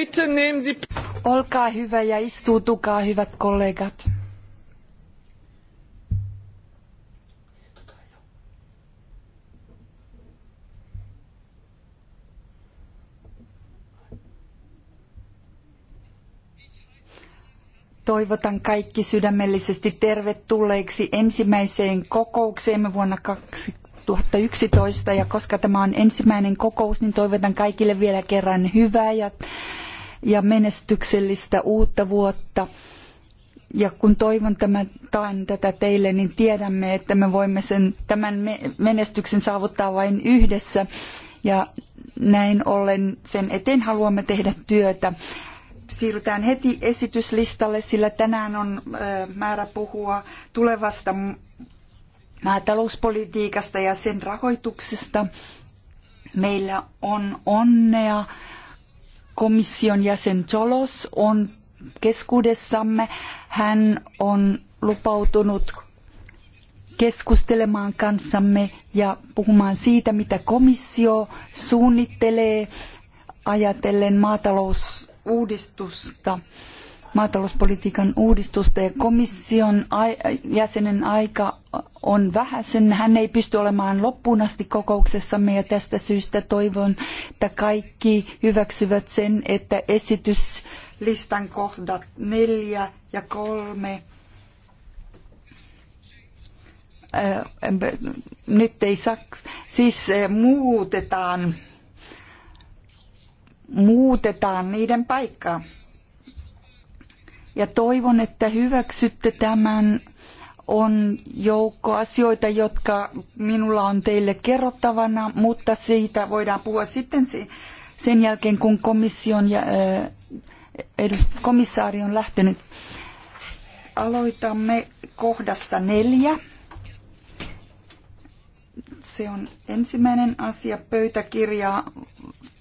Bitte nehmen Sie... Olkaa hyvä ja istuutukaa, hyvät kollegat. toivotan kaikki sydämellisesti tervetulleiksi ensimmäiseen kokoukseemme vuonna 2011. Ja koska tämä on ensimmäinen kokous, niin toivotan kaikille vielä kerran hyvää ja ja menestyksellistä uutta vuotta. Ja kun toivon tämän, taan tätä teille, niin tiedämme, että me voimme sen, tämän menestyksen saavuttaa vain yhdessä. Ja näin ollen sen eteen haluamme tehdä työtä. Siirrytään heti esityslistalle, sillä tänään on määrä puhua tulevasta maatalouspolitiikasta ja sen rahoituksesta. Meillä on onnea komission jäsen Cholos on keskuudessamme. Hän on lupautunut keskustelemaan kanssamme ja puhumaan siitä, mitä komissio suunnittelee ajatellen maatalousuudistusta maatalouspolitiikan uudistusta ja komission jäsenen aika on vähäisen. Hän ei pysty olemaan loppuun asti kokouksessamme ja tästä syystä toivon, että kaikki hyväksyvät sen, että esityslistan kohdat neljä ja kolme äh, nyt ei saks, siis äh, muutetaan, muutetaan niiden paikkaa ja toivon, että hyväksytte tämän. On joukko asioita, jotka minulla on teille kerrottavana, mutta siitä voidaan puhua sitten sen jälkeen, kun komission ja, äh, komissaari on lähtenyt. Aloitamme kohdasta neljä. Se on ensimmäinen asia. Pöytäkirjaa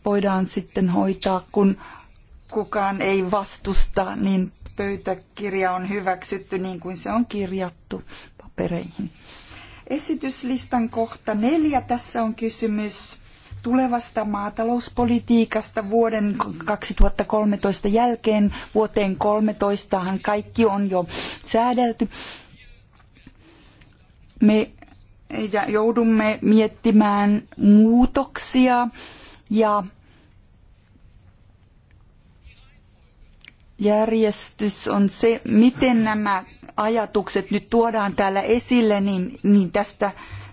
voidaan sitten hoitaa, kun kukaan ei vastusta, niin pöytäkirja on hyväksytty niin kuin se on kirjattu papereihin. Esityslistan kohta neljä. Tässä on kysymys tulevasta maatalouspolitiikasta vuoden 2013 jälkeen. Vuoteen 2013 han kaikki on jo säädelty. Me joudumme miettimään muutoksia ja järjestys on se, miten nämä ajatukset nyt tuodaan täällä esille, niin, niin tästä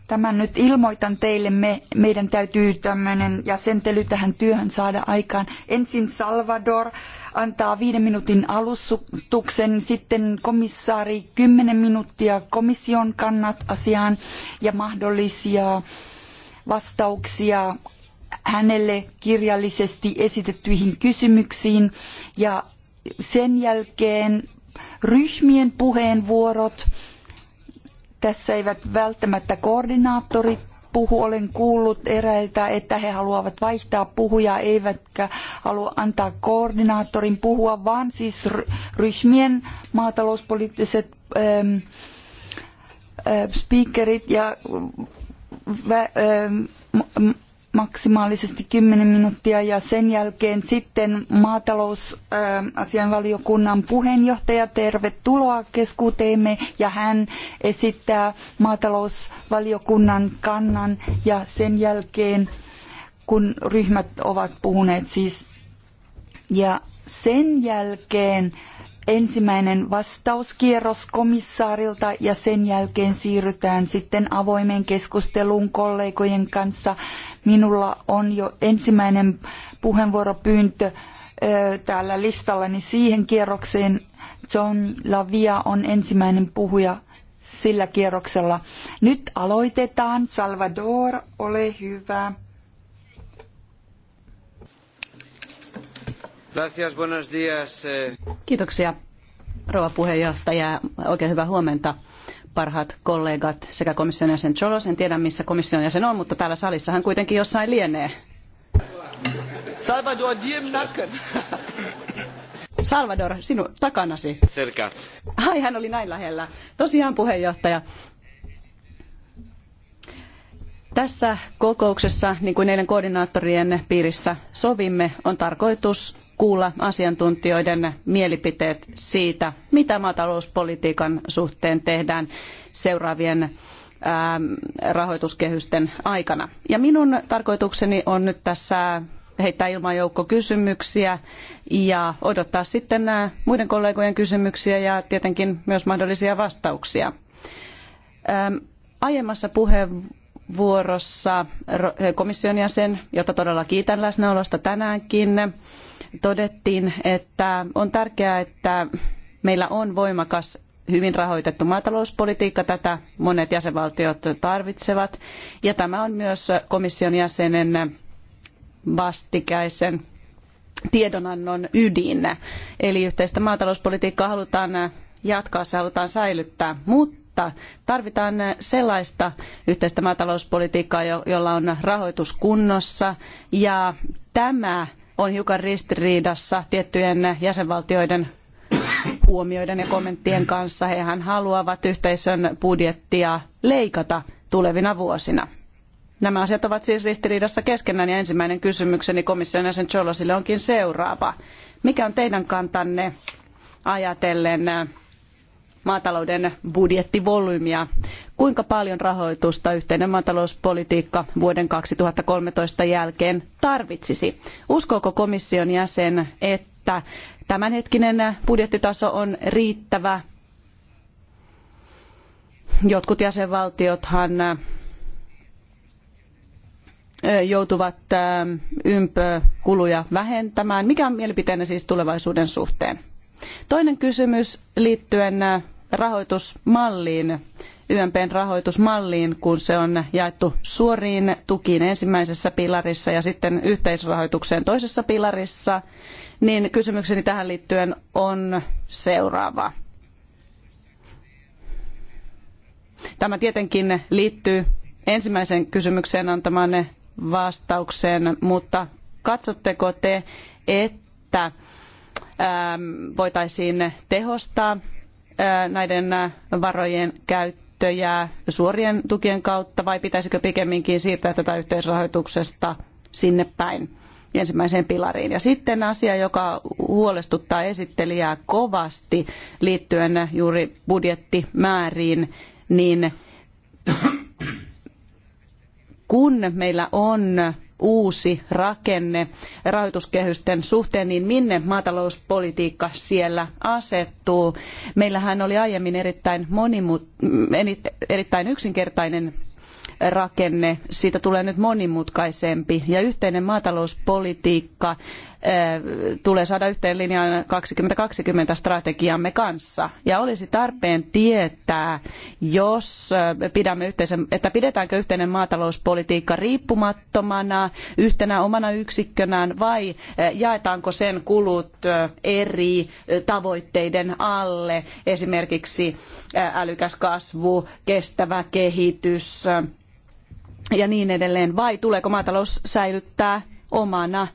tämän nyt ilmoitan teille. Me, meidän täytyy tämmöinen jäsentely tähän työhön saada aikaan. Ensin Salvador antaa viiden minuutin alustuksen, sitten komissaari kymmenen minuuttia komission kannat asiaan ja mahdollisia vastauksia hänelle kirjallisesti esitettyihin kysymyksiin ja sen jälkeen ryhmien puheenvuorot. Tässä eivät välttämättä koordinaattorit puhu. Olen kuullut eräiltä, että he haluavat vaihtaa puhujaa, eivätkä halua antaa koordinaattorin puhua, vaan siis ryhmien maatalouspoliittiset ähm, äh, speakerit ja äh, äh, maksimaalisesti kymmenen minuuttia ja sen jälkeen sitten maatalousasianvaliokunnan puheenjohtaja, tervetuloa keskuuteemme ja hän esittää maatalousvaliokunnan kannan ja sen jälkeen kun ryhmät ovat puhuneet siis ja sen jälkeen ensimmäinen vastauskierros komissaarilta ja sen jälkeen siirrytään sitten avoimeen keskusteluun kollegojen kanssa Minulla on jo ensimmäinen puheenvuoropyyntö täällä listallani siihen kierrokseen. John Lavia on ensimmäinen puhuja sillä kierroksella. Nyt aloitetaan. Salvador, ole hyvä. Gracias, buenos días. Eh. Kiitoksia, rouva puheenjohtaja. Oikein hyvää huomenta parhaat kollegat sekä komission jäsen Cholos. En tiedä, missä komission jäsen on, mutta täällä salissa hän kuitenkin jossain lienee. Salvador Diem Nacken. Salvador, sinun takanasi. Selkä. Ai, hän oli näin lähellä. Tosiaan puheenjohtaja. Tässä kokouksessa, niin kuin eilen koordinaattorien piirissä sovimme, on tarkoitus kuulla asiantuntijoiden mielipiteet siitä, mitä maatalouspolitiikan suhteen tehdään seuraavien ähm, rahoituskehysten aikana. Ja minun tarkoitukseni on nyt tässä heittää ilman joukko kysymyksiä ja odottaa sitten nämä äh, muiden kollegojen kysymyksiä ja tietenkin myös mahdollisia vastauksia. Ähm, aiemmassa puheenvuorossa komission jäsen, jota todella kiitän läsnäolosta tänäänkin, todettiin, että on tärkeää, että meillä on voimakas hyvin rahoitettu maatalouspolitiikka. Tätä monet jäsenvaltiot tarvitsevat. Ja tämä on myös komission jäsenen vastikäisen tiedonannon ydin. Eli yhteistä maatalouspolitiikkaa halutaan jatkaa, se halutaan säilyttää, mutta tarvitaan sellaista yhteistä maatalouspolitiikkaa, jolla on rahoitus kunnossa ja tämä on hiukan ristiriidassa tiettyjen jäsenvaltioiden huomioiden ja kommenttien kanssa. Hehän haluavat yhteisön budjettia leikata tulevina vuosina. Nämä asiat ovat siis ristiriidassa keskenään ja ensimmäinen kysymykseni komission jäsen Cholosille onkin seuraava. Mikä on teidän kantanne ajatellen maatalouden budjettivolyymia. Kuinka paljon rahoitusta yhteinen maatalouspolitiikka vuoden 2013 jälkeen tarvitsisi? Uskooko komission jäsen, että tämänhetkinen budjettitaso on riittävä? Jotkut jäsenvaltiothan joutuvat ympökuluja vähentämään. Mikä on mielipiteenne siis tulevaisuuden suhteen? Toinen kysymys liittyen rahoitusmalliin, YMPn rahoitusmalliin, kun se on jaettu suoriin tukiin ensimmäisessä pilarissa ja sitten yhteisrahoitukseen toisessa pilarissa, niin kysymykseni tähän liittyen on seuraava. Tämä tietenkin liittyy ensimmäiseen kysymykseen antamaan vastaukseen, mutta katsotteko te, että ähm, voitaisiin tehostaa näiden varojen käyttöjä suorien tukien kautta vai pitäisikö pikemminkin siirtää tätä yhteisrahoituksesta sinne päin ensimmäiseen pilariin. Ja sitten asia, joka huolestuttaa esittelijää kovasti liittyen juuri budjettimääriin, niin kun meillä on uusi rakenne rahoituskehysten suhteen, niin minne maatalouspolitiikka siellä asettuu? Meillähän oli aiemmin erittäin, monimut, erittäin yksinkertainen rakenne, siitä tulee nyt monimutkaisempi ja yhteinen maatalouspolitiikka äh, tulee saada yhteen linjaan 2020 strategiamme kanssa. Ja olisi tarpeen tietää, jos äh, pidämme yhteisen, että pidetäänkö yhteinen maatalouspolitiikka riippumattomana, yhtenä omana yksikkönään vai äh, jaetaanko sen kulut eri tavoitteiden alle, esimerkiksi älykäs kasvu, kestävä kehitys, ja niin edelleen, vai tuleeko maatalous säilyttää omana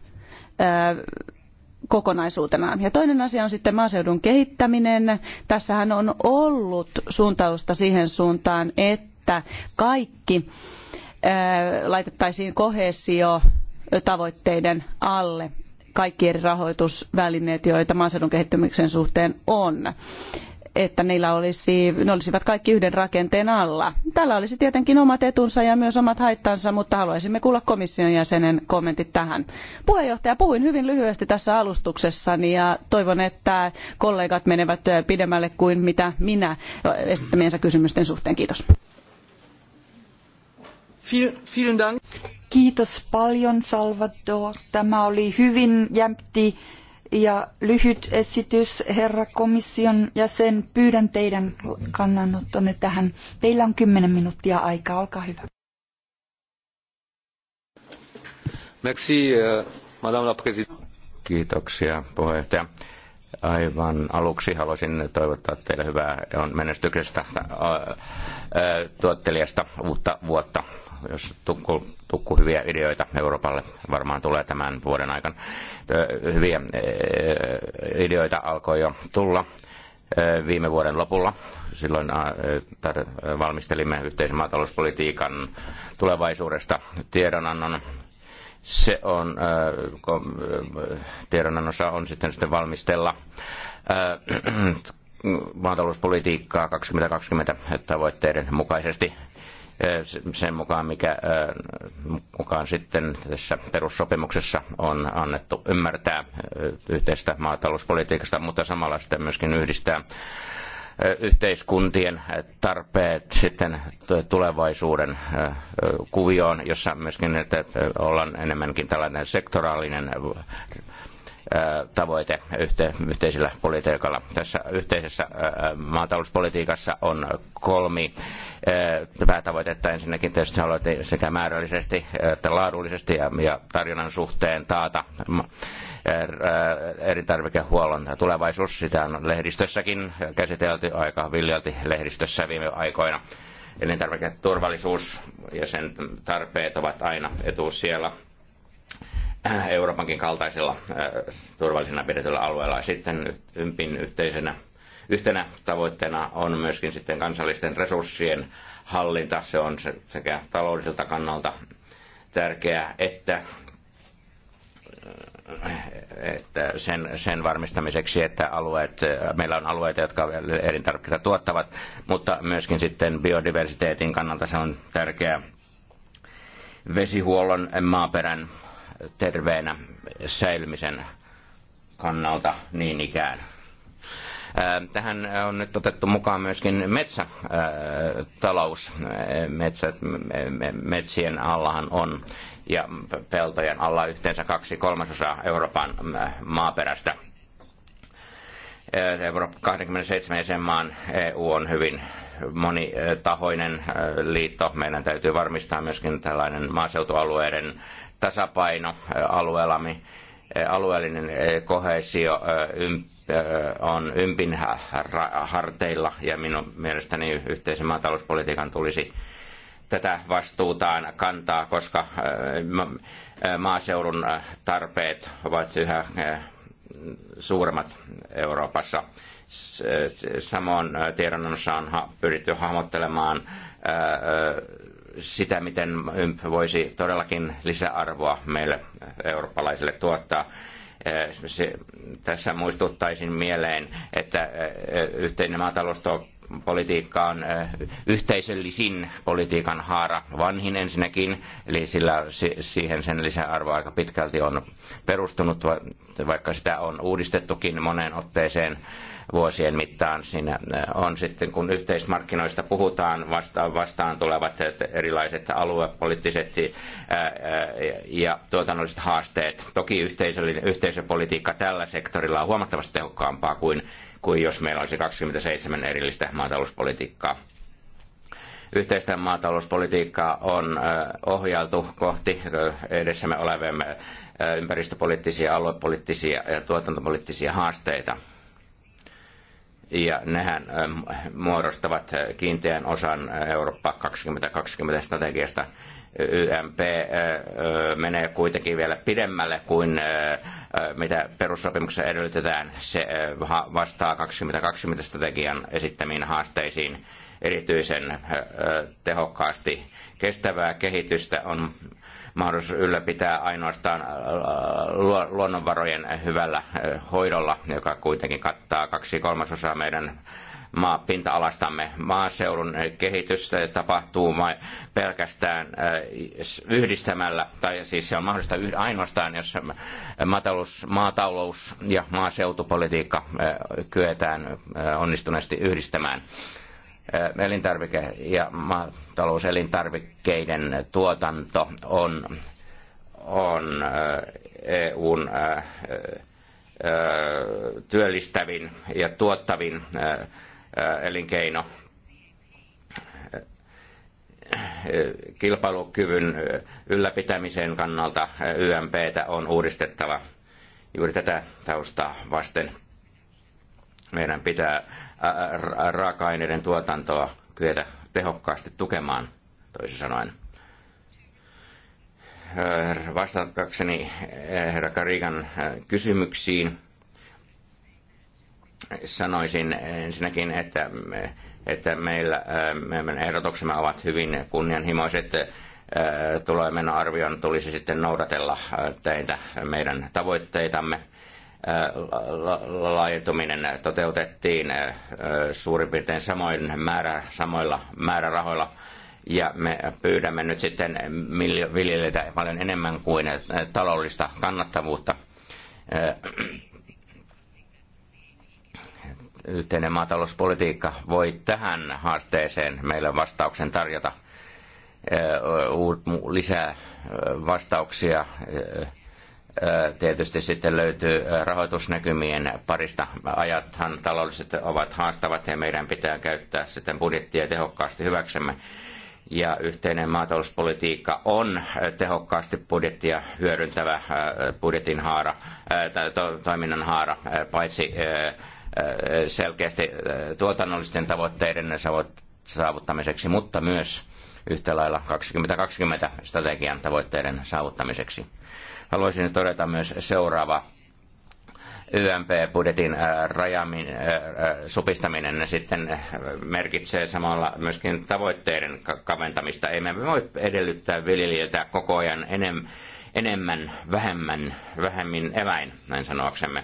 kokonaisuutenaan. Ja toinen asia on sitten maaseudun kehittäminen. Tässähän on ollut suuntausta siihen suuntaan, että kaikki laitettaisiin kohesio tavoitteiden alle kaikki eri rahoitusvälineet, joita maaseudun kehittämisen suhteen on että niillä olisi, ne olisivat kaikki yhden rakenteen alla. Tällä olisi tietenkin omat etunsa ja myös omat haittansa, mutta haluaisimme kuulla komission jäsenen kommentit tähän. Puheenjohtaja, puhuin hyvin lyhyesti tässä alustuksessani ja toivon, että kollegat menevät pidemmälle kuin mitä minä esittämiensä kysymysten suhteen. Kiitos. Kiitos paljon Salvador. Tämä oli hyvin jämpti ja lyhyt esitys, herra komission jäsen, pyydän teidän kannanottonne tähän. Teillä on kymmenen minuuttia aikaa, olkaa hyvä. Merci, euh, madame la Kiitoksia, puheenjohtaja. Aivan aluksi haluaisin toivottaa teille hyvää on menestyksestä äh, äh, tuottelijasta uutta vuotta jos tukku, tukku hyviä ideoita Euroopalle varmaan tulee tämän vuoden aikana. Hyviä ideoita alkoi jo tulla viime vuoden lopulla. Silloin valmistelimme yhteisen maatalouspolitiikan tulevaisuudesta tiedonannon. Se on, tiedonannossa on sitten, sitten valmistella maatalouspolitiikkaa 2020 tavoitteiden mukaisesti sen mukaan, mikä mukaan sitten tässä perussopimuksessa on annettu ymmärtää yhteistä maatalouspolitiikasta, mutta samalla sitten myöskin yhdistää yhteiskuntien tarpeet sitten tulevaisuuden kuvioon, jossa myöskin että ollaan enemmänkin tällainen sektoraalinen tavoite yhteisellä politiikalla. Tässä yhteisessä maatalouspolitiikassa on kolmi päätavoitetta. Ensinnäkin tietysti haluatte sekä määrällisesti että laadullisesti ja tarjonnan suhteen taata elintarvikehuollon tulevaisuus. Sitä on lehdistössäkin käsitelty aika viljalti lehdistössä viime aikoina. Elintarviketurvallisuus ja sen tarpeet ovat aina etuus siellä Äh, Euroopankin kaltaisilla äh, turvallisena pidetyllä ja Sitten ympin yhteisenä Yhtenä tavoitteena on myöskin sitten kansallisten resurssien hallinta. Se on sekä taloudelliselta kannalta tärkeää, että, äh, että sen, sen varmistamiseksi, että alueet, meillä on alueita, jotka elintarvikkeita tuottavat, mutta myöskin sitten biodiversiteetin kannalta se on tärkeää. Vesihuollon, maaperän terveenä säilymisen kannalta niin ikään. Tähän on nyt otettu mukaan myöskin metsätalous. Metsät, metsien allahan on ja peltojen alla yhteensä kaksi kolmasosaa Euroopan maaperästä – Äh, Eurooppa 27 jäsenmaan EU on hyvin monitahoinen äh, liitto. Meidän täytyy varmistaa myöskin tällainen maaseutualueiden tasapaino äh, alueellamme. Alueellinen kohesio on ympin harteilla ja minun mielestäni yhteisen maatalouspolitiikan tulisi tätä vastuutaan kantaa, koska maaseudun tarpeet ovat yhä suuremmat Euroopassa. Samoin tiedonannossa on pyritty hahmottelemaan sitä, miten YMP voisi todellakin lisäarvoa meille eurooppalaisille tuottaa. tässä muistuttaisin mieleen, että yhteinen maataloustuotto politiikka on yhteisöllisin politiikan haara vanhin ensinnäkin, eli sillä siihen sen lisäarvo aika pitkälti on perustunut, vaikka sitä on uudistettukin moneen otteeseen vuosien mittaan. Siinä on sitten, kun yhteismarkkinoista puhutaan, vastaan, vastaan tulevat erilaiset aluepoliittiset ja tuotannolliset haasteet. Toki yhteisöpolitiikka tällä sektorilla on huomattavasti tehokkaampaa kuin kuin jos meillä olisi 27 erillistä maatalouspolitiikkaa. Yhteistä maatalouspolitiikkaa on ohjailtu kohti edessämme olevemme ympäristöpoliittisia, aluepoliittisia ja tuotantopoliittisia haasteita. Ja nehän muodostavat kiinteän osan Eurooppa 2020 strategiasta, YMP menee kuitenkin vielä pidemmälle kuin mitä perussopimuksessa edellytetään. Se vastaa 2020 strategian esittämiin haasteisiin erityisen tehokkaasti. Kestävää kehitystä on mahdollisuus ylläpitää ainoastaan luonnonvarojen hyvällä hoidolla, joka kuitenkin kattaa kaksi kolmasosaa meidän pinta alastamme Maaseudun kehitys tapahtuu pelkästään äh, yhdistämällä, tai siis se on mahdollista ainoastaan, jos matalus, maatalous ja maaseutupolitiikka äh, kyetään äh, onnistuneesti yhdistämään elintarvike- ja maatalouselintarvikkeiden tuotanto on, on EUn työllistävin ja tuottavin elinkeino kilpailukyvyn ylläpitämisen kannalta YMPtä on uudistettava juuri tätä taustaa vasten. Meidän pitää raaka-aineiden tuotantoa kyetä tehokkaasti tukemaan, toisin sanoen. Vastatakseni herra Karigan kysymyksiin – sanoisin ensinnäkin, että, että meillä meidän ehdotuksemme ovat hyvin kunnianhimoiset. Tulojen arvion tulisi sitten noudatella teitä meidän tavoitteitamme. Laajentuminen toteutettiin suurin piirtein samoin määrä, samoilla määrärahoilla ja me pyydämme nyt sitten viljelijöitä paljon enemmän kuin taloudellista kannattavuutta yhteinen maatalouspolitiikka voi tähän haasteeseen meille vastauksen tarjota. Lisää vastauksia tietysti sitten löytyy rahoitusnäkymien parista. Ajathan taloudelliset ovat haastavat ja meidän pitää käyttää sitten budjettia tehokkaasti hyväksemme. Ja yhteinen maatalouspolitiikka on tehokkaasti budjettia hyödyntävä budjetin haara, tai toiminnan haara, paitsi Äh, selkeästi äh, tuotannollisten tavoitteiden saavuttamiseksi, mutta myös yhtä lailla 2020 strategian tavoitteiden saavuttamiseksi. Haluaisin todeta myös seuraava YMP-budjetin äh, rajamin, supistaminen sitten merkitsee samalla myöskin tavoitteiden kaventamista. Ei me voi edellyttää viljelijöitä koko ajan enemmän, vähemmän, vähemmin eväin, näin sanoaksemme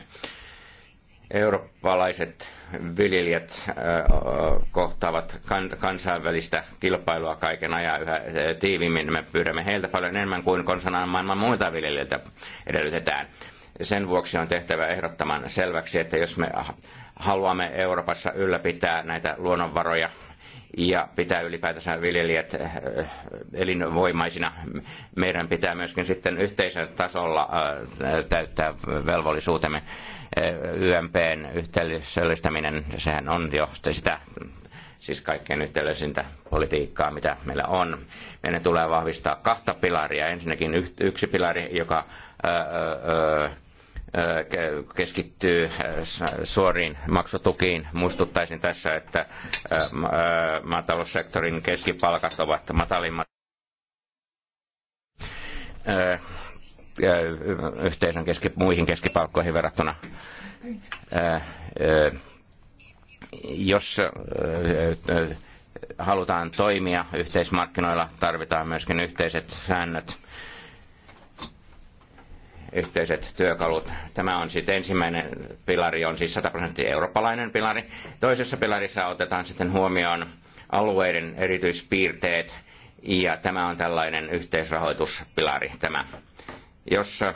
eurooppalaiset viljelijät kohtaavat kansainvälistä kilpailua kaiken ajan yhä tiiviimmin. Me pyydämme heiltä paljon enemmän kuin konsanaan maailman muilta viljelijöiltä edellytetään. Sen vuoksi on tehtävä ehdottoman selväksi, että jos me haluamme Euroopassa ylläpitää näitä luonnonvaroja ja pitää ylipäätänsä viljelijät eh, elinvoimaisina. Meidän pitää myöskin sitten yhteisön tasolla eh, täyttää velvollisuutemme. Eh, YMPn yhteisöllistäminen, sehän on jo sitä siis kaikkein yhtälöisintä politiikkaa, mitä meillä on. Meidän tulee vahvistaa kahta pilaria. Ensinnäkin yksi pilari, joka öö, öö, keskittyy suoriin maksutukiin. Muistuttaisin tässä, että maataloussektorin keskipalkat ovat matalimmat yhteisön keski, muihin keskipalkkoihin verrattuna. Jos halutaan toimia yhteismarkkinoilla, tarvitaan myöskin yhteiset säännöt – yhteiset työkalut. Tämä on sitten ensimmäinen pilari, on siis 100 prosenttia eurooppalainen pilari. Toisessa pilarissa otetaan sitten huomioon alueiden erityispiirteet, ja tämä on tällainen yhteisrahoituspilari tämä. Jos äh,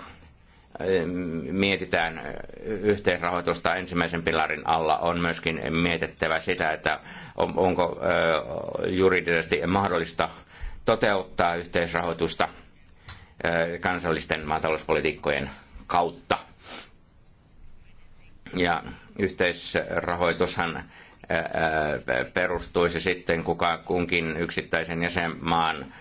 mietitään yhteisrahoitusta ensimmäisen pilarin alla, on myöskin mietittävä sitä, että onko äh, juridisesti mahdollista toteuttaa yhteisrahoitusta – kansallisten maatalouspolitiikkojen kautta. Ja yhteisrahoitushan perustuisi sitten kuka kunkin yksittäisen jäsenmaan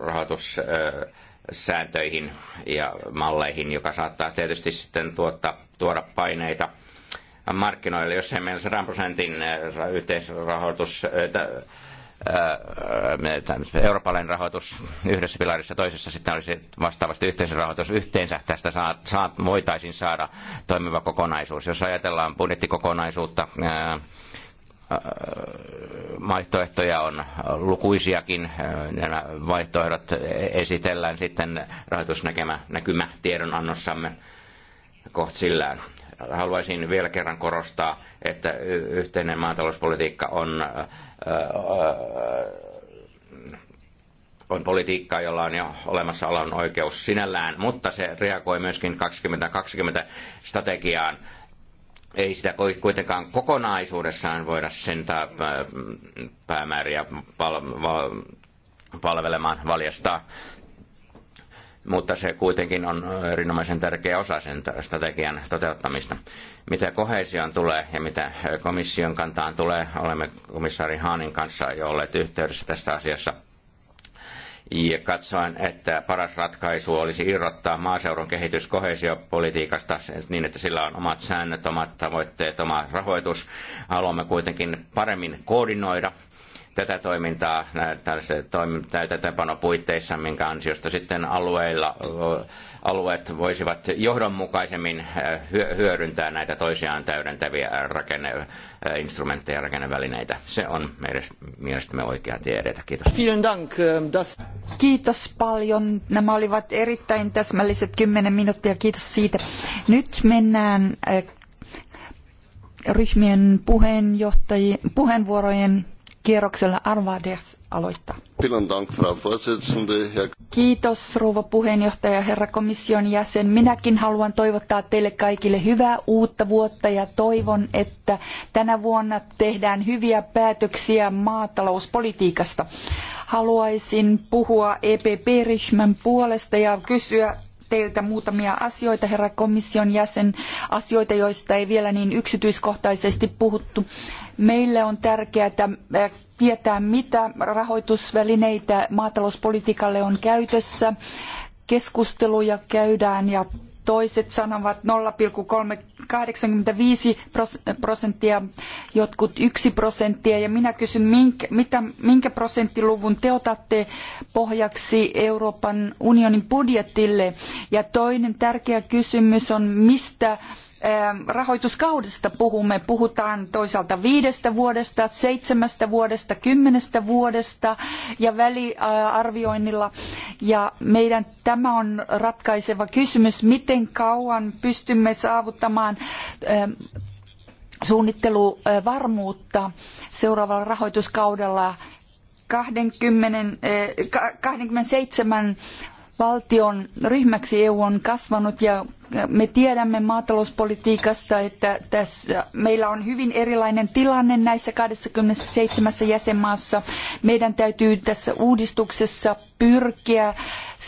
rahoitussääntöihin ja malleihin, joka saattaa tietysti sitten tuottaa, tuoda paineita markkinoille, jos ei meillä 100 prosentin yhteisrahoitus eurooppalainen rahoitus yhdessä pilarissa, toisessa sitten olisi vastaavasti yhteisen rahoitus. Yhteensä tästä saa, saa, voitaisiin saada toimiva kokonaisuus. Jos ajatellaan budjettikokonaisuutta, vaihtoehtoja on lukuisiakin. Nämä vaihtoehdot esitellään sitten rahoitusnäkemä näkymä tiedonannossamme sillään. Haluaisin vielä kerran korostaa, että yhteinen maatalouspolitiikka on on politiikkaa, jolla on jo olemassa olan oikeus sinällään, mutta se reagoi myöskin 2020 strategiaan. Ei sitä kuitenkaan kokonaisuudessaan voida sen päämääriä palvelemaan, valjastaa mutta se kuitenkin on erinomaisen tärkeä osa sen strategian toteuttamista. Mitä kohesioon tulee ja mitä komission kantaan tulee, olemme komissaari Haanin kanssa jo olleet yhteydessä tästä asiassa. Ja katsoen, että paras ratkaisu olisi irrottaa maaseudun kehitys kohesiopolitiikasta niin, että sillä on omat säännöt, omat tavoitteet, oma rahoitus. Haluamme kuitenkin paremmin koordinoida tätä toimintaa täytäntöönpanopuitteissa, minkä ansiosta sitten alueilla, alueet voisivat johdonmukaisemmin hyödyntää näitä toisiaan täydentäviä ja rakennevälineitä. Se on meidän mielestämme oikea tie edetä. Kiitos. Kiitos paljon. Nämä olivat erittäin täsmälliset kymmenen minuuttia. Kiitos siitä. Nyt mennään ryhmien puheenjohtajien puheenvuorojen kierroksella Arvades aloittaa. Kiitos rouva puheenjohtaja, herra komission jäsen. Minäkin haluan toivottaa teille kaikille hyvää uutta vuotta ja toivon, että tänä vuonna tehdään hyviä päätöksiä maatalouspolitiikasta. Haluaisin puhua EPP-ryhmän puolesta ja kysyä teiltä muutamia asioita, herra komission jäsen, asioita, joista ei vielä niin yksityiskohtaisesti puhuttu. Meille on tärkeää äh, tietää, mitä rahoitusvälineitä maatalouspolitiikalle on käytössä. Keskusteluja käydään ja toiset sanovat 0,85 prosenttia, jotkut yksi prosenttia. Ja minä kysyn, minkä, mitä, minkä prosenttiluvun te otatte pohjaksi Euroopan unionin budjetille? Ja toinen tärkeä kysymys on, mistä Ähm, rahoituskaudesta puhumme. Puhutaan toisaalta viidestä vuodesta, seitsemästä vuodesta, kymmenestä vuodesta ja väliarvioinnilla. Ja meidän tämä on ratkaiseva kysymys, miten kauan pystymme saavuttamaan ähm, suunnitteluvarmuutta seuraavalla rahoituskaudella 20, 27 äh, valtion ryhmäksi EU on kasvanut ja me tiedämme maatalouspolitiikasta, että tässä, meillä on hyvin erilainen tilanne näissä 27 jäsenmaassa. Meidän täytyy tässä uudistuksessa pyrkiä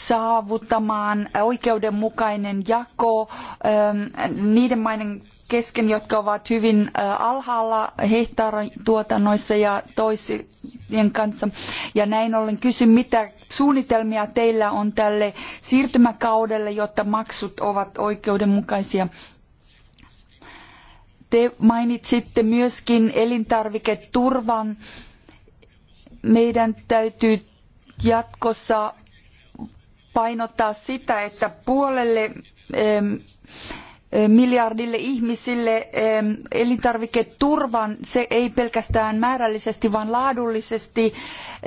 saavuttamaan oikeudenmukainen jako ähm, niiden maiden kesken, jotka ovat hyvin alhaalla hehtaarituotannoissa ja toisien kanssa. Ja näin ollen kysyn, mitä suunnitelmia teillä on tälle siirtymäkaudelle, jotta maksut ovat oikeudenmukaisia te mainitsitte myöskin elintarviketurvan. Meidän täytyy jatkossa painottaa sitä, että puolelle Eh, miljardille ihmisille elintarviketurvan. Se ei pelkästään määrällisesti, vaan laadullisesti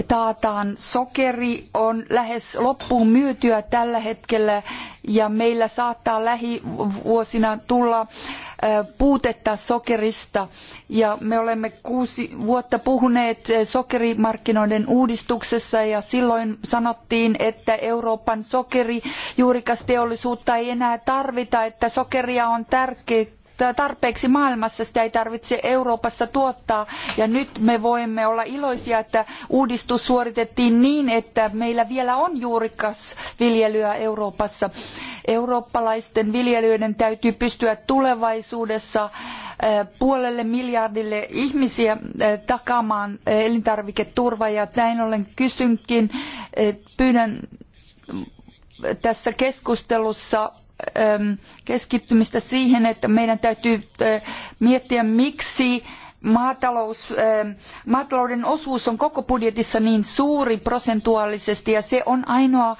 taataan. Sokeri on lähes loppuun myytyä tällä hetkellä ja meillä saattaa lähivuosina tulla eh, puutetta sokerista ja me olemme kuusi vuotta puhuneet eh, sokerimarkkinoiden uudistuksessa ja silloin sanottiin, että Euroopan sokerijuurikasteollisuutta ei enää tarvita, että sokeri kahvia on tärkeä tarpeeksi maailmassa, sitä ei tarvitse Euroopassa tuottaa. Ja nyt me voimme olla iloisia, että uudistus suoritettiin niin, että meillä vielä on juurikas viljelyä Euroopassa. Eurooppalaisten viljelijöiden täytyy pystyä tulevaisuudessa puolelle miljardille ihmisiä takaamaan elintarviketurva ja näin ollen kysynkin, pyydän tässä keskustelussa Ähm, keskittymistä siihen, että meidän täytyy äh, miettiä, miksi maatalous, ähm, maatalouden osuus on koko budjetissa niin suuri prosentuaalisesti ja se on ainoa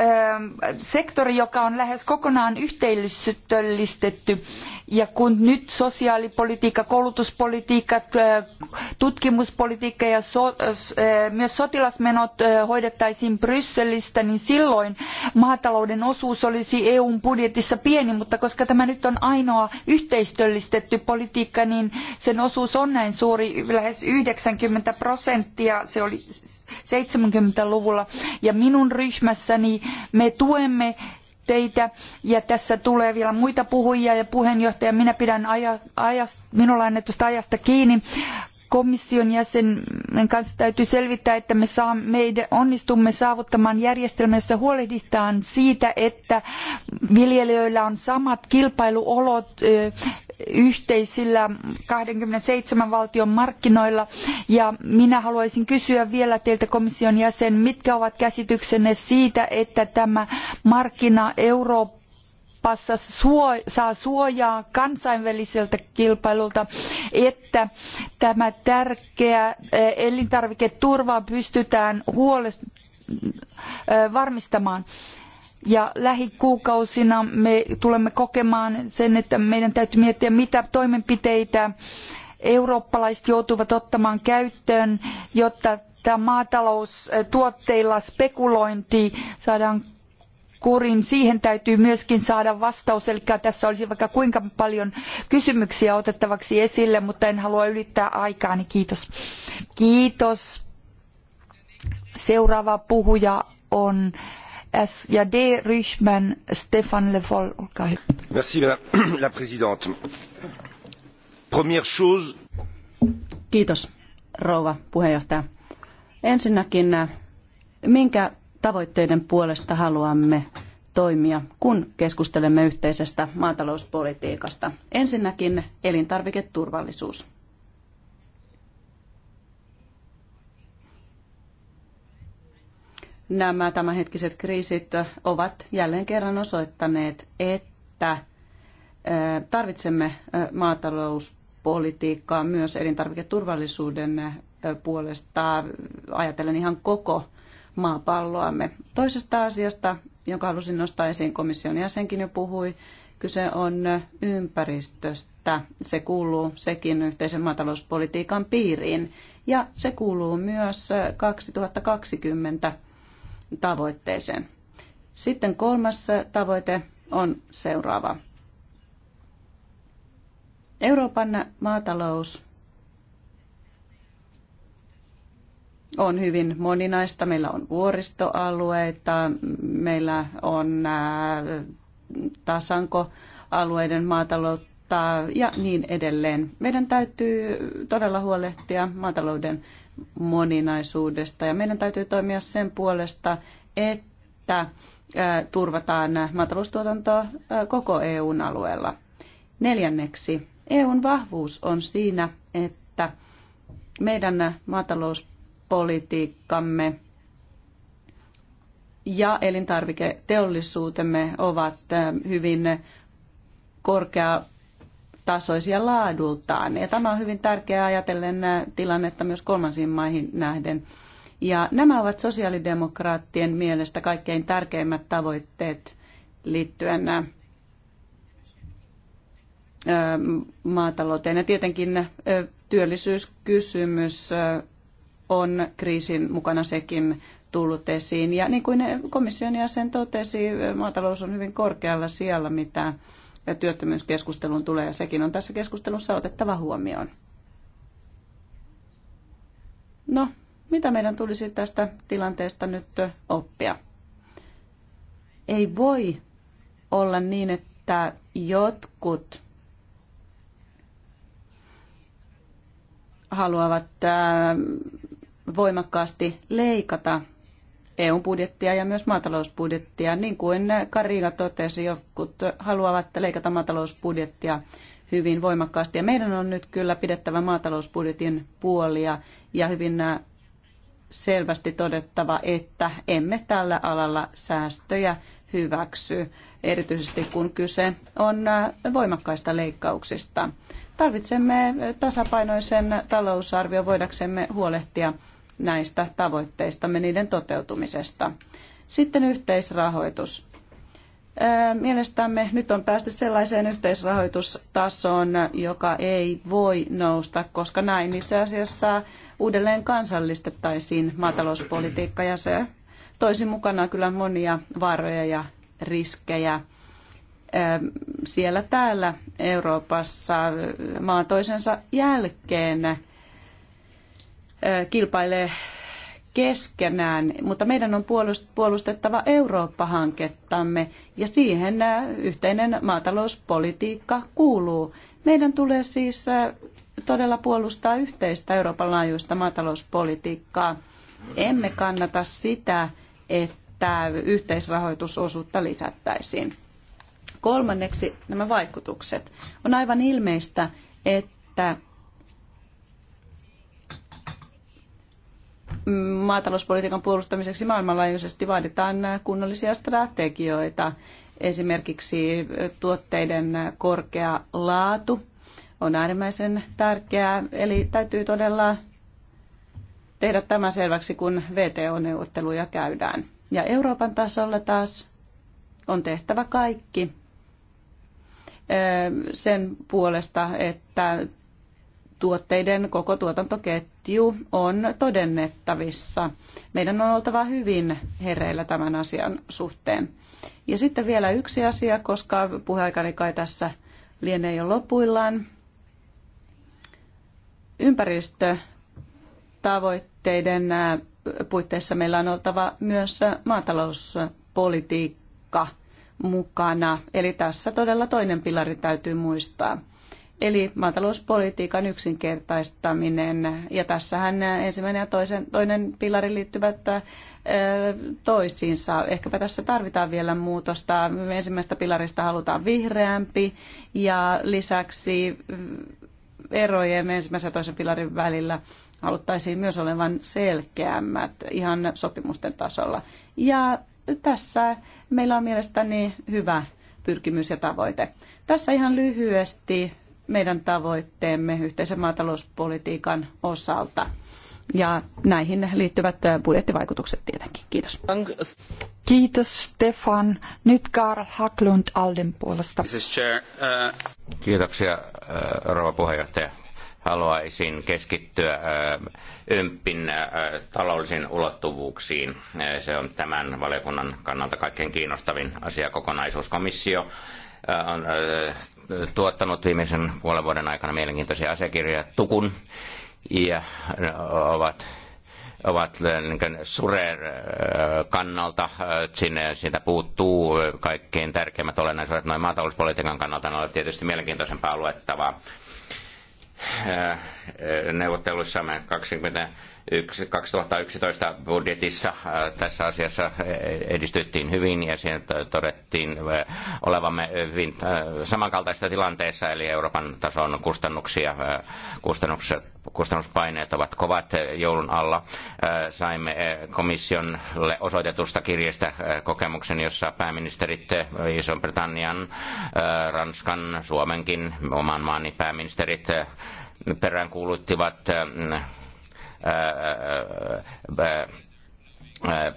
ähm, sektori, joka on lähes kokonaan yhteisöllistetty ja kun nyt sosiaalipolitiikka, koulutuspolitiikka, äh, tutkimuspolitiikka ja so, äh, äh, myös sotilasmenot hoidettaisiin Brysselistä, niin silloin maatalouden osuus olisi EUn budjetissa pieni, mutta koska tämä nyt on ainoa yhteistöllistetty politiikka, niin sen osuus on näin suuri, lähes 90 prosenttia, se oli 70-luvulla. Ja minun ryhmässäni me tuemme teitä. Ja tässä tulee vielä muita puhujia ja puheenjohtaja. Minä pidän aja, ajasta, minulla annetusta ajasta kiinni komission jäsenen kanssa täytyy selvittää, että me saa, onnistumme saavuttamaan järjestelmän, jossa huolehditaan siitä, että viljelijöillä on samat kilpailuolot yhteisillä 27 valtion markkinoilla. Ja minä haluaisin kysyä vielä teiltä komission jäsen, mitkä ovat käsityksenne siitä, että tämä markkina Eurooppa Euroopassa suo, saa suojaa kansainväliseltä kilpailulta, että tämä tärkeä eh, elintarviketurva pystytään huolest, eh, varmistamaan. Ja lähikuukausina me tulemme kokemaan sen, että meidän täytyy miettiä, mitä toimenpiteitä eurooppalaiset joutuvat ottamaan käyttöön, jotta tämä maataloustuotteilla spekulointi saadaan kuriin. Siihen täytyy myöskin saada vastaus, eli tässä olisi vaikka kuinka paljon kysymyksiä otettavaksi esille, mutta en halua ylittää aikaani. Kiitos. Kiitos. Seuraava puhuja on SJD Stefan la présidente. Première chose. Kiitos, rouva puheenjohtaja. Ensinnäkin, minkä tavoitteiden puolesta haluamme toimia, kun keskustelemme yhteisestä maatalouspolitiikasta? Ensinnäkin elintarviketurvallisuus nämä tämänhetkiset kriisit ovat jälleen kerran osoittaneet, että tarvitsemme maatalouspolitiikkaa myös elintarviketurvallisuuden puolesta ajatellen ihan koko maapalloamme. Toisesta asiasta, jonka halusin nostaa esiin, komission jäsenkin jo puhui, kyse on ympäristöstä. Se kuuluu sekin yhteisen maatalouspolitiikan piiriin ja se kuuluu myös 2020 tavoitteeseen. Sitten kolmas tavoite on seuraava. Euroopan maatalous on hyvin moninaista. Meillä on vuoristoalueita, meillä on äh, tasankoalueiden maataloutta ja niin edelleen. Meidän täytyy todella huolehtia maatalouden moninaisuudesta. Ja meidän täytyy toimia sen puolesta, että turvataan maataloustuotantoa koko EUn alueella. Neljänneksi, EUn vahvuus on siinä, että meidän maatalouspolitiikkamme ja elintarviketeollisuutemme ovat hyvin korkea tasoisia laadultaan. Ja tämä on hyvin tärkeää ajatellen äh, tilannetta myös kolmansiin maihin nähden. Ja nämä ovat sosiaalidemokraattien mielestä kaikkein tärkeimmät tavoitteet liittyen äh, äh, maatalouteen. Ja tietenkin työllisyyskysymys on kriisin mukana sekin tullut esiin. Ja niin kuin komission jäsen totesi, maatalous on hyvin korkealla siellä, mitä työttömyyskeskustelun tulee, ja sekin on tässä keskustelussa otettava huomioon. No, mitä meidän tulisi tästä tilanteesta nyt oppia? Ei voi olla niin, että jotkut haluavat äh, voimakkaasti leikata EU-budjettia ja myös maatalousbudjettia. Niin kuin Karina totesi, jotkut haluavat leikata maatalousbudjettia hyvin voimakkaasti. Ja meidän on nyt kyllä pidettävä maatalousbudjetin puolia ja hyvin äh, selvästi todettava, että emme tällä alalla säästöjä hyväksy, erityisesti kun kyse on äh, voimakkaista leikkauksista. Tarvitsemme tasapainoisen talousarvio voidaksemme huolehtia näistä tavoitteista, me niiden toteutumisesta. Sitten yhteisrahoitus. Mielestämme nyt on päästy sellaiseen yhteisrahoitustasoon, joka ei voi nousta, koska näin itse asiassa uudelleen kansallistettaisiin maatalouspolitiikka ja se toisi mukanaan kyllä monia varoja ja riskejä siellä täällä Euroopassa maan toisensa jälkeen kilpailee keskenään, mutta meidän on puolustettava Eurooppa-hankettamme ja siihen yhteinen maatalouspolitiikka kuuluu. Meidän tulee siis todella puolustaa yhteistä Euroopan laajuista maatalouspolitiikkaa. Emme kannata sitä, että yhteisrahoitusosuutta lisättäisiin. Kolmanneksi nämä vaikutukset. On aivan ilmeistä, että maatalouspolitiikan puolustamiseksi maailmanlaajuisesti vaaditaan kunnollisia strategioita. Esimerkiksi tuotteiden korkea laatu on äärimmäisen tärkeää, eli täytyy todella tehdä tämä selväksi, kun VTO-neuvotteluja käydään. Ja Euroopan tasolla taas on tehtävä kaikki sen puolesta, että tuotteiden koko tuotantoketju on todennettavissa. Meidän on oltava hyvin hereillä tämän asian suhteen. Ja sitten vielä yksi asia, koska puheaikani kai tässä lienee jo lopuillaan. Ympäristötavoitteiden puitteissa meillä on oltava myös maatalouspolitiikka mukana. Eli tässä todella toinen pilari täytyy muistaa. Eli maatalouspolitiikan yksinkertaistaminen. Ja tässähän ensimmäinen ja toisen, toinen pilari liittyvät toisiinsa. Ehkäpä tässä tarvitaan vielä muutosta. Ensimmäistä pilarista halutaan vihreämpi ja lisäksi mm, erojen ensimmäisen ja toisen pilarin välillä haluttaisiin myös olevan selkeämmät ihan sopimusten tasolla. Ja tässä meillä on mielestäni hyvä pyrkimys ja tavoite. Tässä ihan lyhyesti meidän tavoitteemme yhteisen maatalouspolitiikan osalta. Ja näihin liittyvät äh, budjettivaikutukset tietenkin. Kiitos. Kiitos Stefan. Nyt Karl Haklund Alden puolesta. Äh, Kiitoksia äh, rouva puheenjohtaja. Haluaisin keskittyä ympin taloudellisiin ulottuvuuksiin. Se on tämän valiokunnan kannalta kaikkein kiinnostavin asiakokonaisuus. Komissio on tuottanut viimeisen puolen vuoden aikana mielenkiintoisia asiakirjoja tukun ja ovat ovat niin surer kannalta, sinne, siitä puuttuu kaikkein tärkeimmät olennaisuudet noin maatalouspolitiikan kannalta, ne ovat tietysti mielenkiintoisempaa luettavaa neuvotteluissamme 20 2011 budjetissa tässä asiassa edistyttiin hyvin ja siinä todettiin olevamme hyvin samankaltaisessa tilanteessa, eli Euroopan tason kustannuksia, kustannukset, kustannuspaineet ovat kovat joulun alla. Saimme komissiolle osoitetusta kirjeestä kokemuksen, jossa pääministerit Iso-Britannian, Ranskan, Suomenkin, oman maani pääministerit peräänkuuluttivat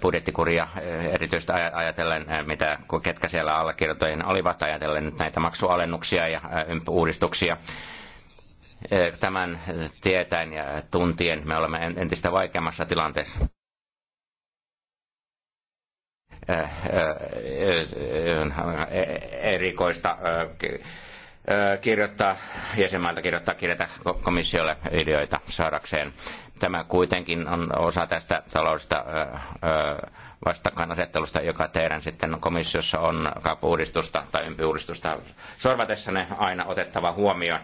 budjettikuria erityisesti ajatellen, mitä, ketkä siellä allekirjoittajien olivat, ajatellen näitä maksualennuksia ja uudistuksia. Tämän tietäen ja tuntien me olemme entistä vaikeammassa tilanteessa erikoista kirjoittaa jäsenmailta kirjoittaa kirjata komissiolle ideoita saadakseen Tämä kuitenkin on osa tästä taloudesta vastakkainasettelusta, joka teidän sitten komissiossa on kapuudistusta tai ympiuudistusta ne aina otettava huomioon.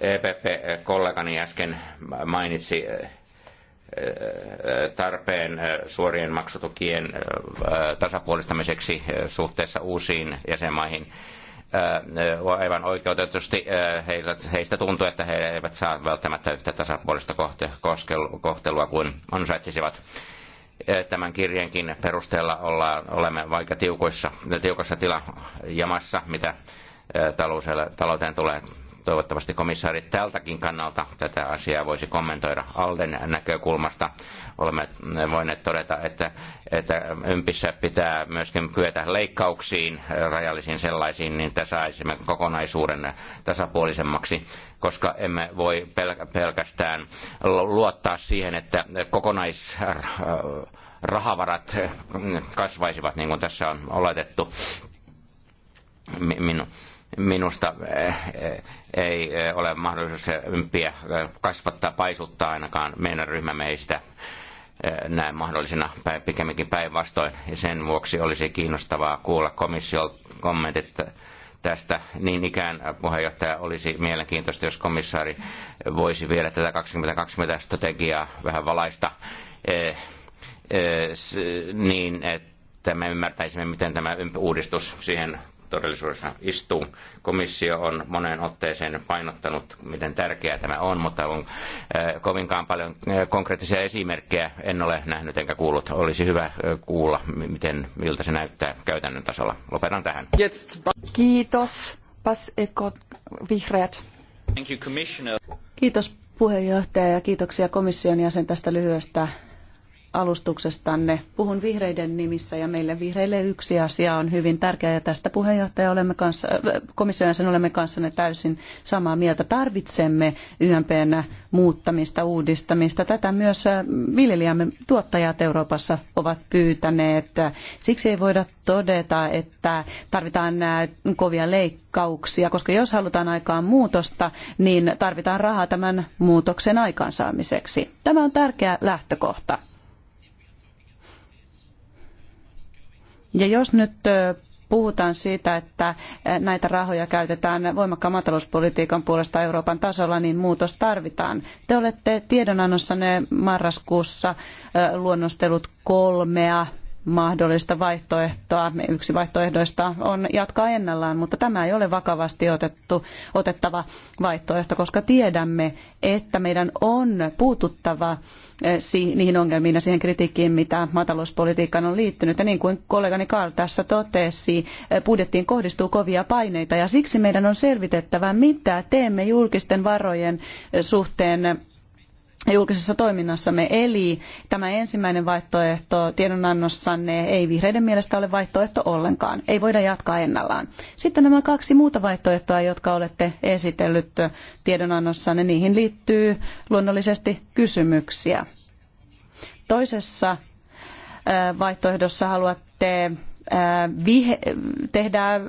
EPP-kollegani äsken mainitsi tarpeen suorien maksutukien tasapuolistamiseksi suhteessa uusiin jäsenmaihin aivan oikeutetusti heistä tuntuu, että he eivät saa välttämättä yhtä tasapuolista kohtelua kuin ansaitsisivat. Tämän kirjankin perusteella olla, olemme vaikka tiukoissa, tiukassa tilajamassa, mitä talouteen tulee Toivottavasti komissaari tältäkin kannalta tätä asiaa voisi kommentoida Alden näkökulmasta. Olemme voineet todeta, että, että ympissä pitää myöskin kyetä leikkauksiin, rajallisiin sellaisiin, niin että saisimme kokonaisuuden tasapuolisemmaksi, koska emme voi pelkästään luottaa siihen, että kokonais rahavarat kasvaisivat, niin kuin tässä on oletettu. minun minusta eh, eh, ei eh, ole mahdollisuus ympiä kasvattaa, paisuttaa ainakaan meidän ryhmä näin mahdollisena pikemminkin päinvastoin. Ja sen vuoksi olisi kiinnostavaa kuulla komission kommentit tästä. Niin ikään puheenjohtaja olisi mielenkiintoista, jos komissaari voisi vielä tätä 2020 strategiaa vähän valaista niin, että me ymmärtäisimme, miten tämä uudistus siihen todellisuudessa istuu. Komissio on moneen otteeseen painottanut, miten tärkeää tämä on, mutta on eh, kovinkaan paljon eh, konkreettisia esimerkkejä en ole nähnyt enkä kuullut. Olisi hyvä eh, kuulla, miten, miltä se näyttää käytännön tasolla. Lopetan tähän. Kiitos. Pas Eko, vihreät. Kiitos puheenjohtaja ja kiitoksia komission jäsen tästä lyhyestä alustuksestanne. Puhun vihreiden nimissä ja meille vihreille yksi asia on hyvin tärkeä ja tästä puheenjohtaja olemme kanssa, komission sen olemme kanssanne täysin samaa mieltä. Tarvitsemme YMPn muuttamista, uudistamista. Tätä myös viljelijämme tuottajat Euroopassa ovat pyytäneet. Siksi ei voida todeta, että tarvitaan kovia leikkauksia, koska jos halutaan aikaan muutosta, niin tarvitaan rahaa tämän muutoksen aikaansaamiseksi. Tämä on tärkeä lähtökohta. Ja jos nyt puhutaan siitä, että näitä rahoja käytetään voimakkaan maatalouspolitiikan puolesta Euroopan tasolla, niin muutos tarvitaan. Te olette tiedonannossanne marraskuussa luonnostellut kolmea mahdollista vaihtoehtoa. Yksi vaihtoehdoista on jatkaa ennallaan, mutta tämä ei ole vakavasti otettu, otettava vaihtoehto, koska tiedämme, että meidän on puututtava eh, niihin ongelmiin ja siihen kritiikkiin, mitä maatalouspolitiikkaan on liittynyt. Ja niin kuin kollegani Karl tässä totesi, eh, budjettiin kohdistuu kovia paineita ja siksi meidän on selvitettävä, mitä teemme julkisten varojen eh, suhteen julkisessa toiminnassamme. Eli tämä ensimmäinen vaihtoehto tiedonannossanne ei vihreiden mielestä ole vaihtoehto ollenkaan. Ei voida jatkaa ennallaan. Sitten nämä kaksi muuta vaihtoehtoa, jotka olette esitellyt tiedonannossanne, niihin liittyy luonnollisesti kysymyksiä. Toisessa vaihtoehdossa haluatte vihe- tehdä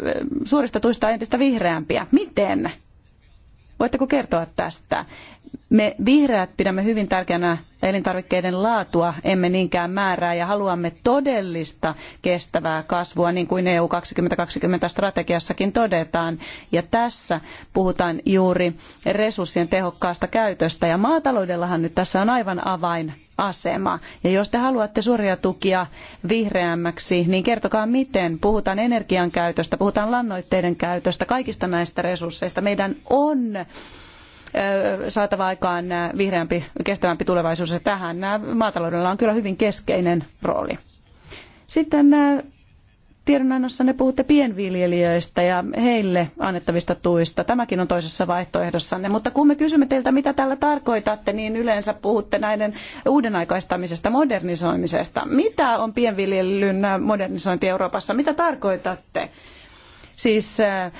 suorista tuista entistä vihreämpiä. Miten? Voitteko kertoa tästä? me vihreät pidämme hyvin tärkeänä elintarvikkeiden laatua, emme niinkään määrää, ja haluamme todellista kestävää kasvua, niin kuin EU 2020 strategiassakin todetaan. Ja tässä puhutaan juuri resurssien tehokkaasta käytöstä, ja maataloudellahan nyt tässä on aivan avain asema. Ja jos te haluatte suoria tukia vihreämmäksi, niin kertokaa miten. Puhutaan energian käytöstä, puhutaan lannoitteiden käytöstä, kaikista näistä resursseista. Meidän on saatava aikaan vihreämpi, kestävämpi tulevaisuus. Ja tähän maataloudella on kyllä hyvin keskeinen rooli. Sitten tiedonannossa ne puhutte pienviljelijöistä ja heille annettavista tuista. Tämäkin on toisessa vaihtoehdossanne. Mutta kun me kysymme teiltä, mitä tällä tarkoitatte, niin yleensä puhutte näiden uudenaikaistamisesta, modernisoimisesta. Mitä on pienviljelyn modernisointi Euroopassa? Mitä tarkoitatte? Siis äh, äh,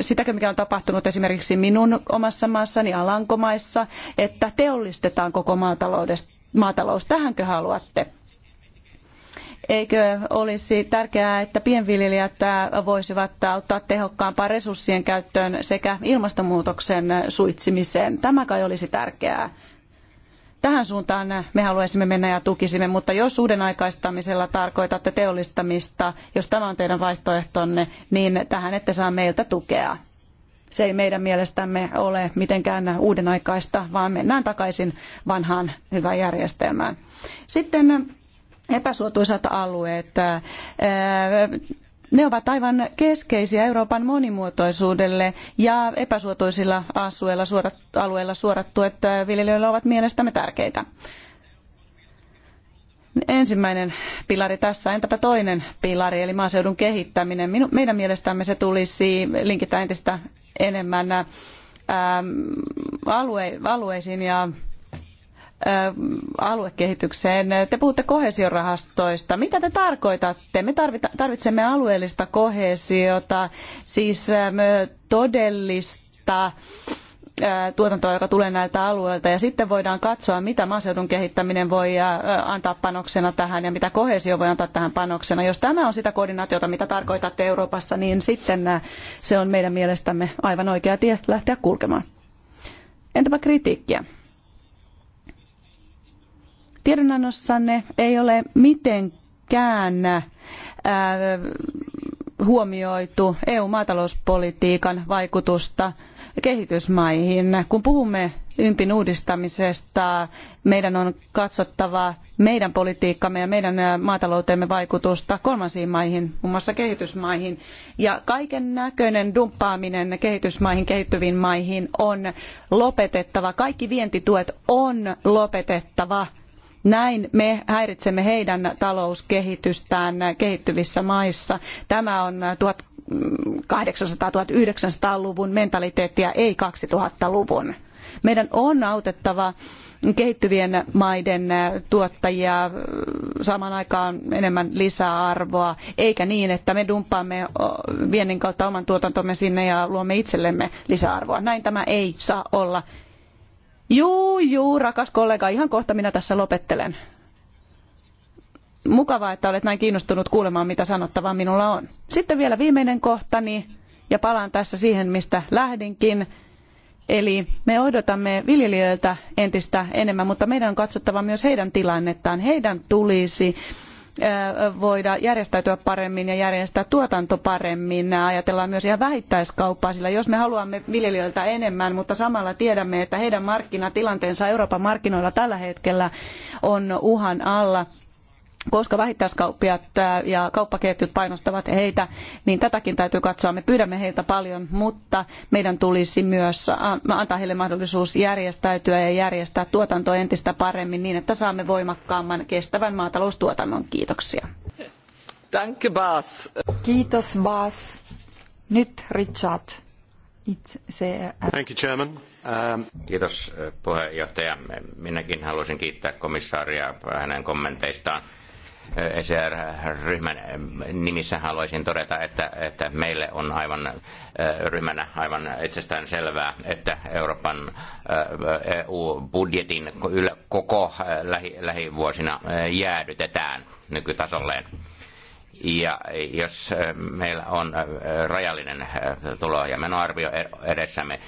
sitäkö, mikä on tapahtunut esimerkiksi minun omassa maassani Alankomaissa, että teollistetaan koko maatalous. Tähänkö haluatte? Eikö olisi tärkeää, että pienviljelijät äh, voisivat ottaa tehokkaampaa resurssien käyttöön sekä ilmastonmuutoksen suitsimiseen? Tämä kai olisi tärkeää. Tähän suuntaan me haluaisimme mennä ja tukisimme, mutta jos uuden aikaistamisella tarkoitatte teollistamista, jos tämä on teidän vaihtoehtonne, niin tähän ette saa meiltä tukea. Se ei meidän mielestämme ole mitenkään uuden aikaista, vaan mennään takaisin vanhaan hyvään järjestelmään. Sitten epäsuotuisat alueet ne ovat aivan keskeisiä Euroopan monimuotoisuudelle ja epäsuotuisilla asueilla, suorat, alueilla suorat tuet viljelijöillä ovat mielestämme tärkeitä. Ensimmäinen pilari tässä, entäpä toinen pilari, eli maaseudun kehittäminen. Minu, meidän mielestämme se tulisi linkittää entistä enemmän ää, alue, alueisiin ja aluekehitykseen. Te puhutte kohesiorahastoista. Mitä te tarkoitatte? Me tarvitsemme alueellista kohesiota, siis todellista tuotantoa, joka tulee näiltä alueilta, ja sitten voidaan katsoa, mitä maaseudun kehittäminen voi antaa panoksena tähän ja mitä kohesio voi antaa tähän panoksena. Jos tämä on sitä koordinaatiota, mitä tarkoitatte Euroopassa, niin sitten se on meidän mielestämme aivan oikea tie lähteä kulkemaan. Entäpä kritiikkiä? Tiedonannossanne ei ole mitenkään ää, äh, huomioitu EU-maatalouspolitiikan vaikutusta kehitysmaihin. Kun puhumme ympin uudistamisesta, meidän on katsottava meidän politiikkamme ja meidän äh, maataloutemme vaikutusta kolmansiin maihin, muun muassa kehitysmaihin. Ja kaiken näköinen dumppaaminen kehitysmaihin, kehittyviin maihin on lopetettava. Kaikki vientituet on lopetettava näin me häiritsemme heidän talouskehitystään kehittyvissä maissa. Tämä on 1800-1900-luvun mentaliteettia, ei 2000-luvun. Meidän on autettava kehittyvien maiden tuottajia saman aikaan enemmän lisäarvoa, eikä niin, että me dumppaamme viennin kautta oman tuotantomme sinne ja luomme itsellemme lisäarvoa. Näin tämä ei saa olla. Juu, juu, rakas kollega, ihan kohta minä tässä lopettelen. Mukavaa, että olet näin kiinnostunut kuulemaan, mitä sanottavaa minulla on. Sitten vielä viimeinen kohtani, ja palaan tässä siihen, mistä lähdinkin. Eli me odotamme viljelijöiltä entistä enemmän, mutta meidän on katsottava myös heidän tilannettaan. Heidän tulisi voida järjestäytyä paremmin ja järjestää tuotanto paremmin. Ajatellaan myös ihan vähittäiskauppaa, sillä jos me haluamme viljelijöiltä enemmän, mutta samalla tiedämme, että heidän markkinatilanteensa Euroopan markkinoilla tällä hetkellä on uhan alla, koska vähittäiskauppiat ja kauppaketjut painostavat heitä, niin tätäkin täytyy katsoa. Me pyydämme heiltä paljon, mutta meidän tulisi myös antaa heille mahdollisuus järjestäytyä ja järjestää tuotanto entistä paremmin niin, että saamme voimakkaamman kestävän maataloustuotannon. Kiitoksia. Danke, Bas. Kiitos, Bas. Nyt Richard. Thank you, Chairman. Um, Kiitos eh, puheenjohtaja. Minäkin haluaisin kiittää komissaaria hänen kommenteistaan ECR-ryhmän e nimissä haluaisin todeta, että, että meille on aivan e, ryhmänä aivan itsestään selvää, että Euroopan EU-budjetin e koko lähi, lähivuosina jäädytetään nykytasolleen. Ja jos äh, meillä on äh, rajallinen äh, tulo- ja menoarvio edessämme,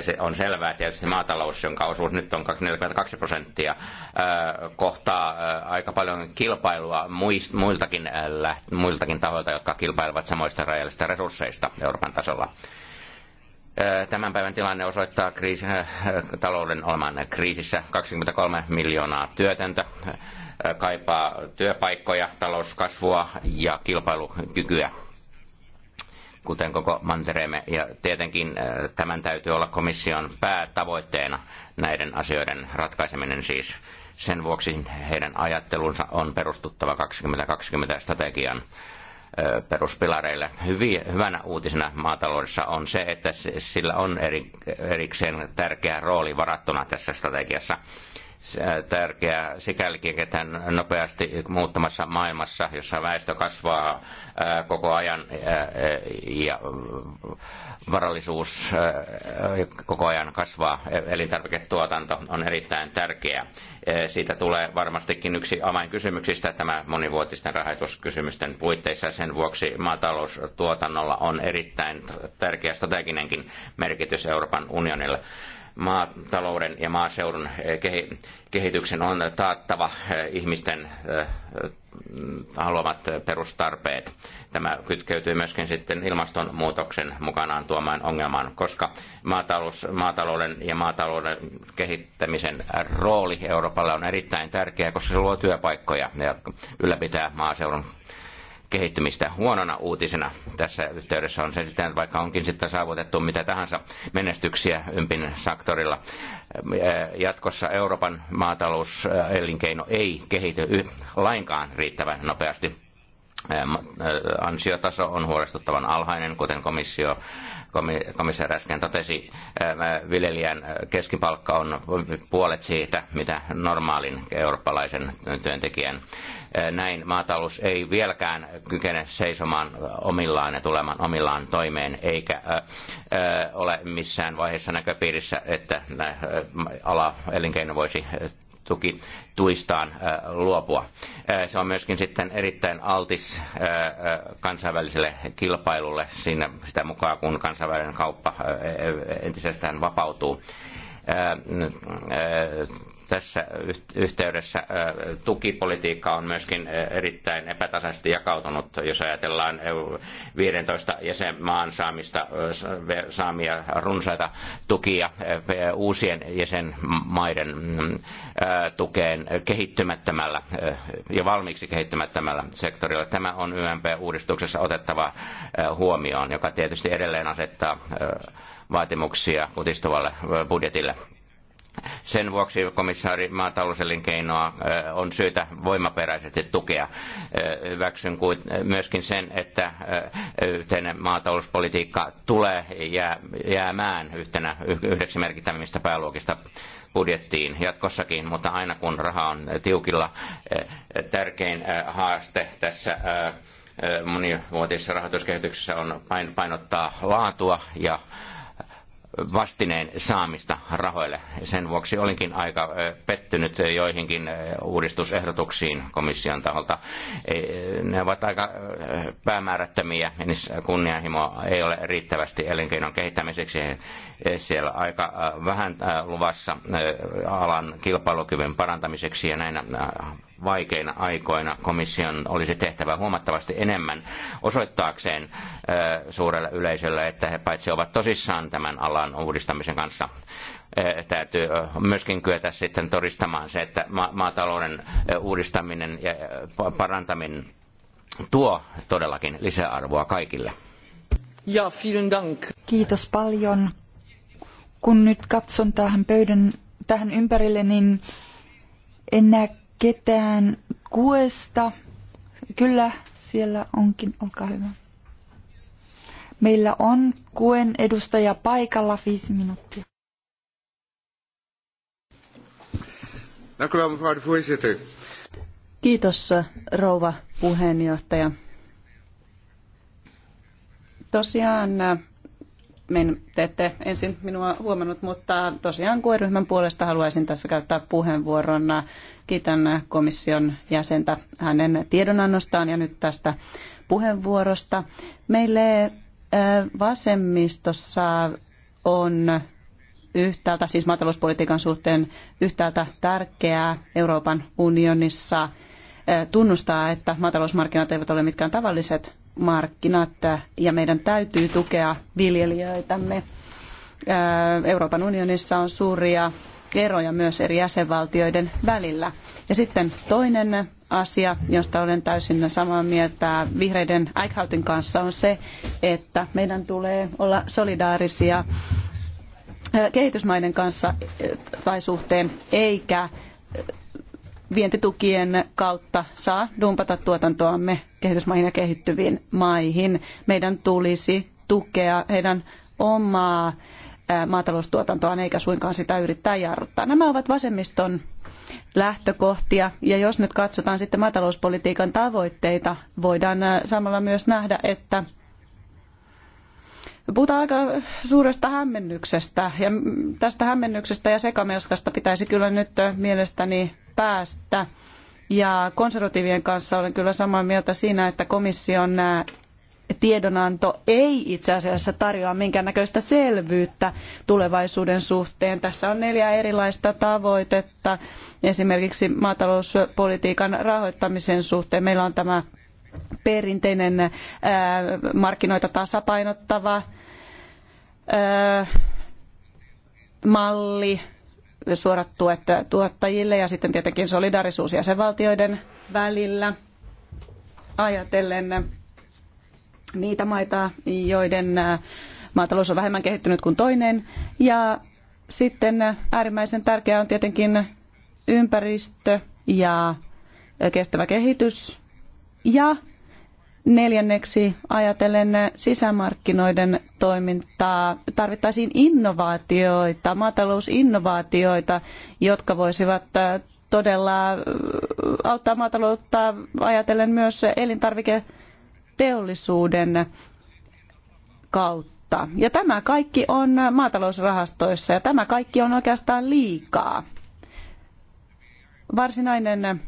se on selvää, että se maatalous, jonka osuus nyt on 42 prosenttia, kohtaa aika paljon kilpailua muiltakin, muiltakin tahoilta, jotka kilpailevat samoista rajallisista resursseista Euroopan tasolla. Tämän päivän tilanne osoittaa kriisi, talouden olemaan kriisissä. 23 miljoonaa työtöntä kaipaa työpaikkoja, talouskasvua ja kilpailukykyä kuten koko mantereemme. Ja tietenkin tämän täytyy olla komission päätavoitteena näiden asioiden ratkaiseminen siis. Sen vuoksi heidän ajattelunsa on perustuttava 2020 strategian peruspilareille. Hyvin, hyvänä uutisena maataloudessa on se, että sillä on erikseen tärkeä rooli varattuna tässä strategiassa tärkeää sikälikin, että hän nopeasti muuttamassa maailmassa, jossa väestö kasvaa koko ajan ja varallisuus koko ajan kasvaa. E, elintarviketuotanto on erittäin tärkeää. E, siitä tulee varmastikin yksi avainkysymyksistä tämä monivuotisten rahoituskysymysten puitteissa. Sen vuoksi maataloustuotannolla on erittäin tärkeä strateginenkin merkitys Euroopan unionille maatalouden ja maaseudun eh, kehityksen on taattava eh, ihmisten eh, haluamat perustarpeet. Tämä kytkeytyy myöskin sitten ilmastonmuutoksen mukanaan tuomaan ongelmaan, koska maatalous, maatalouden ja maatalouden kehittämisen rooli Euroopalle on erittäin tärkeä, koska se luo työpaikkoja ja ylläpitää maaseudun kehittymistä. Huonona uutisena tässä yhteydessä on se sitten, että vaikka onkin sitten saavutettu mitä tahansa menestyksiä ympin sektorilla, jatkossa Euroopan maatalouselinkeino ei kehity lainkaan riittävän nopeasti ansiotaso on huolestuttavan alhainen, kuten komissio, komissaari äsken totesi. Viljelijän keskipalkka on puolet siitä, mitä normaalin eurooppalaisen työntekijän. Näin maatalous ei vieläkään kykene seisomaan omillaan ja tulemaan omillaan toimeen, eikä ole missään vaiheessa näköpiirissä, että ala elinkeino voisi tuki tuistaan äh, luopua. Äh, se on myöskin sitten erittäin altis äh, kansainväliselle kilpailulle siinä sitä mukaan, kun kansainvälinen kauppa entisestään vapautuu tässä yhteydessä tukipolitiikka on myöskin erittäin epätasaisesti jakautunut, jos ajatellaan 15 jäsenmaan saamista, saamia runsaita tukia uusien jäsenmaiden mm, tukeen kehittymättömällä ja valmiiksi kehittymättömällä sektorilla. Tämä on YMP-uudistuksessa otettava huomioon, joka tietysti edelleen asettaa vaatimuksia putistuvalle budjetille sen vuoksi komissaari maatalouselinkeinoa on syytä voimaperäisesti tukea. Hyväksyn myöskin sen, että yhteinen maatalouspolitiikka tulee jäämään yhtenä yhdeksi merkittävimmistä pääluokista budjettiin jatkossakin, mutta aina kun raha on tiukilla, tärkein haaste tässä monivuotisessa rahoituskehityksessä on painottaa laatua ja vastineen saamista rahoille. Sen vuoksi olinkin aika pettynyt joihinkin uudistusehdotuksiin komission taholta. Ne ovat aika päämäärättömiä, niissä kunnianhimo ei ole riittävästi elinkeinon kehittämiseksi. Siellä aika vähän luvassa alan kilpailukyvyn parantamiseksi ja näinä vaikeina aikoina komission olisi tehtävä huomattavasti enemmän osoittaakseen suurelle yleisölle, että he paitsi ovat tosissaan tämän alan uudistamisen kanssa, täytyy myöskin kyetä sitten todistamaan se, että maatalouden uudistaminen ja parantaminen tuo todellakin lisäarvoa kaikille. Ja, vielen dank. Kiitos paljon. Kun nyt katson tähän pöydän tähän ympärille, niin en näe ketään kuesta. Kyllä, siellä onkin, olkaa hyvä. Meillä on kuen edustaja paikalla viisi minuuttia. Kiitos rouva puheenjohtaja. Tosiaan te ette ensin minua huomannut, mutta tosiaan kuin ryhmän puolesta haluaisin tässä käyttää puheenvuoron. Kiitän komission jäsentä hänen tiedonannostaan ja nyt tästä puheenvuorosta. Meille vasemmistossa on yhtäältä, siis maatalouspolitiikan suhteen yhtäältä tärkeää Euroopan unionissa tunnustaa, että maatalousmarkkinat eivät ole mitkään tavalliset markkinat ja meidän täytyy tukea viljelijöitämme. Euroopan unionissa on suuria eroja myös eri jäsenvaltioiden välillä. Ja sitten toinen asia, josta olen täysin samaa mieltä vihreiden Eichhautin kanssa, on se, että meidän tulee olla solidaarisia kehitysmaiden kanssa tai suhteen, eikä vientitukien kautta saa dumpata tuotantoamme kehitysmaihin ja kehittyviin maihin. Meidän tulisi tukea heidän omaa maataloustuotantoaan eikä suinkaan sitä yrittää jarruttaa. Nämä ovat vasemmiston lähtökohtia ja jos nyt katsotaan sitten maatalouspolitiikan tavoitteita, voidaan samalla myös nähdä, että Puhutaan aika suuresta hämmennyksestä ja tästä hämmennyksestä ja sekamelskasta pitäisi kyllä nyt mielestäni päästä. Ja konservatiivien kanssa olen kyllä samaa mieltä siinä, että komission tiedonanto ei itse asiassa tarjoa minkäännäköistä selvyyttä tulevaisuuden suhteen. Tässä on neljä erilaista tavoitetta. Esimerkiksi maatalouspolitiikan rahoittamisen suhteen meillä on tämä perinteinen markkinoita tasapainottava malli suorat tuet tuottajille ja sitten tietenkin solidarisuus jäsenvaltioiden välillä ajatellen niitä maita, joiden äh, maatalous on vähemmän kehittynyt kuin toinen. Ja sitten äärimmäisen tärkeää on tietenkin ympäristö ja kestävä kehitys ja Neljänneksi ajatellen sisämarkkinoiden toimintaa tarvittaisiin innovaatioita, maatalousinnovaatioita, jotka voisivat äh, todella äh, auttaa maataloutta ajatellen myös elintarviketeollisuuden kautta. Ja tämä kaikki on maatalousrahastoissa ja tämä kaikki on oikeastaan liikaa. Varsinainen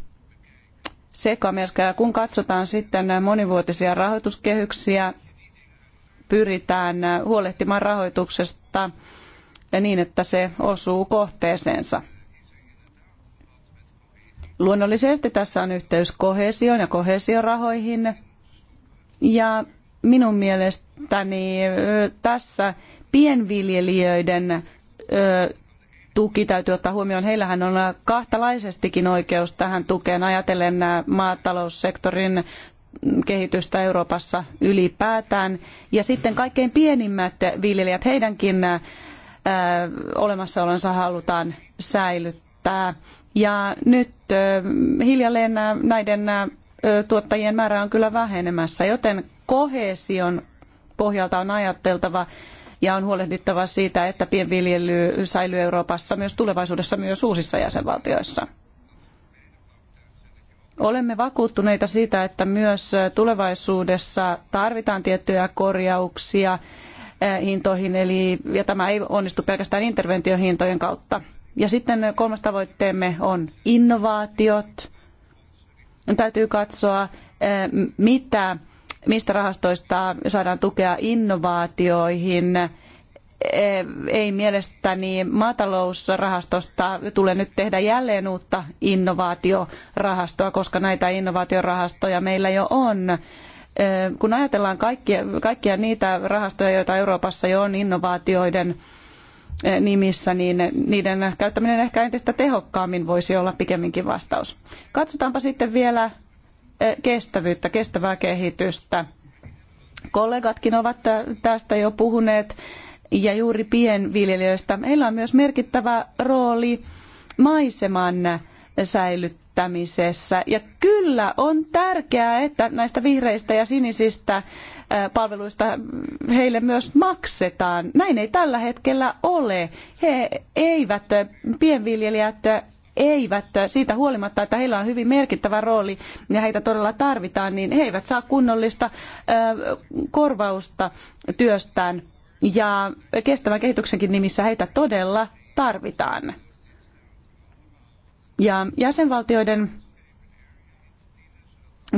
sekamelska. Ja kun katsotaan sitten monivuotisia rahoituskehyksiä, pyritään huolehtimaan rahoituksesta niin, että se osuu kohteeseensa. Luonnollisesti tässä on yhteys kohesioon ja kohesiorahoihin. Ja minun mielestäni tässä pienviljelijöiden tuki täytyy ottaa huomioon. Heillähän on kahtalaisestikin oikeus tähän tukeen ajatellen maataloussektorin kehitystä Euroopassa ylipäätään. Ja sitten kaikkein pienimmät viljelijät, heidänkin olemassaolonsa halutaan säilyttää. Ja nyt hiljalleen näiden tuottajien määrä on kyllä vähenemässä, joten kohesion pohjalta on ajateltava ja on huolehdittava siitä, että pienviljely säilyy Euroopassa myös tulevaisuudessa myös uusissa jäsenvaltioissa. Olemme vakuuttuneita siitä, että myös tulevaisuudessa tarvitaan tiettyjä korjauksia eh, hintoihin, eli, ja tämä ei onnistu pelkästään interventiohintojen kautta. Ja sitten kolmas tavoitteemme on innovaatiot. Täytyy katsoa, eh, mitä mistä rahastoista saadaan tukea innovaatioihin. E, ei mielestäni maatalousrahastosta tule nyt tehdä jälleen uutta innovaatiorahastoa, koska näitä innovaatiorahastoja meillä jo on e, kun ajatellaan kaikkia, kaikkia, niitä rahastoja, joita Euroopassa jo on innovaatioiden e, nimissä, niin niiden käyttäminen ehkä entistä tehokkaammin voisi olla pikemminkin vastaus. Katsotaanpa sitten vielä Eh, kestävyyttä, kestävää kehitystä. Kollegatkin ovat tästä jo puhuneet ja juuri pienviljelijöistä. Heillä on myös merkittävä rooli maiseman säilyttämisessä. Ja kyllä on tärkeää, että näistä vihreistä ja sinisistä eh, palveluista heille myös maksetaan. Näin ei tällä hetkellä ole. He eivät, eh, pienviljelijät eivät äh, siitä huolimatta, että heillä on hyvin merkittävä rooli ja heitä todella tarvitaan, niin he eivät saa kunnollista äh, korvausta työstään. Ja kestävän kehityksenkin nimissä heitä todella tarvitaan. Ja jäsenvaltioiden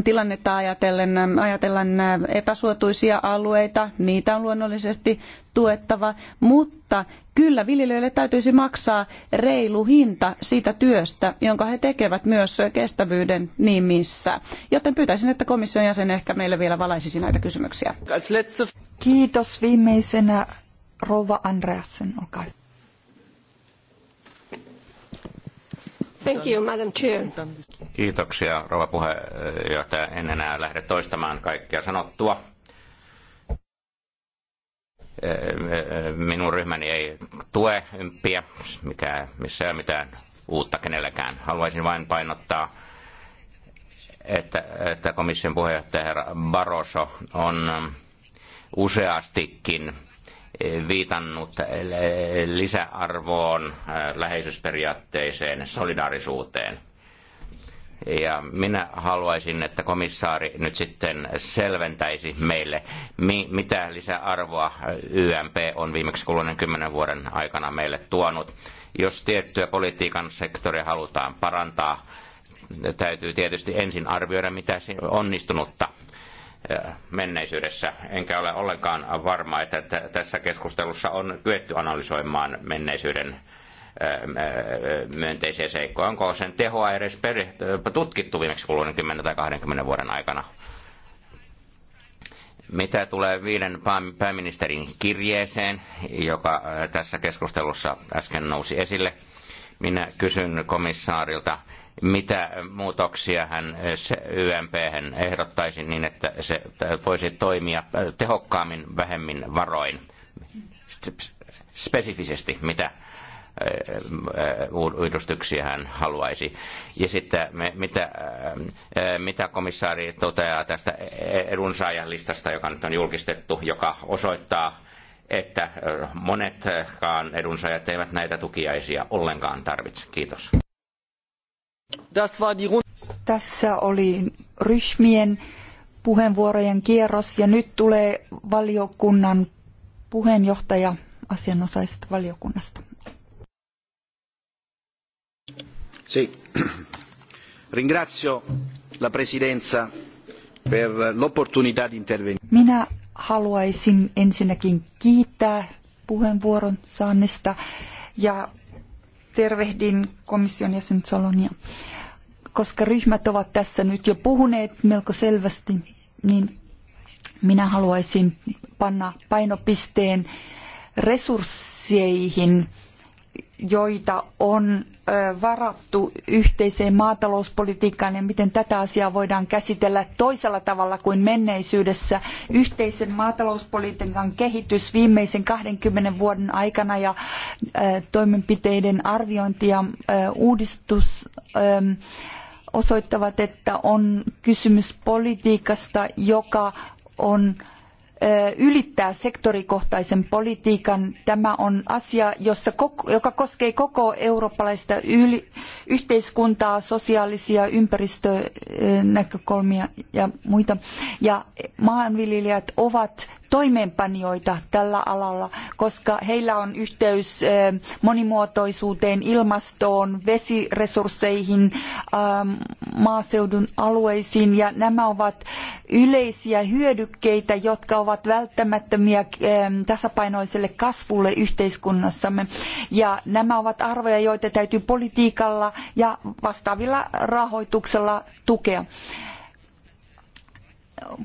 tilannetta ajatellen, ajatellaan epäsuotuisia alueita, niitä on luonnollisesti tuettava, mutta kyllä viljelijöille täytyisi maksaa reilu hinta siitä työstä, jonka he tekevät myös kestävyyden nimissä. Joten pyytäisin, että komission jäsen ehkä meille vielä valaisisi näitä kysymyksiä. Kiitos viimeisenä Rova Andreasen, olkaa hyvä. Thank you, Madam Chair. Kiitoksia, rouva puheenjohtaja. En enää lähde toistamaan kaikkea sanottua. Minun ryhmäni ei tue ympiä, mikä, missä ei ole mitään uutta kenelläkään. Haluaisin vain painottaa, että, että komission puheenjohtaja herra Barroso on useastikin viitannut lisäarvoon, äh, läheisyysperiaatteeseen, solidaarisuuteen. Ja minä haluaisin, että komissaari nyt sitten selventäisi meille, mitä lisäarvoa äh, YMP on viimeksi kuluneen kymmenen vuoden aikana meille tuonut. Jos tiettyä politiikan sektoria halutaan parantaa, täytyy tietysti ensin arvioida, mitä onnistunutta Äh, menneisyydessä, enkä ole ollenkaan varma, että tässä keskustelussa on kyetty analysoimaan menneisyyden äh, myönteisiä seikkoja. Onko sen tehoa edes peri, äh, tutkittu viimeksi kuluneen 10 tai 20 vuoden aikana? Mitä tulee viiden pääministerin kirjeeseen, joka tässä keskustelussa äsken nousi esille, minä kysyn komissaarilta, mitä muutoksia hän YMP hän ehdottaisi niin, että se voisi toimia tehokkaammin vähemmin varoin spesifisesti, mitä uudistuksia hän haluaisi. Ja sitten mitä, mitä komissaari toteaa tästä edunsaajan listasta, joka nyt on julkistettu, joka osoittaa, että monetkaan edunsaajat eivät näitä tukiaisia ollenkaan tarvitse. Kiitos. Tässä oli ryhmien puheenvuorojen kierros ja nyt tulee valiokunnan puheenjohtaja asianosaisesta valiokunnasta. Sì. Ringrazio la presidenza per l'opportunità di intervenire. Minä haluaisin ensinnäkin kiittää puheenvuoron saannista ja tervehdin komission jäsen Solonia. Koska ryhmät ovat tässä nyt jo puhuneet melko selvästi, niin minä haluaisin panna painopisteen resursseihin – joita on varattu yhteiseen maatalouspolitiikkaan ja miten tätä asiaa voidaan käsitellä toisella tavalla kuin menneisyydessä. Yhteisen maatalouspolitiikan kehitys viimeisen 20 vuoden aikana ja toimenpiteiden arviointi ja uudistus osoittavat, että on kysymys politiikasta, joka on ylittää sektorikohtaisen politiikan. Tämä on asia, jossa, joka koskee koko eurooppalaista yli, yhteiskuntaa, sosiaalisia ympäristönäkökulmia ja muita. Ja maanviljelijät ovat toimeenpanijoita tällä alalla, koska heillä on yhteys eh, monimuotoisuuteen, ilmastoon, vesiresursseihin, ähm, maaseudun alueisiin ja nämä ovat yleisiä hyödykkeitä, jotka ovat välttämättömiä ähm, tasapainoiselle kasvulle yhteiskunnassamme. Ja nämä ovat arvoja, joita täytyy politiikalla ja vastaavilla rahoituksella tukea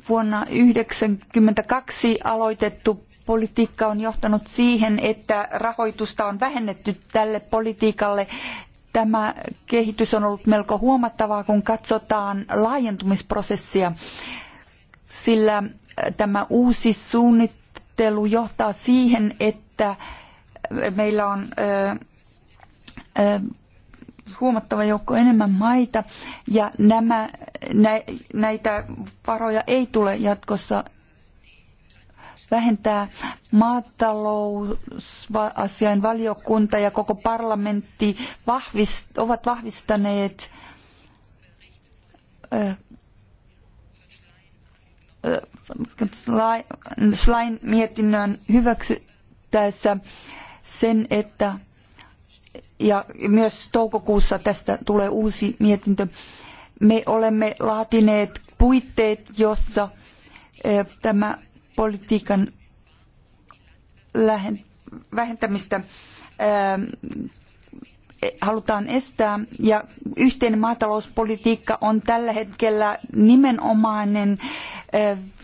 vuonna 1992 aloitettu politiikka on johtanut siihen, että rahoitusta on vähennetty tälle politiikalle. Tämä kehitys on ollut melko huomattavaa, kun katsotaan laajentumisprosessia, sillä tämä uusi suunnittelu johtaa siihen, että meillä on huomattava joukko enemmän maita ja nämä, nä, näitä varoja ei tule jatkossa vähentää maatalousasiain valiokunta ja koko parlamentti vahvist, ovat vahvistaneet Schlein mietinnön hyväksyttäessä sen, että ja myös toukokuussa tästä tulee uusi mietintö. Me olemme laatineet puitteet, jossa eh, tämä politiikan vähentämistä eh, halutaan estää. Ja yhteinen maatalouspolitiikka on tällä hetkellä nimenomainen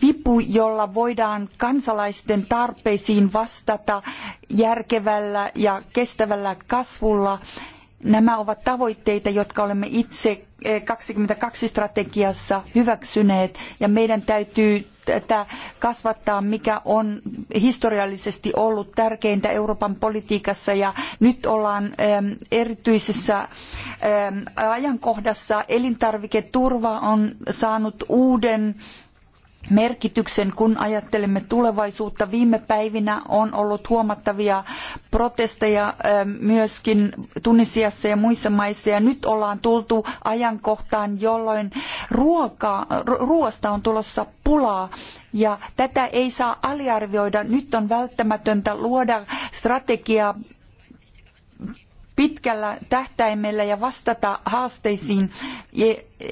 vipu, jolla voidaan kansalaisten tarpeisiin vastata järkevällä ja kestävällä kasvulla Nämä ovat tavoitteita, jotka olemme itse 22 eh, strategiassa hyväksyneet ja meidän täytyy tätä kasvattaa, mikä on historiallisesti ollut tärkeintä Euroopan politiikassa ja nyt ollaan erityisessä ajankohdassa. Elintarviketurva on saanut uuden merkityksen, kun ajattelemme tulevaisuutta. Viime päivinä on ollut huomattavia protesteja myöskin Tunisiassa ja muissa maissa, ja nyt ollaan tultu ajankohtaan, jolloin ruoasta on tulossa pulaa, ja tätä ei saa aliarvioida. Nyt on välttämätöntä luoda strategiaa pitkällä tähtäimellä ja vastata haasteisiin,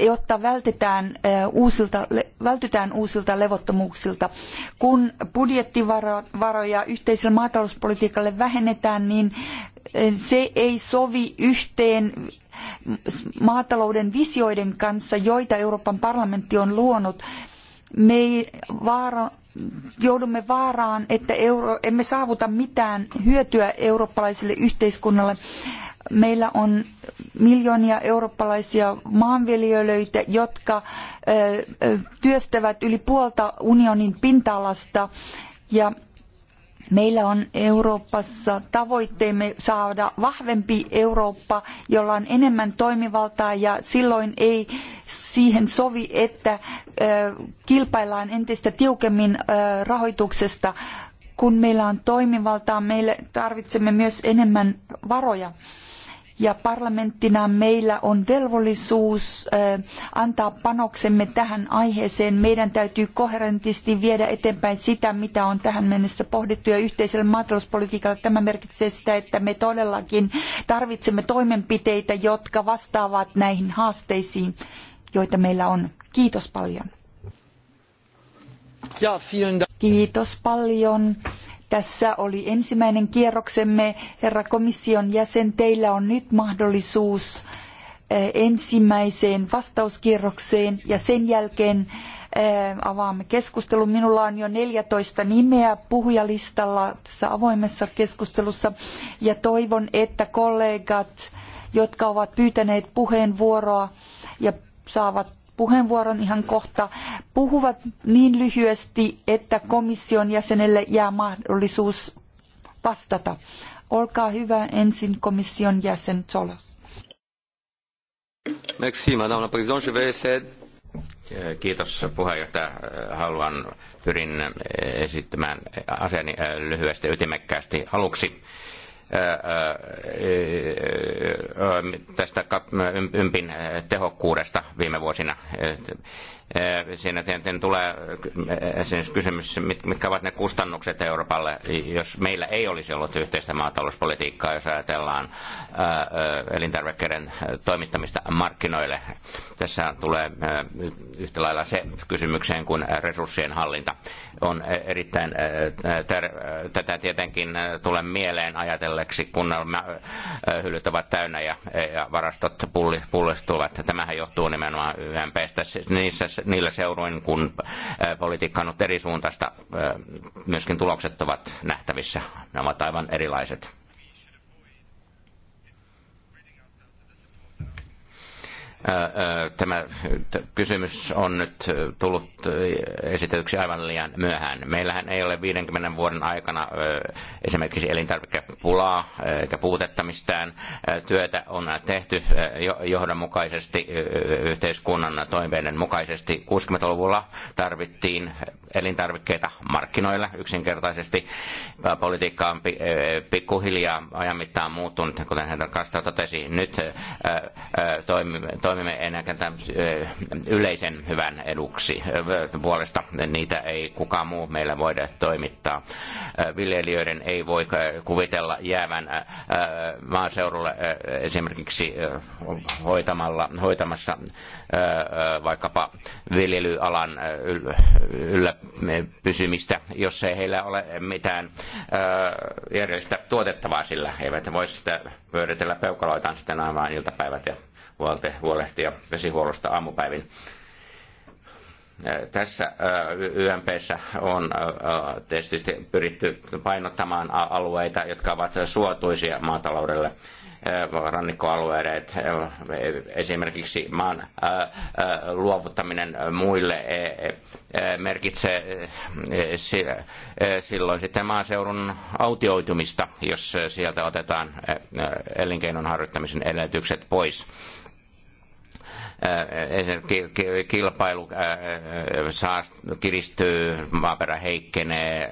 jotta vältetään uusilta, vältytään uusilta levottomuuksilta. Kun budjettivaroja yhteiselle maatalouspolitiikalle vähennetään, niin se ei sovi yhteen maatalouden visioiden kanssa, joita Euroopan parlamentti on luonut. Me vaara, joudumme vaaraan, että euro, emme saavuta mitään hyötyä eurooppalaiselle yhteiskunnalle. Meillä on miljoonia eurooppalaisia maanviljelijöitä, jotka ö, työstävät yli puolta unionin pinta-alasta ja Meillä on Euroopassa tavoitteemme saada vahvempi Eurooppa, jolla on enemmän toimivaltaa ja silloin ei siihen sovi, että kilpaillaan entistä tiukemmin rahoituksesta. Kun meillä on toimivaltaa, meille tarvitsemme myös enemmän varoja ja parlamenttina meillä on velvollisuus antaa panoksemme tähän aiheeseen. Meidän täytyy koherentisti viedä eteenpäin sitä, mitä on tähän mennessä pohdittu ja yhteisellä maatalouspolitiikalla tämä merkitsee sitä, että me todellakin tarvitsemme toimenpiteitä, jotka vastaavat näihin haasteisiin, joita meillä on. Kiitos paljon. Kiitos paljon. Tässä oli ensimmäinen kierroksemme. Herra komission jäsen, teillä on nyt mahdollisuus eh, ensimmäiseen vastauskierrokseen ja sen jälkeen eh, avaamme keskustelun. Minulla on jo 14 nimeä puhujalistalla tässä avoimessa keskustelussa ja toivon, että kollegat, jotka ovat pyytäneet puheenvuoroa ja saavat puheenvuoron ihan kohta, puhuvat niin lyhyesti, että komission jäsenelle jää mahdollisuus vastata. Olkaa hyvä ensin komission jäsen Solos. Merci, madame la présidente. Je vais essayer Kiitos puheenjohtaja. Haluan pyrin esittämään asiani lyhyesti ytimekkäästi aluksi tästä ympin tehokkuudesta viime vuosina. Siinä tietenkin tulee esimerkiksi kysymys, mitkä ovat ne kustannukset Euroopalle, jos meillä ei olisi ollut yhteistä maatalouspolitiikkaa, jos ajatellaan elintarvikkeiden toimittamista markkinoille. Tässä tulee yhtä lailla se kysymykseen kun resurssien hallinta. On erittäin, tätä tietenkin tulee mieleen ajatelleksi, kun hyllyt ovat täynnä ja varastot pullistuvat. Tämähän johtuu nimenomaan YMPstä niissä niillä seuroin, kun politiikka on ollut eri suuntaista, myöskin tulokset ovat nähtävissä. Ne ovat aivan erilaiset. tämä kysymys on nyt tullut esitetyksi aivan liian myöhään. Meillähän ei ole 50 vuoden aikana esimerkiksi elintarvikepulaa eikä puutetta mistään. Työtä on tehty johdonmukaisesti yhteiskunnan toimeiden mukaisesti. 60-luvulla tarvittiin elintarvikkeita markkinoilla yksinkertaisesti. Politiikka on pikkuhiljaa ajan mittaan muuttunut, kuten Henrik Kastel totesi. Nyt toimimme toimimme enää yleisen hyvän eduksi puolesta. Niitä ei kukaan muu meillä voida toimittaa. Viljelijöiden ei voi kuvitella jäävän maaseudulle esimerkiksi hoitamalla, hoitamassa vaikkapa viljelyalan yllä pysymistä, jos ei heillä ole mitään järjestä tuotettavaa sillä. Eivät voi sitä pyöritellä peukaloitaan sitten aivan iltapäivät ja huolte, huolehtia vesihuollosta aamupäivin. Tässä YMPssä on tietysti pyritty painottamaan alueita, jotka ovat suotuisia maataloudelle rannikkoalueiden, esimerkiksi maan luovuttaminen muille merkitsee silloin sitten maaseudun autioitumista, jos sieltä otetaan elinkeinon harjoittamisen edellytykset pois kilpailu kiristyy, maaperä heikkenee,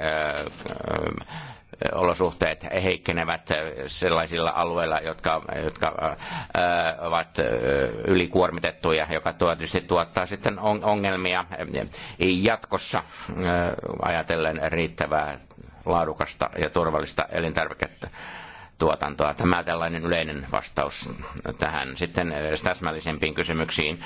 olosuhteet heikkenevät sellaisilla alueilla, jotka, jotka ovat ylikuormitettuja, joka tietysti tuottaa sitten ongelmia jatkossa ajatellen riittävää laadukasta ja turvallista elintarviketta tuotantoa. Tämä tällainen yleinen vastaus tähän. Sitten eh, täsmällisempiin kysymyksiin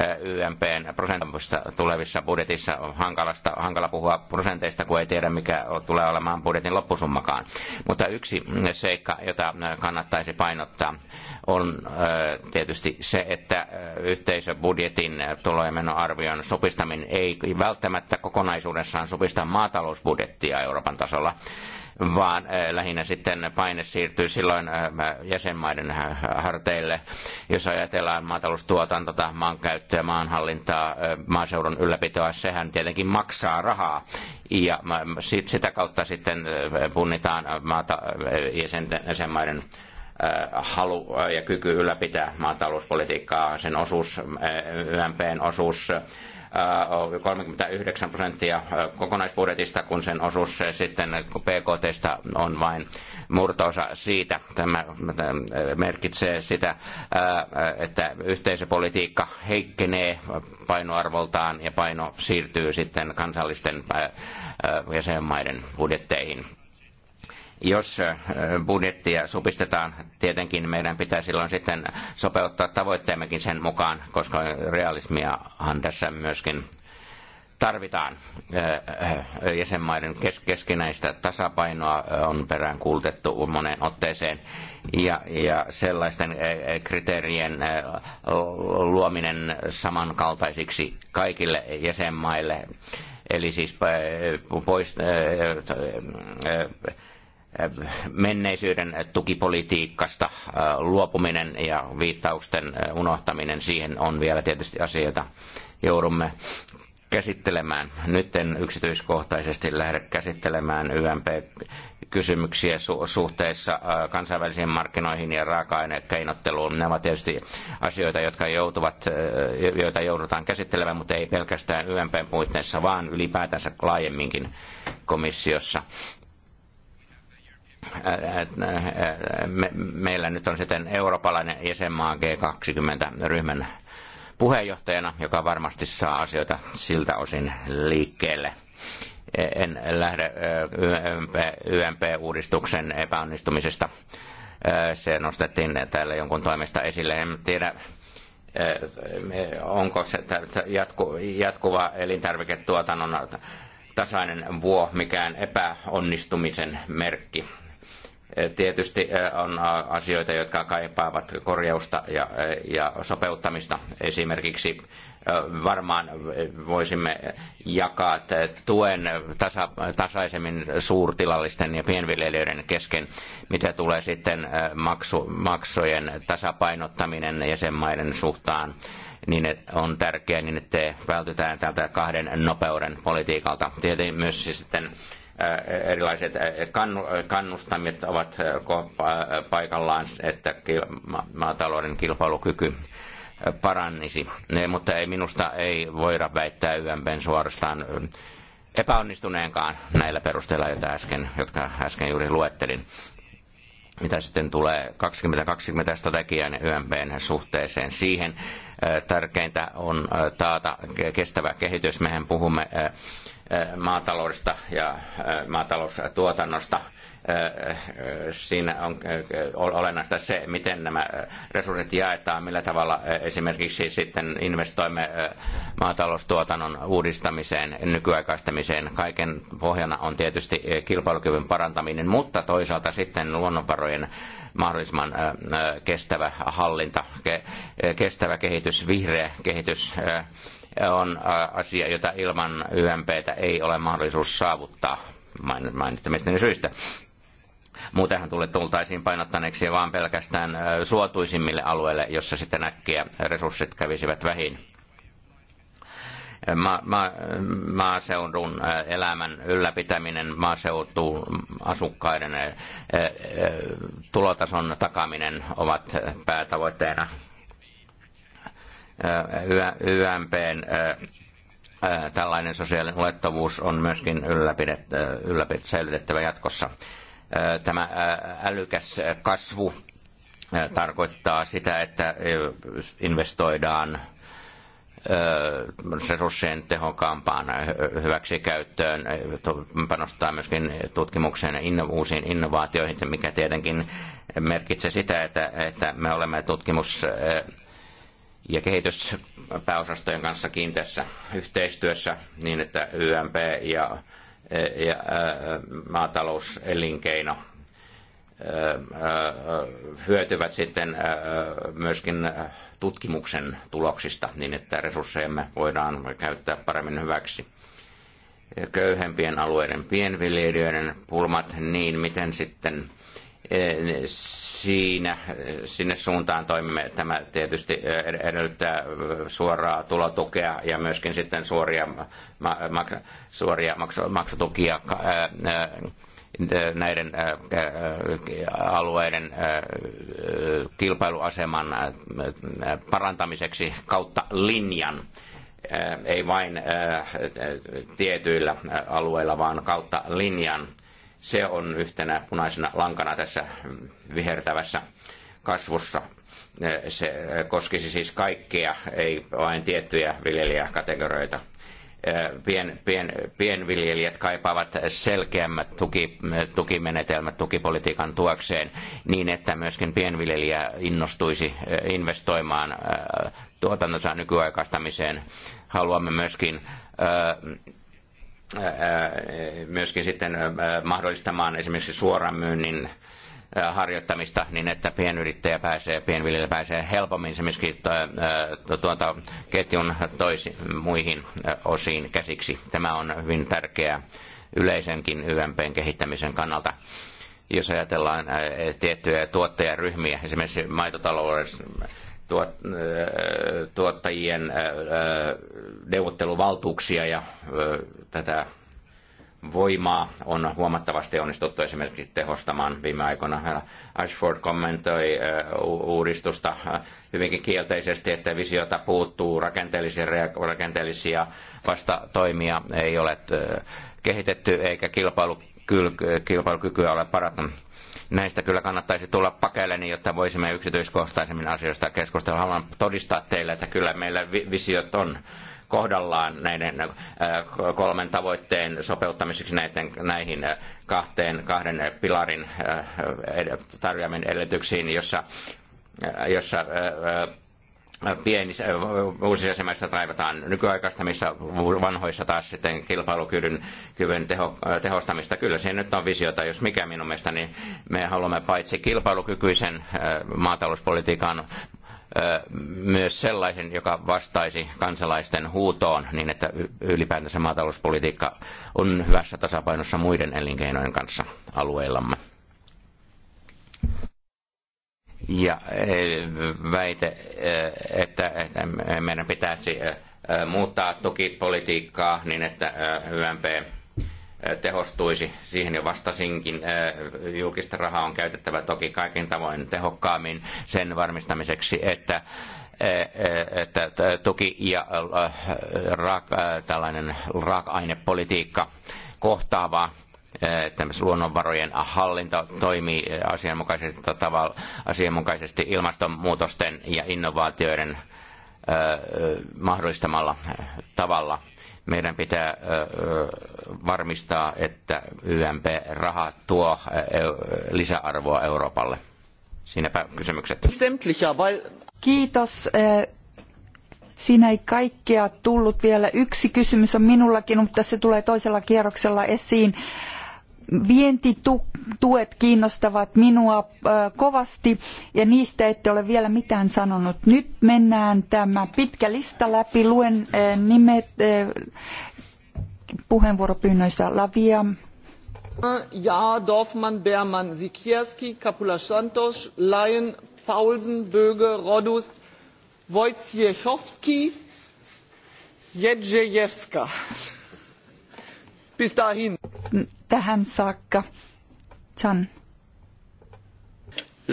eh, YMPn prosentista tulevissa budjetissa on hankalasta, hankala puhua prosenteista, kun ei tiedä mikä tulee olemaan budjetin loppusummakaan. Mutta yksi seikka, jota eh, kannattaisi painottaa, on tietysti se, että yhteisöbudjetin tulojen menoarvion supistaminen ei välttämättä kokonaisuudessaan supista maatalousbudjettia Euroopan tasolla vaan äh, lähinnä sitten paine siirtyy silloin äh, jäsenmaiden äh, harteille. Jos ajatellaan maataloustuotantota, maankäyttöä, maanhallintaa, maaseudun ylläpitoa, sehän tietenkin maksaa rahaa. Ja sit sitä kautta sitten punnitaan maata, jäsenmaiden halu ja kyky ylläpitää maatalouspolitiikkaa, sen osuus, YMPn osuus 39 prosenttia kokonaisbudjetista, kun sen osuus sitten PKTstä on vain murtoosa siitä. Tämä merkitsee sitä, että yhteisöpolitiikka heikkenee painoarvoltaan ja paino siirtyy sitten kansallisten jäsenmaiden budjetteihin jos äh, budjettia supistetaan, tietenkin meidän pitää silloin sitten sopeuttaa tavoitteemmekin sen mukaan, koska realismiahan tässä myöskin tarvitaan. Äh, äh, jäsenmaiden keskinäistä tasapainoa on perään kuultettu moneen otteeseen ja, ja sellaisten kriteerien luominen samankaltaisiksi kaikille jäsenmaille, eli siis pois menneisyyden tukipolitiikasta äh, luopuminen ja viittausten äh, unohtaminen, siihen on vielä tietysti asioita joudumme käsittelemään. Nyt en yksityiskohtaisesti lähde käsittelemään YMP-kysymyksiä su- suhteessa äh, kansainvälisiin markkinoihin ja raaka-ainekeinotteluun. Nämä ovat tietysti asioita, jotka joutuvat, joita joudutaan käsittelemään, mutta ei pelkästään YMPn puitteissa, vaan ylipäätänsä laajemminkin komissiossa me, meillä nyt on sitten eurooppalainen jäsenmaa G20-ryhmän puheenjohtajana, joka varmasti saa asioita siltä osin liikkeelle. En lähde YMP-uudistuksen epäonnistumisesta. Se nostettiin täällä jonkun toimesta esille. En tiedä, onko se jatkuva elintarviketuotannon tasainen vuo mikään epäonnistumisen merkki Tietysti eh, on eh, asioita, jotka kaipaavat korjausta ja, eh, ja sopeuttamista. Esimerkiksi varmaan voisimme jakaa tuen tasa, tasaisemmin suurtilallisten ja pienviljelijöiden kesken, mitä tulee sitten maksu, maksojen tasapainottaminen jäsenmaiden suhtaan niin on tärkeää, niin että vältytään tältä kahden nopeuden politiikalta. Tietenkin myös siis sitten erilaiset kannustamit ovat paikallaan, että maatalouden kilpailukyky parannisi. Ne, Mutta ei minusta ei voida väittää YMPn suorastaan epäonnistuneenkaan näillä perusteilla, joita äsken, jotka äsken juuri luettelin. Mitä sitten tulee 2020 strategian YMPn suhteeseen siihen, tärkeintä on taata kestävä kehitys. Mehän puhumme maataloudesta ja maataloustuotannosta. Siinä on olennaista se, miten nämä resurssit jaetaan, millä tavalla esimerkiksi sitten investoimme maataloustuotannon uudistamiseen, nykyaikaistamiseen. Kaiken pohjana on tietysti kilpailukyvyn parantaminen, mutta toisaalta sitten luonnonvarojen mahdollisimman kestävä hallinta, kestävä kehitys, vihreä kehitys, on asia, jota ilman YMPtä ei ole mahdollisuus saavuttaa mainitsemistani syistä. Muutenhan tulee tultaisiin painottaneeksi vaan pelkästään suotuisimmille alueille, jossa sitten äkkiä resurssit kävisivät vähin. Ma- ma- maaseudun elämän ylläpitäminen, maaseutuun asukkaiden tulotason takaminen ovat päätavoitteena YMPn tällainen sosiaalinen luettavuus on myöskin säilytettävä jatkossa. Tämä älykäs kasvu tarkoittaa sitä, että investoidaan resurssien tehokkaampaan hyväksikäyttöön, panostaa myöskin tutkimukseen ja inno, uusiin innovaatioihin, mikä tietenkin merkitsee sitä, että, että me olemme tutkimus ja kehityspääosastojen kanssa kiinteässä yhteistyössä niin, että YMP ja, ja ää, maatalouselinkeino hyötyvät sitten myöskin tutkimuksen tuloksista niin, että resurssejamme voidaan käyttää paremmin hyväksi. Köyhempien alueiden pienviljelijöiden pulmat, niin miten sitten siinä, sinne suuntaan toimimme. Tämä tietysti edellyttää suoraa tulotukea ja myöskin sitten suoria, mak, suoria maksutukia näiden alueiden kilpailuaseman parantamiseksi kautta linjan ei vain tietyillä alueilla, vaan kautta linjan se on yhtenä punaisena lankana tässä vihertävässä kasvussa. Se koskisi siis kaikkia, ei vain tiettyjä viljelijäkategorioita. Pien, pien, pienviljelijät kaipaavat selkeämmät tuki, tukimenetelmät tukipolitiikan tuekseen niin, että myöskin pienviljelijä innostuisi investoimaan tuotantonsa nykyaikaistamiseen. Haluamme myöskin Äh, myöskin sitten äh, mahdollistamaan esimerkiksi suoran myynnin äh, harjoittamista niin, että pienyrittäjä pääsee, pienviljelijä pääsee helpommin esimerkiksi tuota ketjun toisi, muihin osiin käsiksi. Tämä on hyvin tärkeää yleisenkin YMPn kehittämisen kannalta. Jos ajatellaan tiettyjä tuottajaryhmiä, esimerkiksi maitotaloudessa tuot, äh, tuottajien äh, äh, neuvotteluvaltuuksia ja tätä voimaa on huomattavasti onnistuttu esimerkiksi tehostamaan viime aikoina. Ashford kommentoi uudistusta hyvinkin kielteisesti, että visiota puuttuu, rakenteellisia, rakenteellisia vastatoimia ei ole kehitetty eikä kilpailu, kilpailukykyä ole parantunut Näistä kyllä kannattaisi tulla pakeleni, jotta voisimme yksityiskohtaisemmin asioista keskustella. Haluan todistaa teille, että kyllä meillä visiot on kohdallaan näiden äh, kolmen tavoitteen sopeuttamiseksi näiden, näihin äh, kahteen, kahden äh, pilarin tarjoamien edellytyksiin, jossa, jossa pienissä uusissa taivataan missä vanhoissa taas sitten kilpailukyvyn kyvyn teho, tehostamista. Kyllä se nyt on visiota, jos mikä minun mielestäni. Niin me haluamme paitsi kilpailukykyisen maatalouspolitiikan myös sellaisen, joka vastaisi kansalaisten huutoon niin, että ylipäätänsä maatalouspolitiikka on hyvässä tasapainossa muiden elinkeinojen kanssa alueillamme. Ja eh, väite, eh, että, meidän pitäisi eh, muuttaa tukipolitiikkaa niin, että YMP tehostuisi. Siihen jo vastasinkin. Julkista rahaa on käytettävä toki kaiken tavoin tehokkaammin sen varmistamiseksi, että, että tuki ja raaka, tällainen raaka-ainepolitiikka kohtaavaa Eh, luonnonvarojen hallinta toimii eh, asianmukaisesti, tota, tavalla, asianmukaisesti ilmastonmuutosten ja innovaatioiden eh, mahdollistamalla tavalla. Meidän pitää varmistaa, että YMP-raha tuo lisäarvoa Euroopalle. Siinäpä kysymykset. Kiitos. Siinä ei kaikkea tullut vielä. Yksi kysymys on minullakin, mutta se tulee toisella kierroksella esiin vientituet kiinnostavat minua äh, kovasti ja niistä ette ole vielä mitään sanonut. Nyt mennään tämä pitkä lista läpi. Luen äh, nimet äh, puheenvuoropyynnöissä Lavia. Ja, Dorfmann, Berman, Sikierski, Kapula Santos, Lyon, Paulsen, Böge, Rodust, Wojciechowski, Jedrzejewska bis dahin. Tähän saakka. John.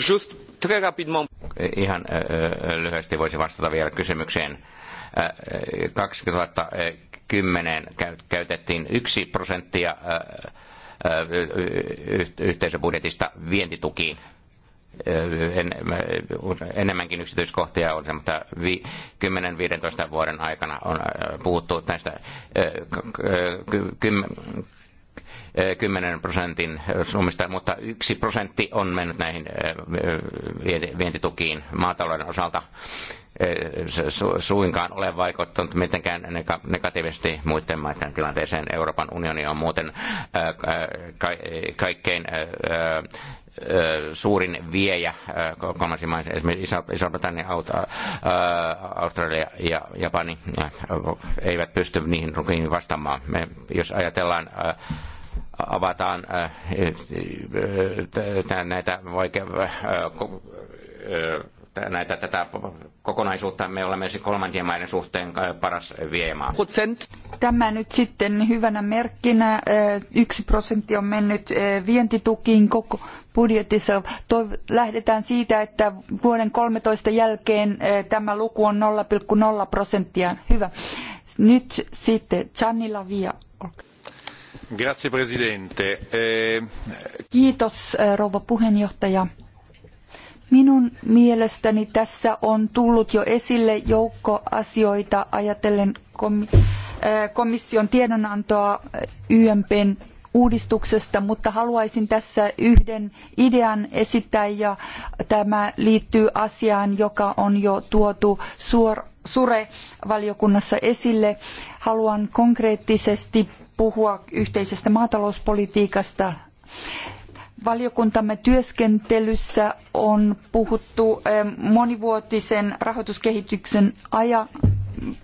Just très rapidement. Ihan lyhyesti voisi vastata vielä kysymykseen. 2010 käytettiin 1 prosenttia yhteisöbudjetista vientitukiin en, enemmänkin yksityiskohtia se, mutta 10-15 vuoden aikana on äh, puhuttu näistä 10 äh, äh, prosentin summista, mutta yksi prosentti on mennyt näihin vientitukiin maatalouden osalta suinkaan ole vaikuttanut mitenkään negatiivisesti muiden maiden tilanteeseen. Euroopan unioni on muuten kaikkein suurin viejä kolmansiin maihin, esimerkiksi Iso-Britannia, Australia ja Japani, eivät pysty niihin rukiin vastaamaan. Me, jos ajatellaan avataan näitä vaikea, näitä, tätä kokonaisuutta me olemme siis kolmansien maiden suhteen paras viemaa. Tämä nyt sitten hyvänä merkkinä. Yksi prosentti on mennyt vientitukiin koko budjetissa lähdetään siitä, että vuoden 13 jälkeen eh, tämä luku on 0,0 prosenttia. Hyvä. Nyt sitten Gianni Lavia. Grazie presidente. Eh, Kiitos eh, rouva puheenjohtaja. Minun mielestäni tässä on tullut jo esille joukko asioita ajatellen komission tiedonantoa YMPn uudistuksesta, mutta haluaisin tässä yhden idean esittää ja tämä liittyy asiaan, joka on jo tuotu suor- Sure-valiokunnassa esille. Haluan konkreettisesti puhua yhteisestä maatalouspolitiikasta. Valiokuntamme työskentelyssä on puhuttu eh, monivuotisen rahoituskehityksen ajan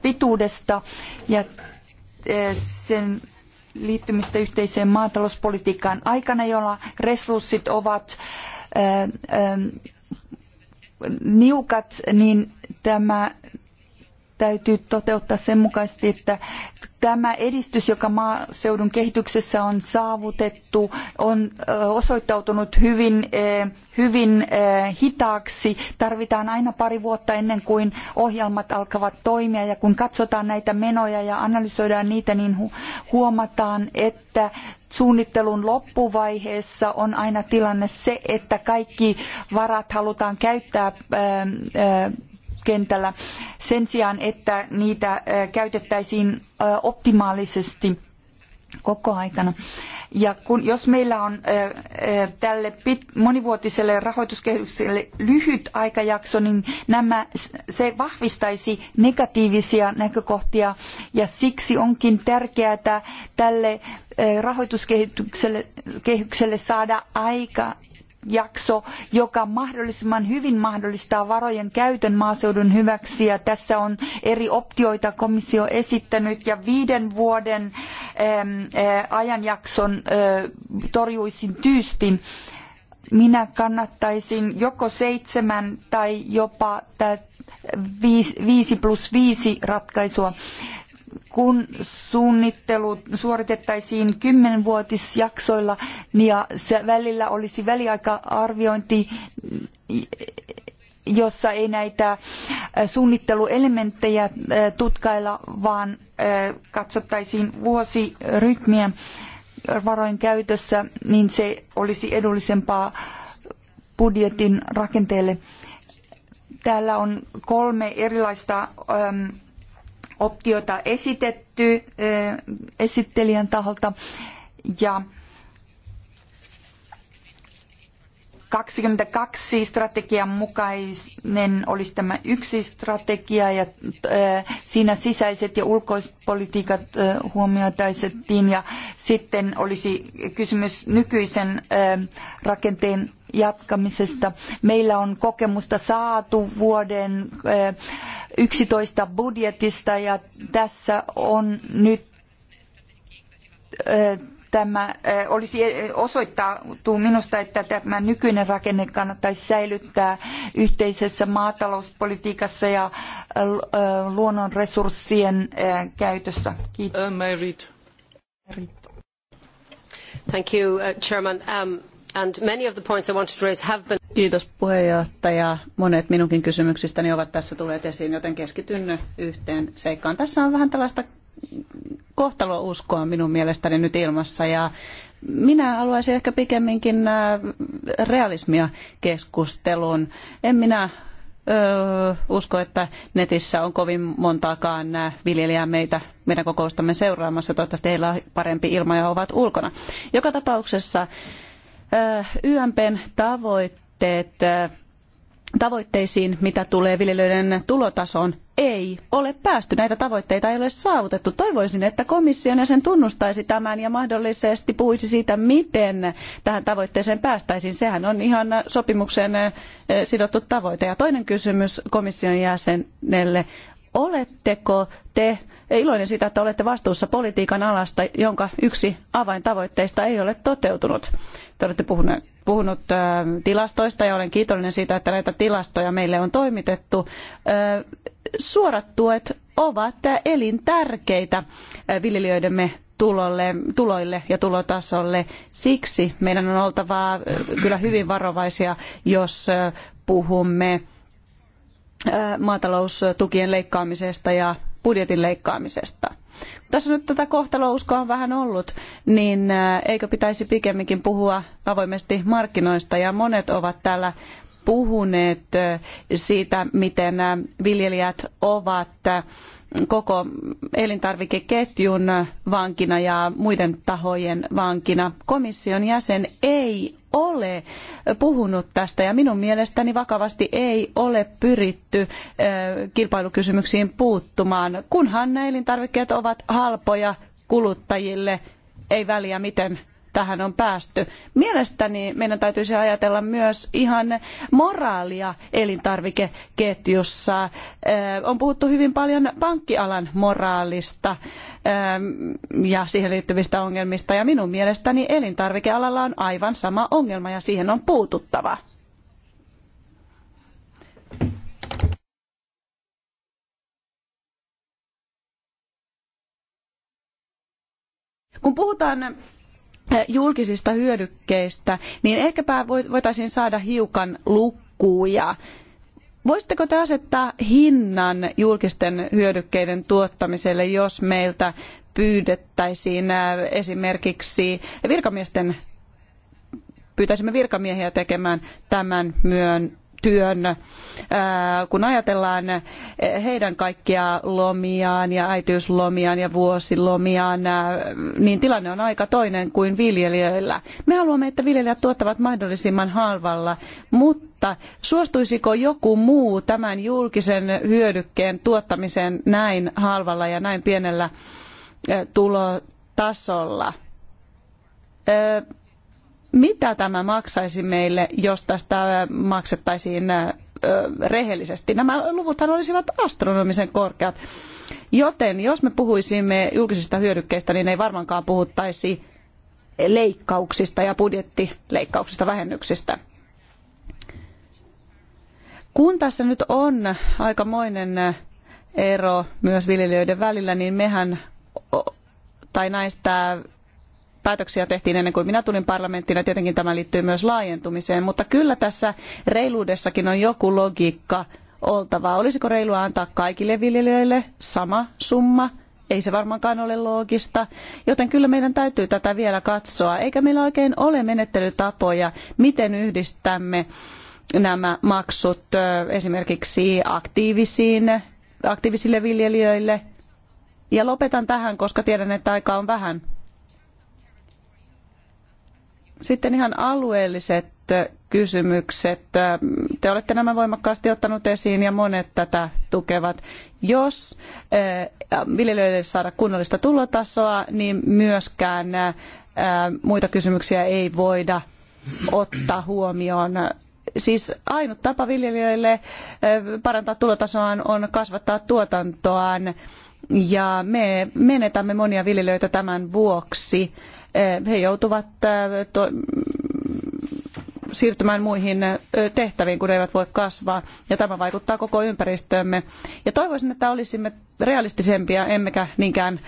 pituudesta ja eh, sen liittymistä yhteiseen maatalouspolitiikkaan aikana, jolla resurssit ovat niukat, niin tämä täytyy toteuttaa sen mukaisesti, että tämä edistys, joka maaseudun kehityksessä on saavutettu, on osoittautunut hyvin, hyvin hitaaksi. Tarvitaan aina pari vuotta ennen kuin ohjelmat alkavat toimia ja kun katsotaan näitä menoja ja analysoidaan niitä, niin huomataan, että suunnittelun loppuvaiheessa on aina tilanne se, että kaikki varat halutaan käyttää kentällä sen sijaan, että niitä äh, käytettäisiin äh, optimaalisesti koko aikana. Ja kun, jos meillä on äh, tälle monivuotiselle rahoituskehykselle lyhyt aikajakso, niin nämä, se vahvistaisi negatiivisia näkökohtia ja siksi onkin tärkeää tälle rahoituskehykselle saada aika jakso, joka mahdollisimman hyvin mahdollistaa varojen käytön maaseudun hyväksi. Ja tässä on eri optioita komissio esittänyt ja viiden vuoden eh, ajanjakson eh, torjuisin tyystin. Minä kannattaisin joko seitsemän tai jopa viisi plus viisi ratkaisua kun suunnittelu suoritettaisiin kymmenvuotisjaksoilla ja se välillä olisi väliaika-arviointi, jossa ei näitä äh, suunnitteluelementtejä äh, tutkailla, vaan äh, katsottaisiin vuosirytmiä varojen käytössä, niin se olisi edullisempaa budjetin rakenteelle. Täällä on kolme erilaista ähm, optiota esitetty esittelijän taholta ja 22 strategian mukainen olisi tämä yksi strategia ja siinä sisäiset ja ulkoiset politiikat huomioitaisiin ja sitten olisi kysymys nykyisen rakenteen jatkamisesta. Meillä on kokemusta saatu vuoden 11 budjetista ja tässä on nyt tämä olisi osoittautuu minusta, että tämä nykyinen rakenne kannattaisi säilyttää yhteisessä maatalouspolitiikassa ja luonnonresurssien käytössä. Kiitos. Uh, Thank you, uh, Chairman. Um... And many Kiitos puheenjohtaja. Monet minunkin kysymyksistäni ovat tässä tulleet esiin, joten keskityn yhteen seikkaan. Tässä on vähän tällaista kohtalouskoa minun mielestäni nyt ilmassa ja minä haluaisin ehkä pikemminkin äh, realismia keskusteluun. En minä öö, usko, että netissä on kovin montaakaan äh, viljelijää meitä, meidän kokoustamme seuraamassa. Toivottavasti heillä on parempi ilma ja ovat ulkona. Joka tapauksessa YMPn tavoitteet tavoitteisiin, mitä tulee viljelijöiden tulotasoon, ei ole päästy. Näitä tavoitteita ei ole saavutettu. Toivoisin, että komission ja sen tunnustaisi tämän ja mahdollisesti puhuisi siitä, miten tähän tavoitteeseen päästäisiin. Sehän on ihan sopimukseen sidottu tavoite. Ja toinen kysymys komission jäsenelle Oletteko te iloinen siitä, että olette vastuussa politiikan alasta, jonka yksi avaintavoitteista ei ole toteutunut? Te olette puhunut, tilastoista ja olen kiitollinen siitä, että näitä tilastoja meille on toimitettu. Suorat tuet ovat elintärkeitä viljelijöidemme tulolle, tuloille ja tulotasolle. Siksi meidän on oltava kyllä hyvin varovaisia, jos puhumme maataloustukien leikkaamisesta ja budjetin leikkaamisesta. Kun tässä nyt tätä kohtalouskoa on vähän ollut, niin eikö pitäisi pikemminkin puhua avoimesti markkinoista ja monet ovat täällä puhuneet siitä, miten viljelijät ovat koko elintarvikeketjun vankina ja muiden tahojen vankina. Komission jäsen ei ole puhunut tästä ja minun mielestäni vakavasti ei ole pyritty kilpailukysymyksiin puuttumaan, kunhan ne elintarvikkeet ovat halpoja kuluttajille, ei väliä miten tähän on päästy. Mielestäni meidän täytyisi ajatella myös ihan moraalia elintarvikeketjussa. On puhuttu hyvin paljon pankkialan moraalista ja siihen liittyvistä ongelmista ja minun mielestäni elintarvikealalla on aivan sama ongelma ja siihen on puututtava. Kun puhutaan Eh, julkisista hyödykkeistä, niin ehkäpä voitaisiin saada hiukan lukkuja. Voisitteko te asettaa hinnan julkisten hyödykkeiden tuottamiselle, jos meiltä pyydettäisiin eh, esimerkiksi virkamiesten pyytäisimme virkamiehiä tekemään tämän myön, työn, kun ajatellaan heidän kaikkia lomiaan ja äitiyslomiaan ja vuosilomiaan, niin tilanne on aika toinen kuin viljelijöillä. Me haluamme, että viljelijät tuottavat mahdollisimman halvalla, mutta suostuisiko joku muu tämän julkisen hyödykkeen tuottamiseen näin halvalla ja näin pienellä tulotasolla? mitä tämä maksaisi meille, jos tästä maksettaisiin rehellisesti. Nämä luvuthan olisivat astronomisen korkeat. Joten jos me puhuisimme julkisista hyödykkeistä, niin ei varmaankaan puhuttaisi leikkauksista ja budjettileikkauksista, vähennyksistä. Kun tässä nyt on aikamoinen ero myös viljelijöiden välillä, niin mehän tai näistä päätöksiä tehtiin ennen kuin minä tulin parlamenttiin ja tietenkin tämä liittyy myös laajentumiseen, mutta kyllä tässä reiluudessakin on joku logiikka oltava. Olisiko reilua antaa kaikille viljelijöille sama summa? Ei se varmaankaan ole loogista, joten kyllä meidän täytyy tätä vielä katsoa, eikä meillä oikein ole menettelytapoja, miten yhdistämme nämä maksut esimerkiksi aktiivisiin, aktiivisille viljelijöille. Ja lopetan tähän, koska tiedän, että aikaa on vähän. Sitten ihan alueelliset kysymykset. Te olette nämä voimakkaasti ottanut esiin ja monet tätä tukevat. Jos eh, viljelijöille saada kunnollista tulotasoa, niin myöskään eh, muita kysymyksiä ei voida ottaa huomioon. Siis ainut tapa viljelijöille eh, parantaa tulotasoaan on kasvattaa tuotantoaan ja me menetämme monia viljelijöitä tämän vuoksi. Eh, he joutuvat eh, siirtymään muihin eh, tehtäviin, kun eivät voi kasvaa. Ja tämä vaikuttaa koko ympäristöömme. Ja toivoisin, että olisimme realistisempia, emmekä niinkään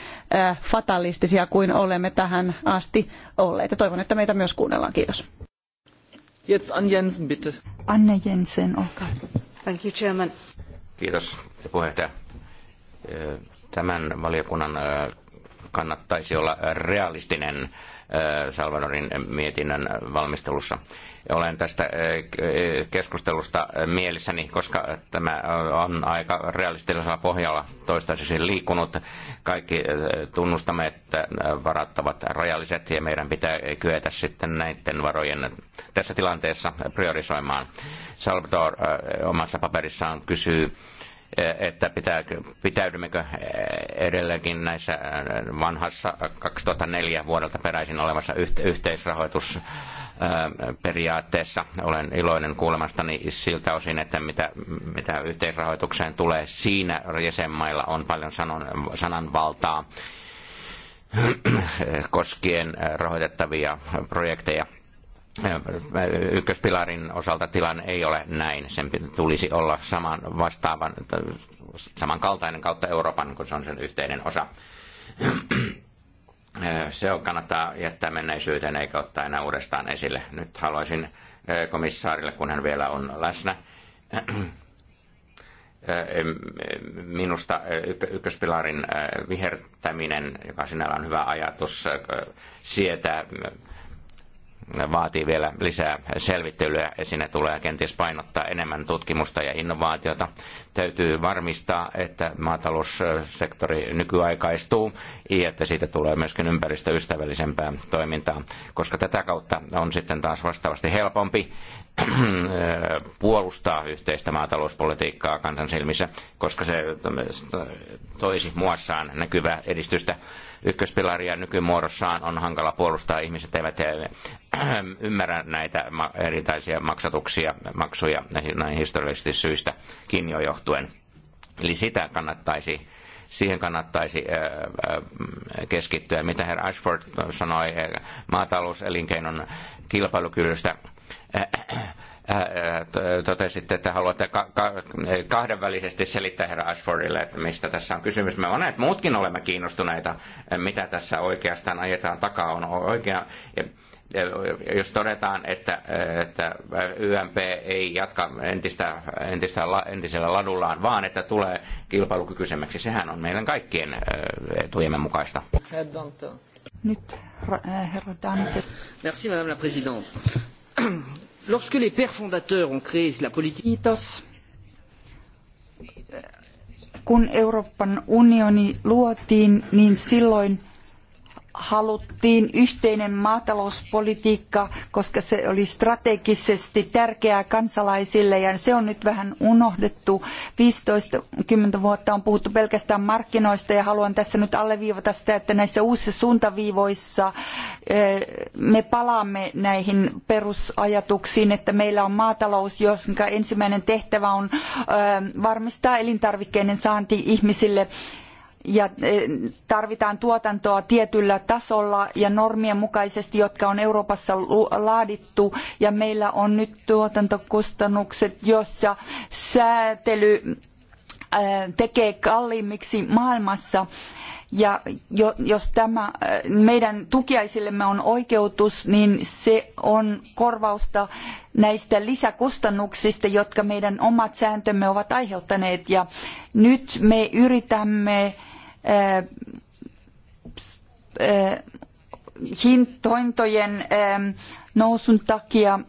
fatalistisia kuin olemme tähän asti olleet. Ja toivon, että meitä myös kuunnellaan. Kiitos. Jetzt Anne Jensen, bitte. Anne Jensen, olkaa. Thank you, Chairman. Kiitos, puheenjohtaja. Tämän valiokunnan kannattaisi olla realistinen äh, Salvadorin mietinnön valmistelussa. Olen tästä äh, keskustelusta mielissäni, koska tämä on aika realistisella pohjalla toistaiseksi liikkunut. Kaikki äh, tunnustamme, että varat ovat rajalliset ja meidän pitää kyetä sitten näiden varojen tässä tilanteessa priorisoimaan. Salvador omassa paperissaan kysyy että pitää, pitäydymmekö edelleenkin näissä vanhassa 2004 vuodelta peräisin olevassa yhteisrahoitus periaatteessa. Olen iloinen kuulemastani siltä osin, että mitä, mitä yhteisrahoitukseen tulee, siinä jäsenmailla on paljon sanon, sananvaltaa koskien rahoitettavia projekteja Äh, ykköspilarin osalta tilanne ei ole näin. Sen tulisi olla saman vastaavan, samankaltainen kautta Euroopan, kun se on sen yhteinen osa. Äh, se on kannattaa jättää menneisyyteen eikä ottaa enää uudestaan esille. Nyt haluaisin äh, komissaarille, kun hän vielä on läsnä, minusta ykköspilarin vihertäminen, joka sinällään on hyvä ajatus, sietää vaatii vielä lisää selvittelyä. Siinä tulee kenties painottaa enemmän tutkimusta ja innovaatiota. Täytyy varmistaa, että maataloussektori nykyaikaistuu ja että siitä tulee myöskin ympäristöystävällisempää toimintaa, koska tätä kautta on sitten taas vastaavasti helpompi Äh, puolustaa yhteistä maatalouspolitiikkaa kansan silmissä, koska se toisi muassaan näkyvää edistystä. Ykköspilaria nykymuodossaan on hankala puolustaa. Ihmiset eivät äh, ymmärrä näitä erilaisia maksatuksia, maksuja näin historiallisesti syistäkin jo johtuen. Eli sitä kannattaisi siihen kannattaisi äh, keskittyä. Mitä herra Ashford sanoi maatalouselinkeinon kilpailukyvystä, Äh, äh, äh, totesitte, että haluatte kahdenvälisesti selittää herra Ashfordille, että mistä tässä on kysymys. Me monet muutkin olemme kiinnostuneita, mitä tässä oikeastaan ajetaan takaa on oikea. Jos todetaan, että, että YMP ei jatka entistä, entistä, entisellä ladullaan, vaan että tulee kilpailukykyisemmäksi, sehän on meidän kaikkien etujemme mukaista. Nyt herra Dante. Merci, madame la présidente. Lorsque les pères fondateurs ont créé la politique... Kiitos. Kun Euroopan unioni luotiin, niin silloin haluttiin yhteinen maatalouspolitiikka, koska se oli strategisesti tärkeää kansalaisille ja se on nyt vähän unohdettu. 15-10 vuotta on puhuttu pelkästään markkinoista ja haluan tässä nyt alleviivata sitä, että näissä uusissa suuntaviivoissa eh, me palaamme näihin perusajatuksiin, että meillä on maatalous, jonka ensimmäinen tehtävä on eh, varmistaa elintarvikkeiden saanti ihmisille ja eh, tarvitaan tuotantoa tietyllä tasolla ja normien mukaisesti, jotka on Euroopassa laadittu ja meillä on nyt tuotantokustannukset, jossa säätely eh, tekee kalliimmiksi maailmassa. Ja jos tämä eh, meidän tukiaisillemme on oikeutus, niin se on korvausta näistä lisäkustannuksista, jotka meidän omat sääntömme ovat aiheuttaneet. Ja nyt me yritämme hintointojen ähm, nousun takia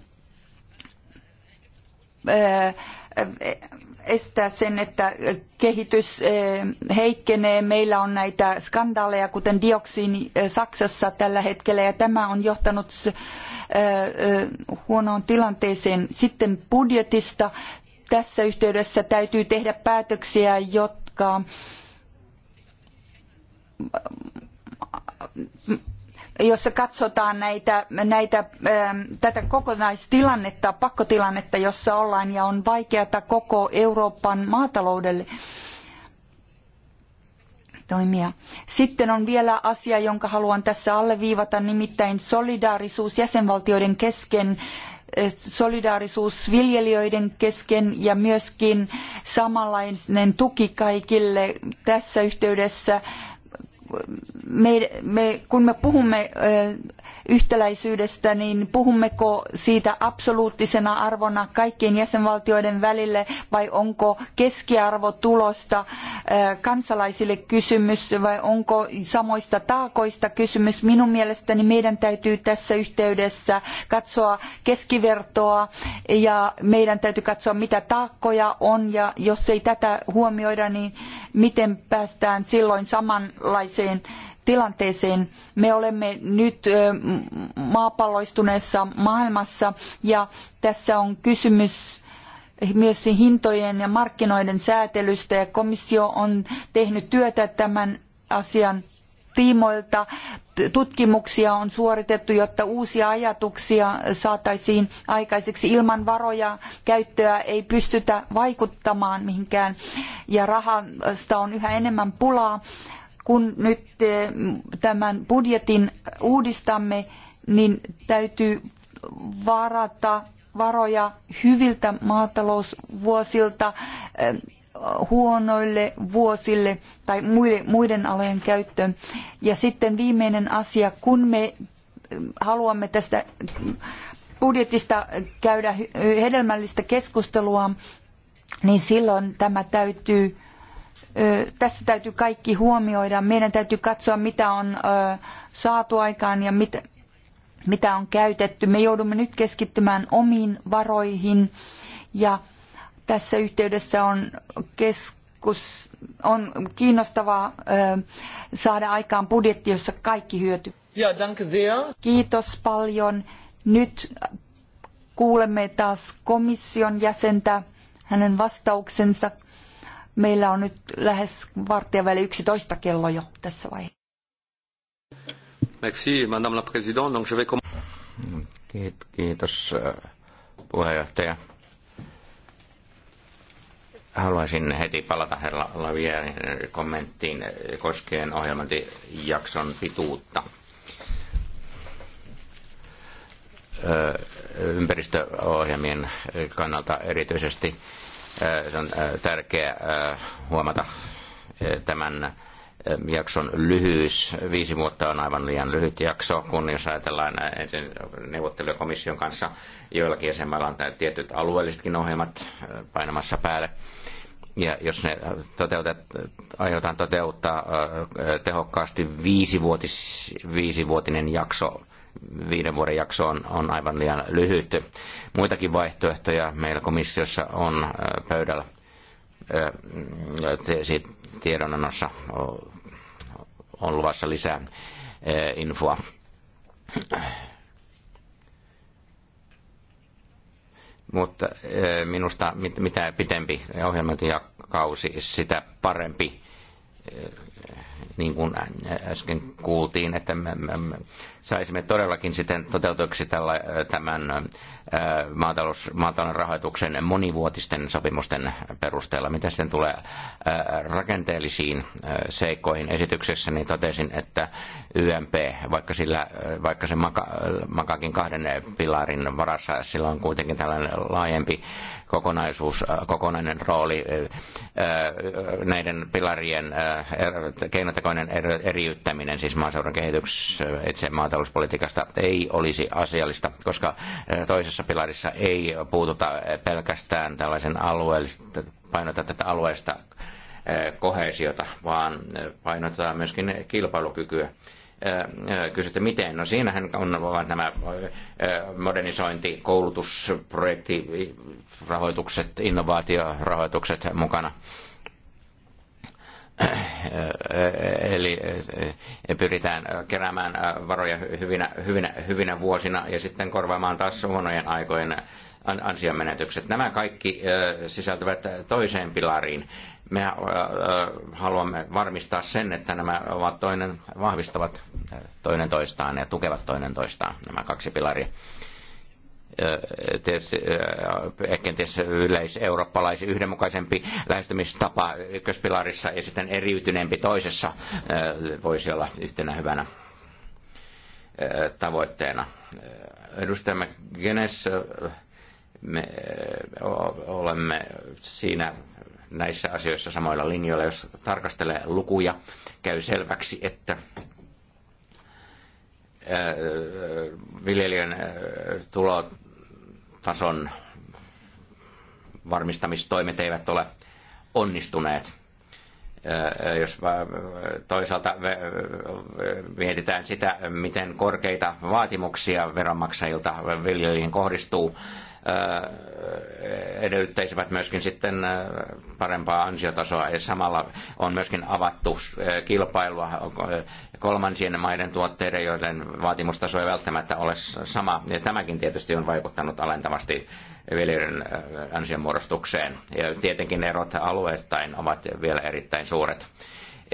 äh, äh, estää sen, että kehitys äh, heikkenee. Meillä on näitä skandaaleja, kuten dioksiini Saksassa tällä hetkellä, ja tämä on johtanut huonoon tilanteeseen. Sitten budjetista tässä yhteydessä täytyy tehdä päätöksiä, jotka jos katsotaan näitä, näitä, ähm, tätä kokonaistilannetta, pakkotilannetta, jossa ollaan ja on vaikeata koko Euroopan maataloudelle toimia. Sitten on vielä asia, jonka haluan tässä alleviivata, nimittäin solidaarisuus jäsenvaltioiden kesken äh, solidaarisuus viljelijöiden kesken ja myöskin samanlainen tuki kaikille tässä yhteydessä me, me, kun me puhumme yhtäläisyydestä, niin puhummeko siitä absoluuttisena arvona kaikkien jäsenvaltioiden välille vai onko keskiarvo tulosta kansalaisille kysymys vai onko samoista taakoista kysymys? Minun mielestäni meidän täytyy tässä yhteydessä katsoa keskivertoa ja meidän täytyy katsoa mitä taakkoja on ja jos ei tätä huomioida, niin miten päästään silloin samanlaiseen tällaiseen tilanteeseen. Me olemme nyt maapalloistuneessa maailmassa ja tässä on kysymys myös hintojen ja markkinoiden säätelystä ja komissio on tehnyt työtä tämän asian tiimoilta. Tutkimuksia on suoritettu, jotta uusia ajatuksia saataisiin aikaiseksi. Ilman varoja käyttöä ei pystytä vaikuttamaan mihinkään ja rahasta on yhä enemmän pulaa kun nyt e, tämän budjetin uudistamme, niin täytyy varata varoja hyviltä maatalousvuosilta e, huonoille vuosille tai muiden alojen käyttöön. Ja sitten viimeinen asia, kun me e, haluamme tästä budjetista käydä hedelmällistä keskustelua, niin silloin tämä täytyy tässä täytyy kaikki huomioida. Meidän täytyy katsoa, mitä on saatu aikaan ja mit, mitä on käytetty. Me joudumme nyt keskittymään omiin varoihin ja tässä yhteydessä on keskus on kiinnostavaa saada aikaan budjetti, jossa kaikki hyöty. Ja, danke sehr. Kiitos paljon. Nyt kuulemme taas komission jäsentä hänen vastauksensa Meillä on nyt lähes varttia väli 11 kello jo tässä vaiheessa. Merci, madame la présidente. Donc je vais... Kiitos äh, puheenjohtaja. Haluaisin heti palata herra Lavierin äh, kommenttiin äh, koskien ohjelmointijakson pituutta ympäristöohjelmien kannalta erityisesti se on tärkeää huomata tämän jakson lyhyys. Viisi vuotta on aivan liian lyhyt jakso, kun jos ajatellaan ensin neuvotteluja komission kanssa, joillakin jäsenmailla on tietyt alueellisetkin ohjelmat painamassa päälle. Ja jos ne toteutet, aiotaan toteuttaa tehokkaasti viisivuotis, viisivuotinen jakso viiden vuoden jakso on, on aivan liian lyhyt. Muitakin vaihtoehtoja meillä komissiossa on pöydällä tiedonannossa on luvassa lisää infoa. Mutta minusta mitä pitempi ohjelmointikausi, sitä parempi. Niin kuin äsken kuultiin, että saisimme todellakin sitten toteutuksi tämän maatalous, maatalouden rahoituksen monivuotisten sopimusten perusteella. Mitä sitten tulee rakenteellisiin seikkoihin esityksessä, niin totesin, että YMP, vaikka, sillä, vaikka se maka, makaakin kahden pilarin varassa, sillä on kuitenkin tällainen laajempi kokonaisuus, kokonainen rooli näiden pilarien er, keinotekoinen eriyttäminen, siis maaseudun kehityksen itse maata maatalouspolitiikasta ei olisi asiallista, koska eh, toisessa pilarissa ei puututa eh, pelkästään tällaisen alueellista, painota tätä alueesta eh, kohesiota, vaan painotetaan myöskin kilpailukykyä kysytte miten. No siinähän on, vain nämä modernisointi, koulutusprojekti, rahoitukset, innovaatiorahoitukset mukana. Äh, eli äh, äh, pyritään keräämään varoja hyvinä, hyvinä, hyvinä vuosina ja sitten korvaamaan taas huonojen aikojen ansiomenetykset. Nämä kaikki sisältyvät toiseen pilariin. Me haluamme varmistaa sen, että nämä ovat toinen, vahvistavat toinen toistaan ja tukevat toinen toistaan, nämä kaksi pilaria tietysti, kenties yleiseurooppalaisen yhdenmukaisempi lähestymistapa ykköspilarissa ja sitten eriytyneempi toisessa voisi olla yhtenä hyvänä tavoitteena. Edustajamme Genes me olemme siinä näissä asioissa samoilla linjoilla. Jos tarkastelee lukuja, käy selväksi, että viljelijän tulot tason varmistamistoimet eivät ole onnistuneet. Jos toisaalta mietitään sitä, miten korkeita vaatimuksia veronmaksajilta viljelijöihin kohdistuu, edellyttäisivät myöskin sitten parempaa ansiotasoa ja samalla on myöskin avattu kilpailua kolmansien maiden tuotteiden, joiden vaatimustaso ei välttämättä ole sama. Ja tämäkin tietysti on vaikuttanut alentavasti viljelijöiden ansionmuodostukseen. Ja tietenkin erot alueittain ovat vielä erittäin suuret.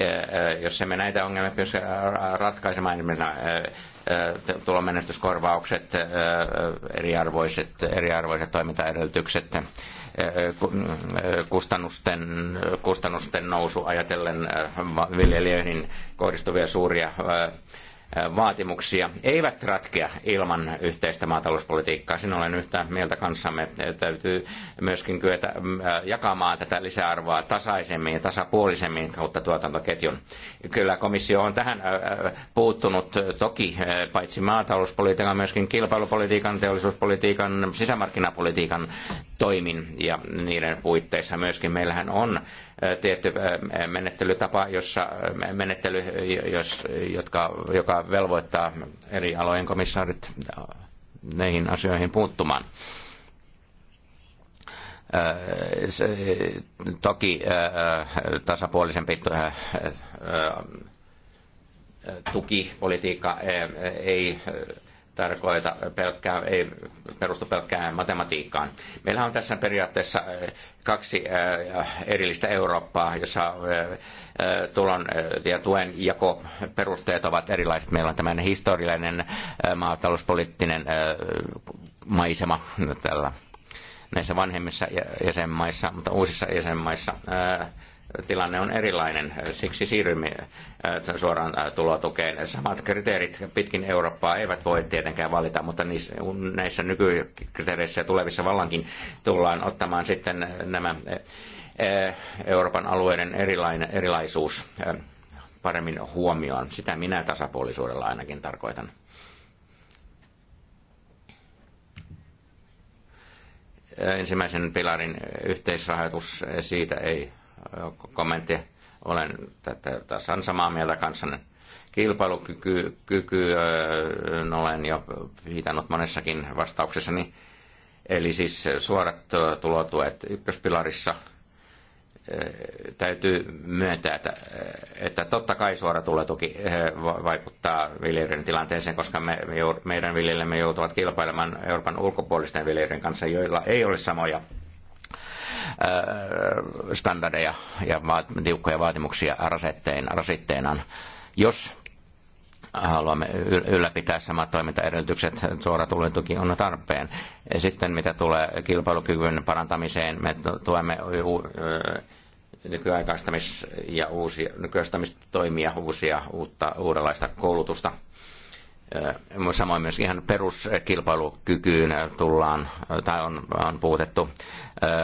Äh, jos emme näitä ongelmia pysty ratkaisemaan, niin äh, äh, tulomenetyskorvaukset, eriarvoiset, eriarvoiset toimintaedellytykset, kustannusten, kustannusten nousu ajatellen viljelijöihin kohdistuvia suuria vaatimuksia eivät ratkea ilman yhteistä maatalouspolitiikkaa. Sinä olen yhtä mieltä kanssamme. Täytyy myöskin kyetä mm, jakamaan tätä lisäarvoa tasaisemmin ja tasapuolisemmin kautta tuotantoketjun. Kyllä komissio on tähän puuttunut toki paitsi maatalouspolitiikan, myöskin kilpailupolitiikan, teollisuuspolitiikan, sisämarkkinapolitiikan toimin ja niiden puitteissa myöskin meillähän on tietty menettelytapa, jossa menettely, jos, jotka, joka velvoittaa eri alojen komissaarit näihin asioihin puuttumaan. Se, toki tasapuolisempi tukipolitiikka ei tarkoita pelkkää, ei perustu pelkkään matematiikkaan. Meillä on tässä periaatteessa äh, kaksi äh, erillistä Eurooppaa, jossa äh, tulon ja tuen perusteet ovat erilaiset. Meillä on tämmöinen historiallinen maatalouspoliittinen maisema tällä näissä vanhemmissa jäsenmaissa, mutta uusissa jäsenmaissa ää, tilanne on erilainen. Siksi siirrymme äh, suoraan äh, tulotukeen. Samat kriteerit pitkin Eurooppaa eivät voi tietenkään valita, mutta niissä, näissä nykykriteereissä ja tulevissa vallankin tullaan ottamaan sitten nämä äh, Euroopan alueiden erilainen, erilaisuus paremmin huomioon. Sitä minä tasapuolisuudella ainakin tarkoitan. Ensimmäisen pilarin yhteisrahoitus, siitä ei kommentti. Olen tässä on samaa mieltä kanssanne. Kilpailukyky kyky, olen jo viitannut monessakin vastauksessani. Eli siis suorat tulotuet ykköspilarissa täytyy myöntää, että, että totta kai suora tulotuki vaikuttaa viljelijöiden tilanteeseen, koska me, meidän viljelijämme joutuvat kilpailemaan Euroopan ulkopuolisten viljelijöiden kanssa, joilla ei ole samoja standardeja ja tiukkoja vaatimuksia rasitteenaan. Jos haluamme ylläpitää samat toimintaedellytykset, suora tuki on tarpeen. Sitten mitä tulee kilpailukyvyn parantamiseen, me tuemme nykyaikaistamis- ja uusia, nykyaikaistamistoimia, toimia uusia, uutta, uudenlaista koulutusta Samoin myös ihan peruskilpailukykyyn tullaan, tai on, on puutettu.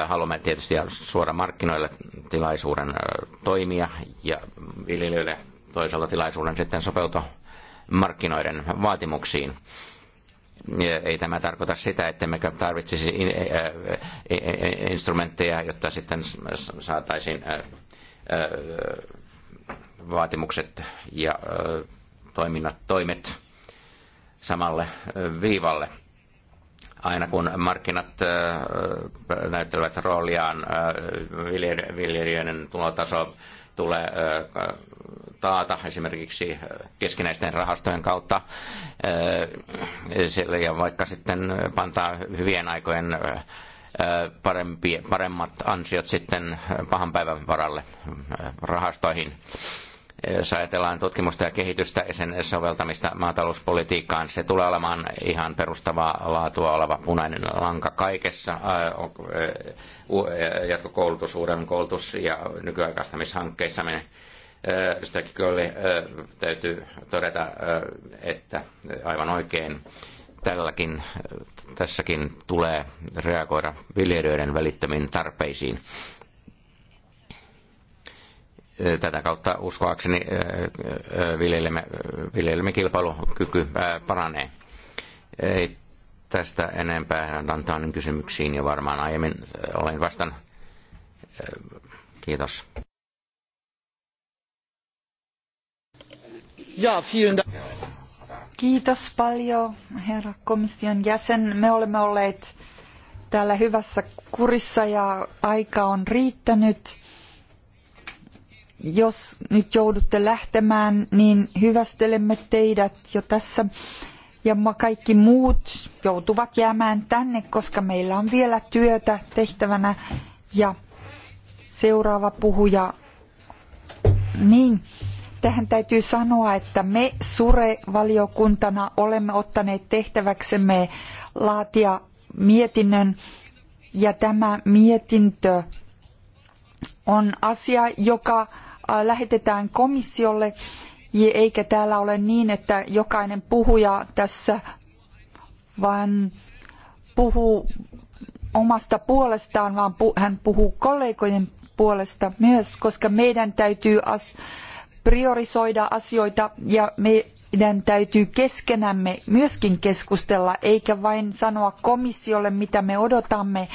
Haluamme tietysti suora markkinoille tilaisuuden toimia ja viljelijöille toisella tilaisuuden sitten sopeutua markkinoiden vaatimuksiin ei tämä tarkoita sitä, että me tarvitsisi instrumentteja, jotta sitten saataisiin vaatimukset ja toiminnat, toimet samalle viivalle. Aina kun markkinat näyttelevät rooliaan, viljelijöiden tulotaso tulee taata esimerkiksi keskinäisten rahastojen kautta. Ja vaikka sitten pantaa hyvien aikojen parempi, paremmat ansiot sitten pahan päivän varalle rahastoihin jos ajatellaan tutkimusta ja kehitystä ja sen soveltamista maatalouspolitiikkaan, se tulee olemaan ihan perustavaa laatua oleva punainen lanka kaikessa jatkokoulutus, uuden koulutus ja nykyaikaistamishankkeissa. Kölli, täytyy todeta, että aivan oikein tälläkin, tässäkin tulee reagoida viljelijöiden välittömiin tarpeisiin Tätä kautta uskoakseni viljelemme, viljelemme kilpailukyky paranee. Ei tästä enempää Dantanin kysymyksiin ja varmaan aiemmin olen vastan. Kiitos. Ja, Kiitos paljon, herra komission jäsen. Me olemme olleet täällä hyvässä kurissa ja aika on riittänyt. Jos nyt joudutte lähtemään, niin hyvästelemme teidät jo tässä. Ja kaikki muut joutuvat jäämään tänne, koska meillä on vielä työtä tehtävänä. Ja seuraava puhuja. Niin, tähän täytyy sanoa, että me Sure-valiokuntana olemme ottaneet tehtäväksemme laatia mietinnön ja tämä mietintö on asia, joka lähetetään komissiolle, eikä täällä ole niin, että jokainen puhuja tässä vaan puhuu omasta puolestaan, vaan hän puhuu kollegojen puolesta myös, koska meidän täytyy as- priorisoida asioita ja meidän täytyy keskenämme myöskin keskustella, eikä vain sanoa komissiolle, mitä me odotamme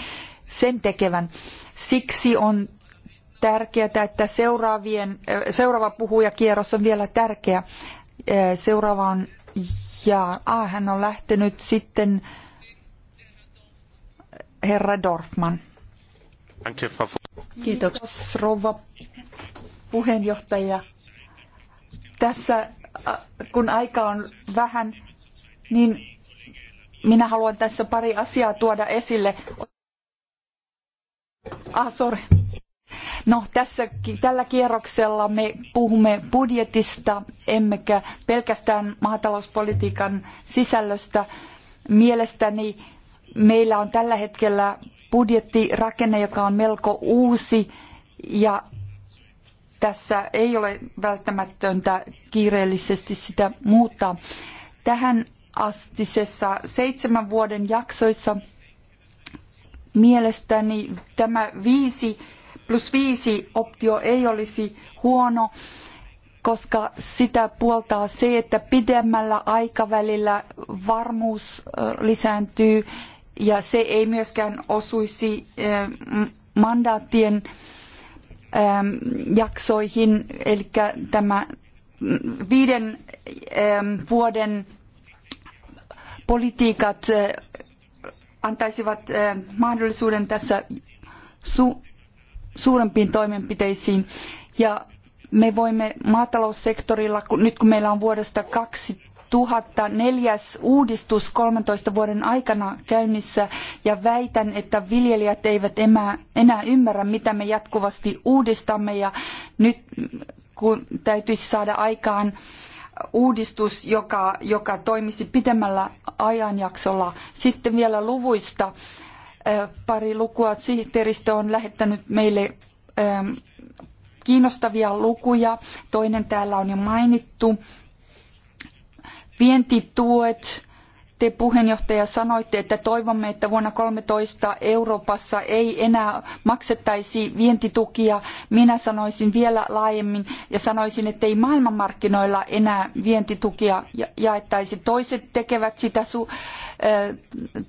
sen tekevän. Siksi on tärkeää, että seuraavien, seuraava puhujakierros on vielä tärkeä. Seuraava on ja ah, hän on lähtenyt sitten herra Dorfman. Kiitos rouva puheenjohtaja. Tässä kun aika on vähän, niin minä haluan tässä pari asiaa tuoda esille. Ah, sorry. No, tässä, tällä kierroksella me puhumme budjetista, emmekä pelkästään maatalouspolitiikan sisällöstä. Mielestäni meillä on tällä hetkellä budjettirakenne, joka on melko uusi ja tässä ei ole välttämätöntä kiireellisesti sitä muuttaa. Tähän astisessa seitsemän vuoden jaksoissa mielestäni tämä viisi plus viisi optio ei olisi huono, koska sitä puoltaa se, että pidemmällä aikavälillä varmuus lisääntyy ja se ei myöskään osuisi mandaattien jaksoihin, eli tämä viiden vuoden politiikat antaisivat mahdollisuuden tässä su- suurempiin toimenpiteisiin ja me voimme maataloussektorilla, kun, nyt kun meillä on vuodesta 2004 neljäs uudistus 13 vuoden aikana käynnissä ja väitän, että viljelijät eivät enää ymmärrä, mitä me jatkuvasti uudistamme ja nyt kun täytyisi saada aikaan uudistus, joka, joka toimisi pitemmällä ajanjaksolla. Sitten vielä luvuista pari lukua. Sihteeristö on lähettänyt meille kiinnostavia lukuja. Toinen täällä on jo mainittu. Vientituet te puheenjohtaja sanoitte, että toivomme, että vuonna 13 Euroopassa ei enää maksettaisi vientitukia. Minä sanoisin vielä laajemmin ja sanoisin, että ei maailmanmarkkinoilla enää vientitukia jaettaisi. Toiset tekevät sitä su- äh,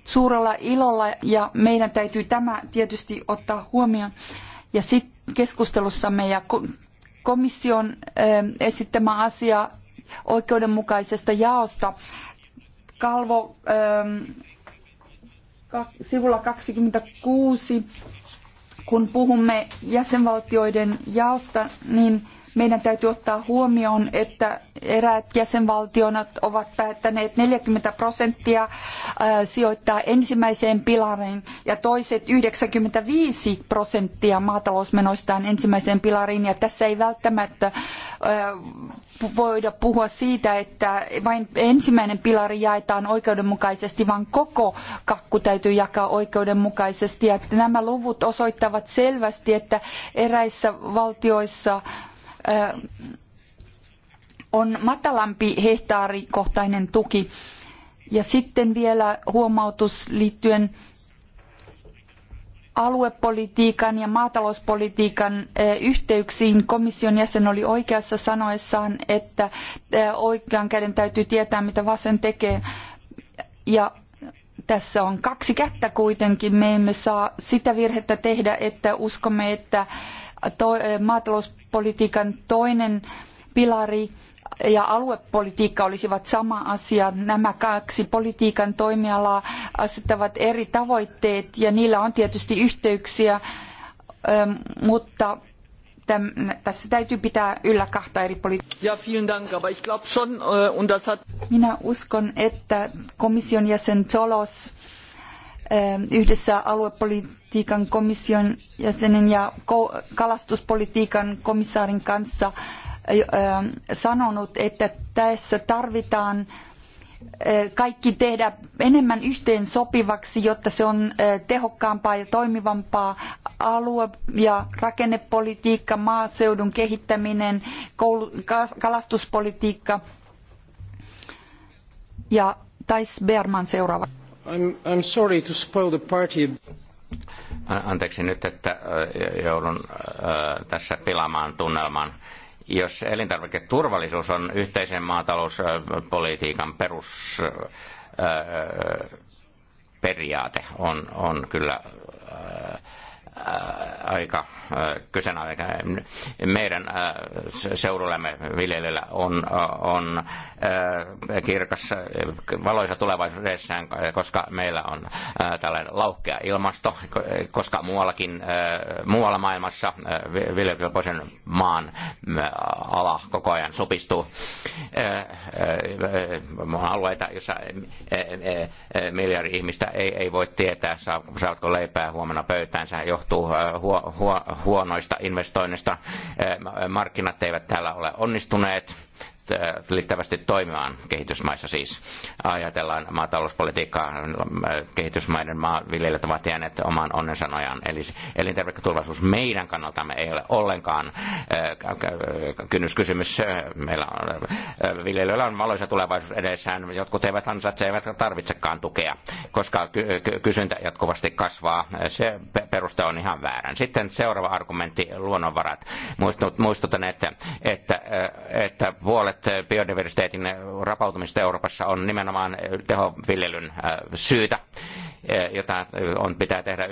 suurella ilolla ja meidän täytyy tämä tietysti ottaa huomioon. Ja sitten keskustelussamme ja komission äh, esittämä asia oikeudenmukaisesta jaosta kalvo ähm, sivulla 26, kun puhumme jäsenvaltioiden jaosta, niin meidän täytyy ottaa huomioon, että eräät jäsenvaltiot ovat päättäneet 40 prosenttia äh, sijoittaa ensimmäiseen pilariin ja toiset 95 prosenttia maatalousmenoistaan ensimmäiseen pilariin. Ja tässä ei välttämättä äh, voida puhua siitä, että vain ensimmäinen pilari jaetaan oikeudenmukaisesti, vaan koko kakku täytyy jakaa oikeudenmukaisesti. Ja nämä luvut osoittavat selvästi, että eräissä valtioissa on matalampi hehtaarikohtainen tuki. Ja sitten vielä huomautus liittyen aluepolitiikan ja maatalouspolitiikan yhteyksiin. Komission jäsen oli oikeassa sanoessaan, että oikean käden täytyy tietää, mitä vasen tekee. Ja tässä on kaksi kättä kuitenkin. Me emme saa sitä virhettä tehdä, että uskomme, että maatalouspolitiikan toinen pilari ja aluepolitiikka olisivat sama asia. Nämä kaksi politiikan toimialaa asettavat eri tavoitteet ja niillä on tietysti yhteyksiä, ähm, mutta tässä täytyy pitää yllä kahta eri politiikkaa. Äh, Minä uskon, että komission jäsen Cholos yhdessä aluepolitiikan komission jäsenen ja kalastuspolitiikan komissaarin kanssa sanonut, että tässä tarvitaan kaikki tehdä enemmän yhteen sopivaksi, jotta se on tehokkaampaa ja toimivampaa. Alue- ja rakennepolitiikka, maaseudun kehittäminen, kalastuspolitiikka. Ja Tais Berman seuraava. I'm, I'm sorry to spoil the party. Anteeksi nyt, että joudun tässä pilaamaan tunnelman. Jos elintarviketurvallisuus on yhteisen maatalouspolitiikan perusperiaate, on, on kyllä aika kyseenalainen. Meidän seudullamme viljelijöillä on, on kirkas valoisa tulevaisuudessaan, koska meillä on tällainen lauhkea ilmasto, koska muuallakin, muualla maailmassa viljelykelpoisen maan ala koko ajan supistuu. On alueita, joissa miljardi ihmistä ei, ei voi tietää, saatko leipää huomenna pöytäänsä, jo johtuu huonoista investoinnista. Markkinat eivät täällä ole onnistuneet Äh, riittävästi toimimaan kehitysmaissa siis. Ajatellaan maatalouspolitiikkaa, äh, kehitysmaiden maanviljelijät ovat jääneet oman onnensa nojaan. Eli elintarviketurvallisuus meidän kannaltamme ei ole ollenkaan äh, kynnyskysymys. Meillä on, viljelijöillä on valoisa tulevaisuus edessään. Jotkut eivät ansaitse, eivät tarvitsekaan tukea, koska kysyntä jatkuvasti kasvaa. Se peruste on ihan väärän. Sitten seuraava argumentti, luonnonvarat. Muistutan, että, että, että puolet suuret biodiversiteetin rapautumista Euroopassa on nimenomaan tehoviljelyn äh, syytä. E, jota on, pitää tehdä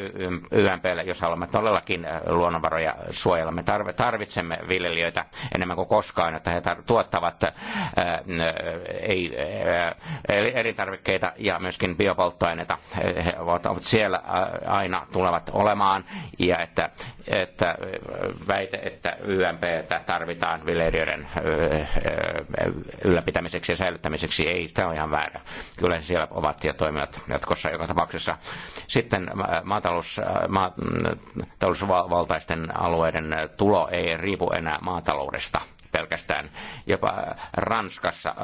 YMPlle, jos haluamme todellakin e, luonnonvaroja suojella. Me tarvitsemme viljelijöitä enemmän kuin koskaan, että he tuottavat e, ei, elintarvikkeita ja myöskin biopolttoaineita. He ovat siellä aina tulevat olemaan ja että, että väite, että YMPtä tarvitaan viljelijöiden ylläpitämiseksi ja säilyttämiseksi, ei sitä ole ihan väärä. Kyllä siellä ovat ja toimivat jatkossa joka tapauksessa tapauksessa. Sitten äh, maatalous, äh, maatalousvaltaisten mm, alueiden äh, tulo ei riipu enää maataloudesta pelkästään. Jopa Ranskassa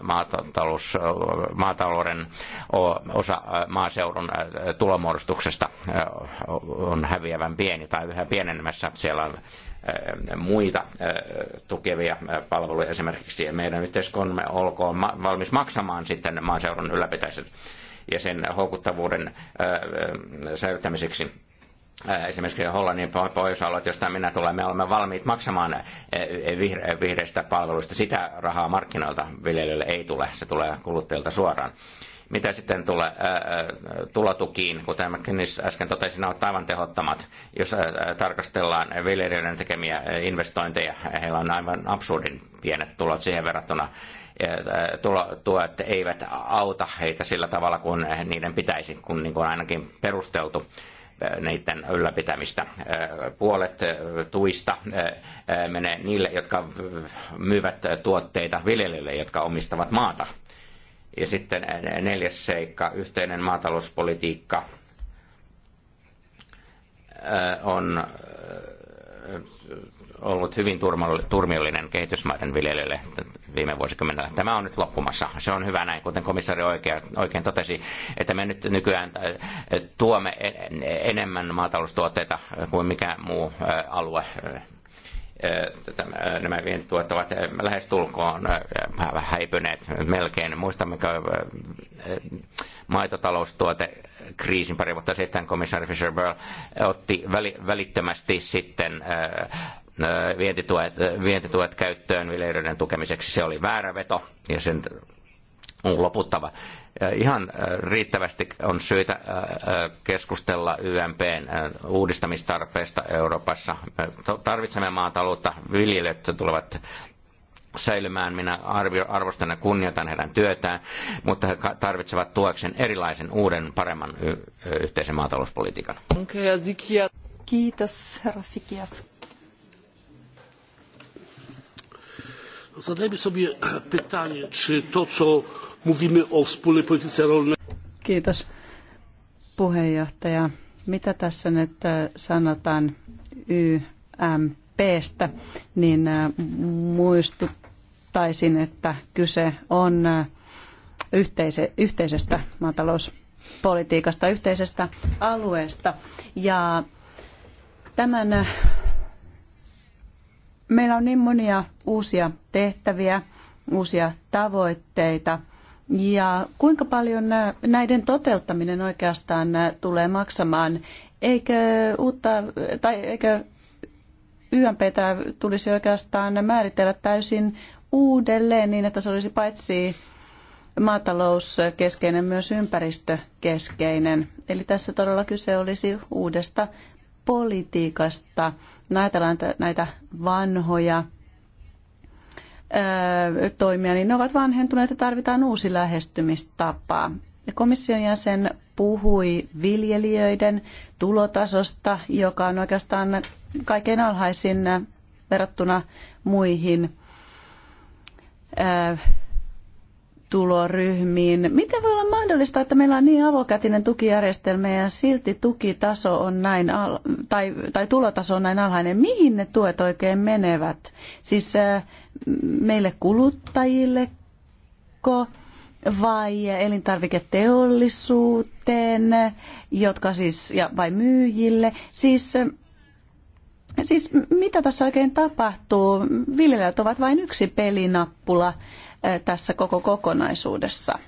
maatalous, maatalouden osa maaseudun tulomuodostuksesta on häviävän pieni tai yhä pienenemässä. Siellä on muita tukevia palveluja esimerkiksi. meidän yhteiskunnamme olkoon valmis maksamaan sitten maaseudun ylläpitäiset ja sen houkuttavuuden säilyttämiseksi esimerkiksi Hollannin pohjoisalueet, josta minä tulen, me olemme valmiit maksamaan vihreistä palveluista. Sitä rahaa markkinoilta viljelijöille ei tule, se tulee kuluttajilta suoraan. Mitä sitten tulee tulotukiin, kuten McKinnis äsken totesin, ovat aivan tehottomat. Jos tarkastellaan viljelijöiden tekemiä investointeja, heillä on aivan absurdin pienet tulot siihen verrattuna, Eh, tuet eivät auta heitä sillä tavalla kuin niiden pitäisi, kun niin kuin ainakin perusteltu eh, niiden ylläpitämistä. Eh, puolet tuista menee niille, jotka myyvät tuotteita viljelijöille, jotka omistavat maata. Ja sitten neljäs seikka, yhteinen maatalouspolitiikka on ollut hyvin turmiollinen kehitysmaiden viljelijöille viime vuosikymmenellä. Tämä on nyt loppumassa. Se on hyvä näin, kuten komissari oikein totesi, että me nyt nykyään äh, tuomme enemmän maataloustuotteita kuin mikä muu äh, alue äh, nämä vientituet ovat lähestulkoon häipyneet melkein. Muistammeko maitotaloustuote kriisin pari vuotta sitten komissaari fischer burl otti välittömästi sitten äh, äh, vientituet, äh, vientituet käyttöön viljelijöiden tukemiseksi. Se oli väärä veto ja sen on loputtava. Ihan riittävästi on syytä keskustella YMPn uudistamistarpeesta Euroopassa. Tarvitsemme maataloutta, viljelijät tulevat säilymään. Minä arvio, arvostan ja kunnioitan heidän työtään, mutta he tarvitsevat tuoksen erilaisen, uuden, paremman y- yhteisen maatalouspolitiikan. Kiitos, herra Sikias. sobie pytanie, czy to, co mówimy o wspólnej polityce Kiitos, puheenjohtaja. Mitä tässä nyt e, sanotaan YMPstä, niin e, muistut olettaisin, että kyse on yhteise, yhteisestä maatalouspolitiikasta, yhteisestä alueesta. Ja tämän meillä on niin monia uusia tehtäviä, uusia tavoitteita. Ja kuinka paljon näiden toteuttaminen oikeastaan tulee maksamaan? Eikö, uutta, tai eikö YMPtä tulisi oikeastaan määritellä täysin uudelleen niin, että se olisi paitsi maatalouskeskeinen myös ympäristökeskeinen. Eli tässä todella kyse olisi uudesta politiikasta. Ajatellaan näitä vanhoja toimia, niin ne ovat vanhentuneet ja tarvitaan uusi lähestymistapa. Komission jäsen puhui viljelijöiden tulotasosta, joka on oikeastaan kaikkein alhaisin verrattuna muihin Äh, tuloryhmiin. Miten voi olla mahdollista, että meillä on niin avokätinen tukijärjestelmä ja silti tukitaso on näin al- tai, tai tulotaso on näin alhainen? Mihin ne tuet oikein menevät? Siis äh, meille kuluttajilleko vai elintarviketeollisuuteen, jotka siis, ja, vai myyjille? Siis äh, Siis mitä tässä oikein tapahtuu? Viljelijät ovat vain yksi pelinappula eh, tässä koko kokonaisuudessa.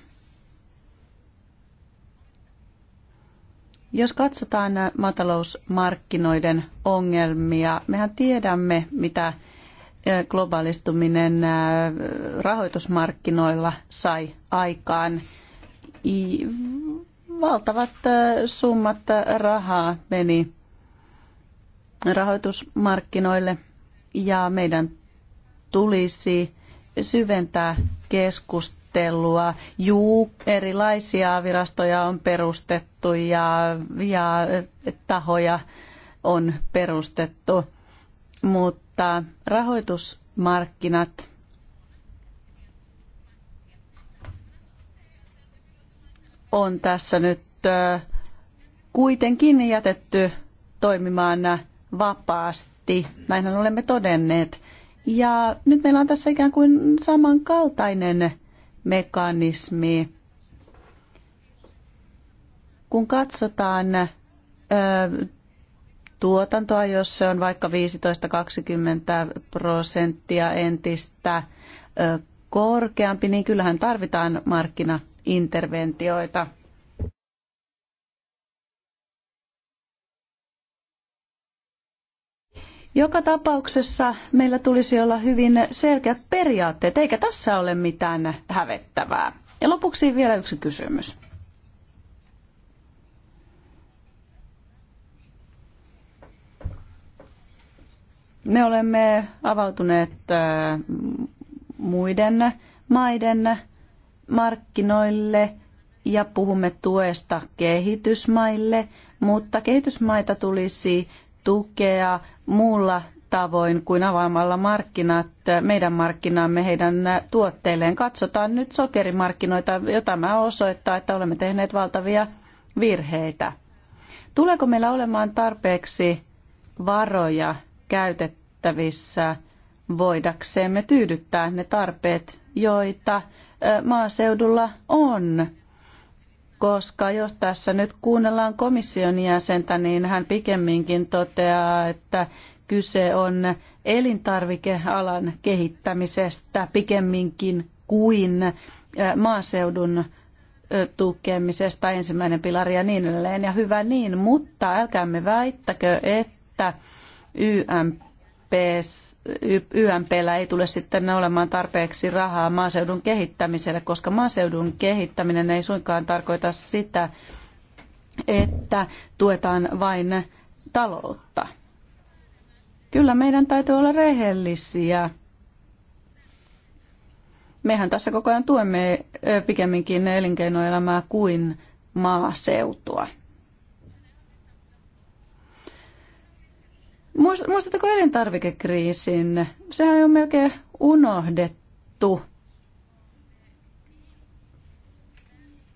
Jos katsotaan eh, maatalousmarkkinoiden ongelmia, mehän tiedämme, mitä eh, globaalistuminen rahoitusmarkkinoilla sai aikaan. Valtavat summat rahaa meni rahoitusmarkkinoille ja meidän tulisi syventää keskustelua. Juu, erilaisia virastoja on perustettu ja, ja tahoja on perustettu, mutta rahoitusmarkkinat on tässä nyt kuitenkin jätetty toimimaan vapaasti. Näinhän olemme todenneet. Ja nyt meillä on tässä ikään kuin samankaltainen mekanismi. Kun katsotaan ö, tuotantoa, jos se on vaikka 15-20 prosenttia entistä ö, korkeampi, niin kyllähän tarvitaan markkinainterventioita – Joka tapauksessa meillä tulisi olla hyvin selkeät periaatteet, eikä tässä ole mitään hävettävää. Ja lopuksi vielä yksi kysymys. Me olemme avautuneet muiden maiden markkinoille ja puhumme tuesta kehitysmaille, mutta kehitysmaita tulisi tukea muulla tavoin kuin avaamalla markkinat, eh, meidän markkinaamme heidän eh, tuotteilleen. Katsotaan nyt sokerimarkkinoita, jota mä osoittaa, että olemme tehneet valtavia virheitä. Tuleeko meillä olemaan tarpeeksi varoja käytettävissä voidaksemme tyydyttää ne tarpeet, joita eh, maaseudulla on? koska jo tässä nyt kuunnellaan komission jäsentä, niin hän pikemminkin toteaa, että kyse on elintarvikealan kehittämisestä pikemminkin kuin maaseudun tukemisesta, ensimmäinen pilari ja niin edelleen, ja hyvä niin, mutta älkäämme väittäkö, että YMP YMPllä ei tule sitten olemaan tarpeeksi rahaa maaseudun kehittämiselle, koska maaseudun kehittäminen ei suinkaan tarkoita sitä, että tuetaan vain taloutta. Kyllä meidän täytyy olla rehellisiä. Mehän tässä koko ajan tuemme pikemminkin elinkeinoelämää kuin maaseutua. Muistatteko elintarvikekriisin? Sehän on melkein unohdettu.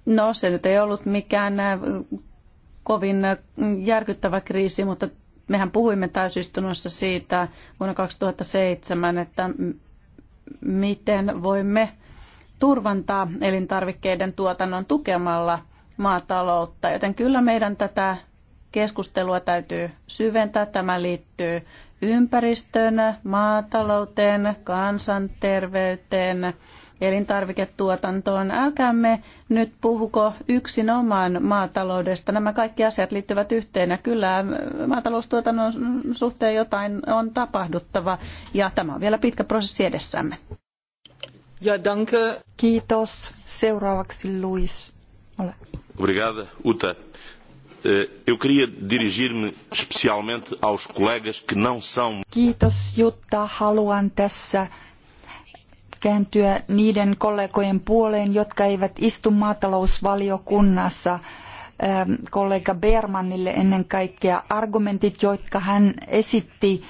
No, se nyt ei ollut mikään äh, kovin äh, järkyttävä kriisi, mutta mehän puhuimme täysistunnossa siitä vuonna 2007, että miten voimme turvantaa elintarvikkeiden tuotannon tukemalla maataloutta. Joten kyllä meidän tätä keskustelua täytyy syventää. Tämä liittyy ympäristöön, maatalouteen, kansanterveyteen, elintarviketuotantoon. Älkäämme nyt puhuko yksinomaan maataloudesta. Nämä kaikki asiat liittyvät yhteen ja kyllä maataloustuotannon suhteen jotain on tapahduttava ja tämä on vielä pitkä prosessi edessämme. Ja danke. Kiitos. Seuraavaksi Luis. Ole. Obrigada, Uta. Eh, eu queria dirigir-me especialmente aos colegas que não são... Kiitos Jutta. Haluan tässä kääntyä niiden kollegojen puoleen, jotka eivät istu maatalousvaliokunnassa ähm, kollega Bermanille ennen kaikkea. Argumentit, jotka hän esitti,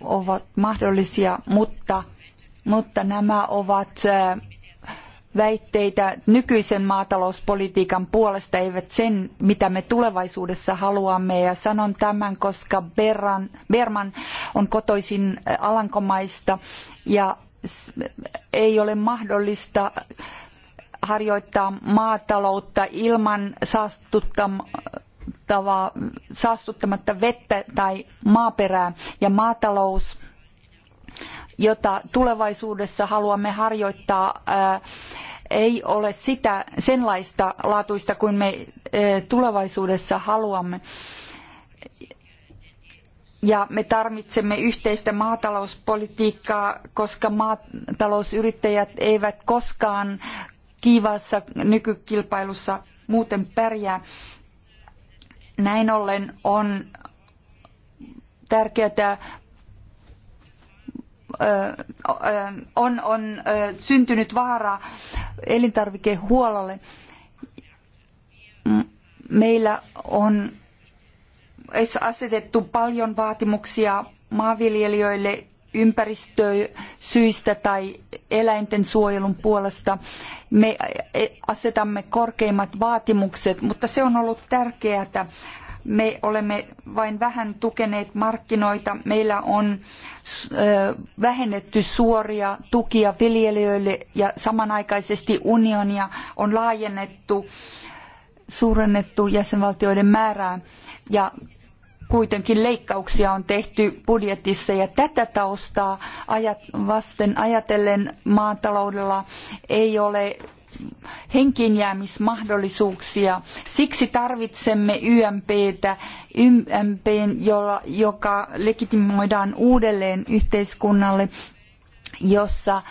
ovat mahdollisia, mutta, mutta nämä ovat äh, väitteitä nykyisen maatalouspolitiikan puolesta, eivät sen, mitä me tulevaisuudessa haluamme. Ja sanon tämän, koska Berran, Berman on kotoisin äh, Alankomaista ja ei ole mahdollista harjoittaa maataloutta ilman saastuttamatta vettä tai maaperää. Ja maatalous jota tulevaisuudessa haluamme harjoittaa, ei ole sitä senlaista laatuista kuin me tulevaisuudessa haluamme. Ja me tarvitsemme yhteistä maatalouspolitiikkaa, koska maatalousyrittäjät eivät koskaan kiivaassa nykykilpailussa muuten pärjää. Näin ollen on tärkeää on, on syntynyt vaara elintarvikehuollolle. Meillä on asetettu paljon vaatimuksia maanviljelijöille ympäristösyistä tai eläinten suojelun puolesta. Me e, asetamme korkeimmat vaatimukset, mutta se on ollut tärkeää me olemme vain vähän tukeneet markkinoita. Meillä on vähennetty suoria tukia viljelijöille ja samanaikaisesti unionia on laajennettu, suurennettu jäsenvaltioiden määrää ja kuitenkin leikkauksia on tehty budjetissa ja tätä taustaa vasten ajatellen maataloudella ei ole henkiinjäämismahdollisuuksia. Siksi tarvitsemme YMPtä, YMPn, jolla, joka legitimoidaan uudelleen yhteiskunnalle, jossa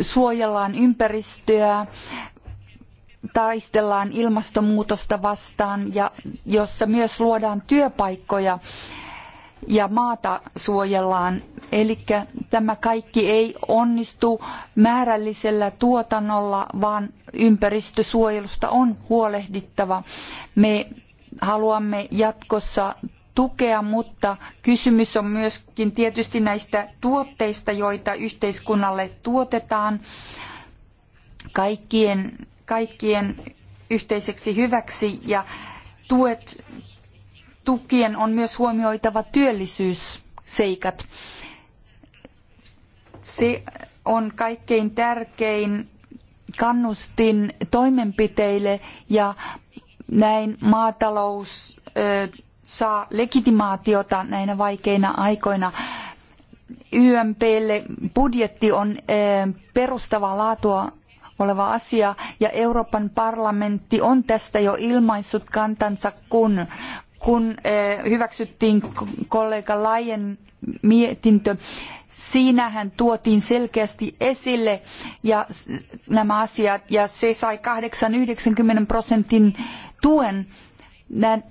suojellaan ympäristöä, taistellaan ilmastonmuutosta vastaan ja jossa myös luodaan työpaikkoja ja maata suojellaan Eli tämä kaikki ei onnistu määrällisellä tuotannolla, vaan ympäristösuojelusta on huolehdittava. Me haluamme jatkossa tukea, mutta kysymys on myöskin tietysti näistä tuotteista, joita yhteiskunnalle tuotetaan kaikkien, kaikkien yhteiseksi hyväksi ja tuet, tukien on myös huomioitava työllisyysseikat. Se on kaikkein tärkein kannustin toimenpiteille ja näin maatalous saa legitimaatiota näinä vaikeina aikoina. YMPlle budjetti on perustavaa laatua oleva asia ja Euroopan parlamentti on tästä jo ilmaissut kantansa, kun, kun hyväksyttiin kollega Laien mietintö. Siinähän tuotiin selkeästi esille ja nämä asiat ja se sai 8-90 prosentin tuen